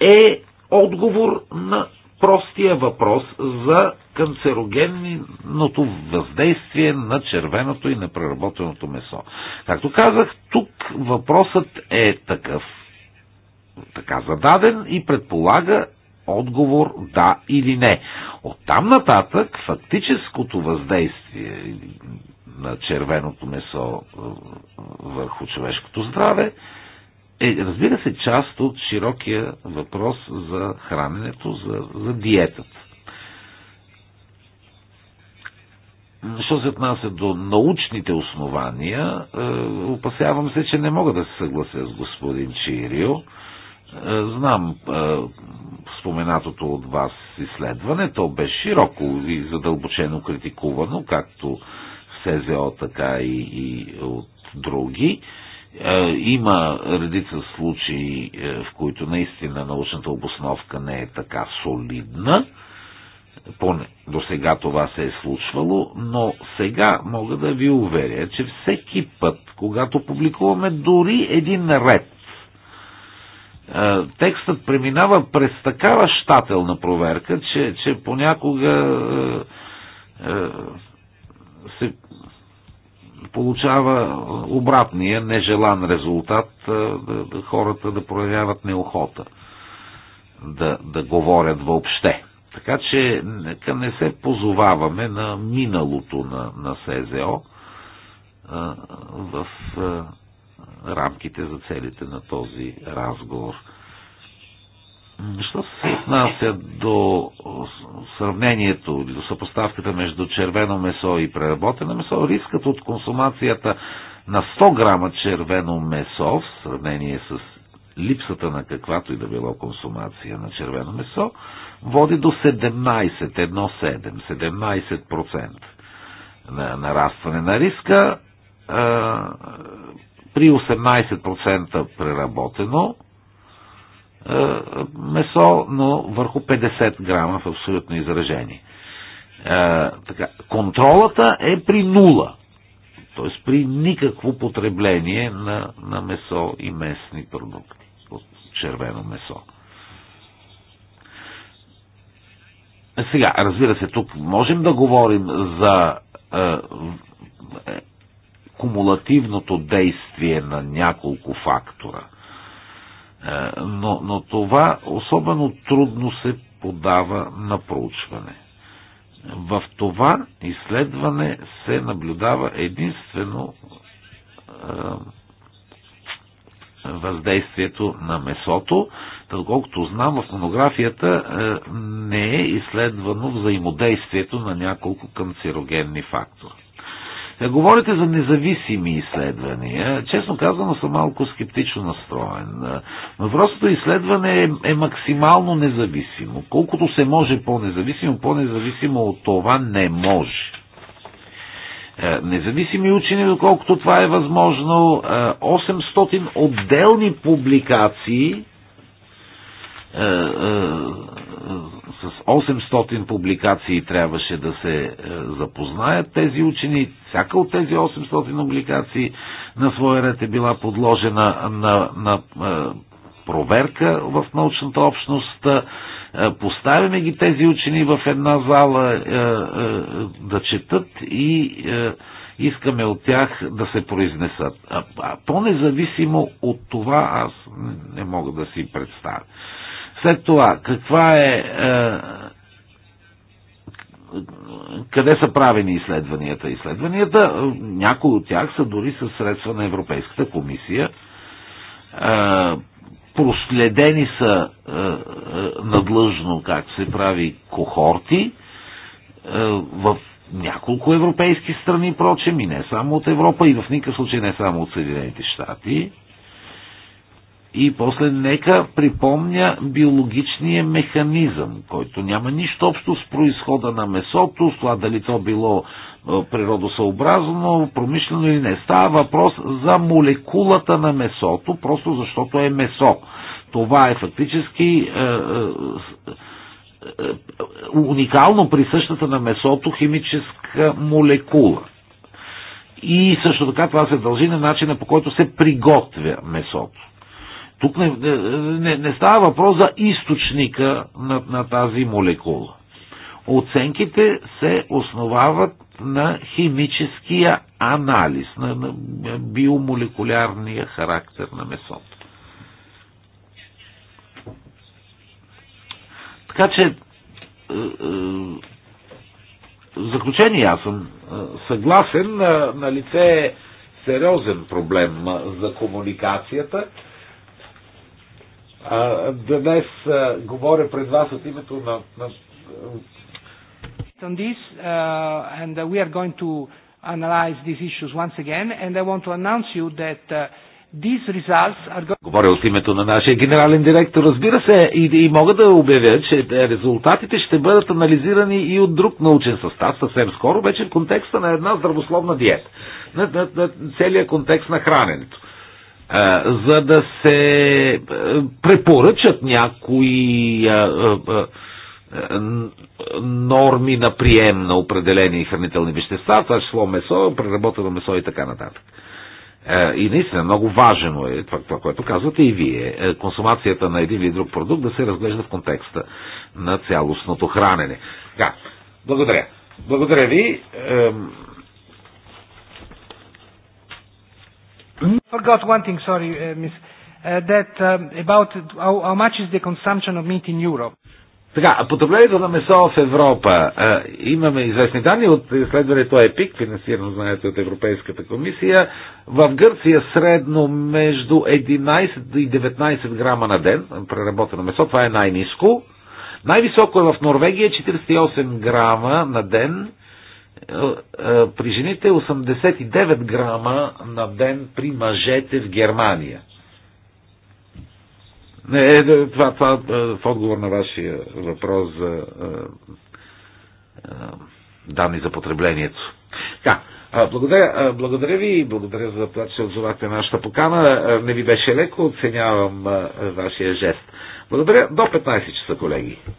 е отговор на простия въпрос за канцерогенното въздействие на червеното и на преработеното месо. Както казах, тук въпросът е такъв, така зададен и предполага отговор да или не. От там нататък фактическото въздействие на червеното месо е, върху човешкото здраве е, разбира се, част от широкия въпрос за храненето, за, за диетата. Що се отнася до научните основания, е, опасявам се, че не мога да се съглася с господин Чирио. Е, знам е, споменатото от вас изследване, то бе широко и задълбочено критикувано, както в СЗО, така и, и от други. Е, е, има редица случаи, е, в които наистина научната обосновка не е така солидна. Поне до сега това се е случвало, но сега мога да ви уверя, че всеки път, когато публикуваме дори един ред, е, текстът преминава през такава щателна проверка, че, че понякога се получава обратния нежелан резултат хората да проявяват неохота да, да говорят въобще. Така че нека не се позоваваме на миналото на, на СЗО а, в а, рамките за целите на този разговор. Що се отнася до сравнението или до съпоставката между червено месо и преработено месо, рискът от консумацията на 100 грама червено месо в сравнение с липсата на каквато и да било консумация на червено месо води до 17, едно 7, 17% на нарастване на риска а, при 18% преработено е, месо, но върху 50 грама в абсолютно изражение. Е, така, контролата е при нула, т.е. при никакво потребление на, на месо и местни продукти от червено месо. Сега, разбира се, тук можем да говорим за е, е кумулативното действие на няколко фактора. Е, но, но това особено трудно се подава на проучване. В това изследване се наблюдава единствено е, въздействието на месото. Доколкото знам, в монографията е, не е изследвано взаимодействието на няколко канцерогенни фактори. Говорите за независими изследвания. Честно казвам, съм малко скептично настроен. Въпросното изследване е, е максимално независимо. Колкото се може по-независимо, по-независимо от това не може е, независими учени, доколкото това е възможно, 800 е, отделни публикации е, с 800 публикации трябваше да се е, запознаят тези учени. Всяка от тези 800 публикации на своя ред е била подложена на, на е, проверка в научната общност. Е, поставяме ги тези учени в една зала да четат и искаме от тях да се произнесат. А по-независимо от това аз не мога да си представя. След това, каква е, е къде са правени изследванията? Изследванията, някои от тях са дори със средства на Европейската комисия. Е, проследени са е, надлъжно как се прави кохорти е, в няколко европейски страни, прочем, и не само от Европа, и в никакъв случай не само от Съединените щати. И после нека припомня биологичния механизъм, който няма нищо общо с происхода на месото, с това дали то било е, природосъобразно, промишлено или не. Става въпрос за молекулата на месото, просто защото е месо. Това е фактически е, е, е, е уникално присъщата на месото химическа молекула. И също така това се дължи на начина по който се приготвя месото. Тук не, не, не става въпрос за източника на, на тази молекула. Оценките се основават на химическия анализ, на, на биомолекулярния характер на месото. Така че, е, е, в заключение аз съм е, съгласен, на, на лице е сериозен проблем за комуникацията днес а, говоря пред вас от името на, на on this, uh, and uh, we are going to analyze these issues once again, and I want to announce you that uh, these results are going... Говоря от името на нашия генерален директор, разбира се, и, и мога да обявя, че е, резултатите ще бъдат анализирани и от друг научен състав, съвсем скоро, вече в контекста на една здравословна диета, на, на, на целият контекст на храненето за да се препоръчат някои норми на прием на определени хранителни вещества, това число месо, преработено месо и така нататък. И наистина много важно е това, това, което казвате и вие. Е, консумацията на един или друг продукт да се разглежда в контекста на цялостното хранене. Така, благодаря. Благодаря ви. Forgot one thing, sorry, uh, miss, uh, that uh, about how, how much is the consumption of meat in Europe. Така, потреблението на месо в Европа. А, имаме известни данни от изследването ЕПИК, финансирано, знаете, от Европейската комисия. В Гърция средно между 11 и 19 грама на ден преработено месо. Това е най-низко. Най-високо е в Норвегия 48 грама на ден е, е, при жените 89 е грама на ден при мъжете в Германия. Не, това, това в отговор на вашия въпрос за данни за потреблението. Така, благодаря, благодаря ви и благодаря за това, че отзовахте нашата покана. Не ви беше леко, оценявам вашия жест. Благодаря. До 15 часа, колеги.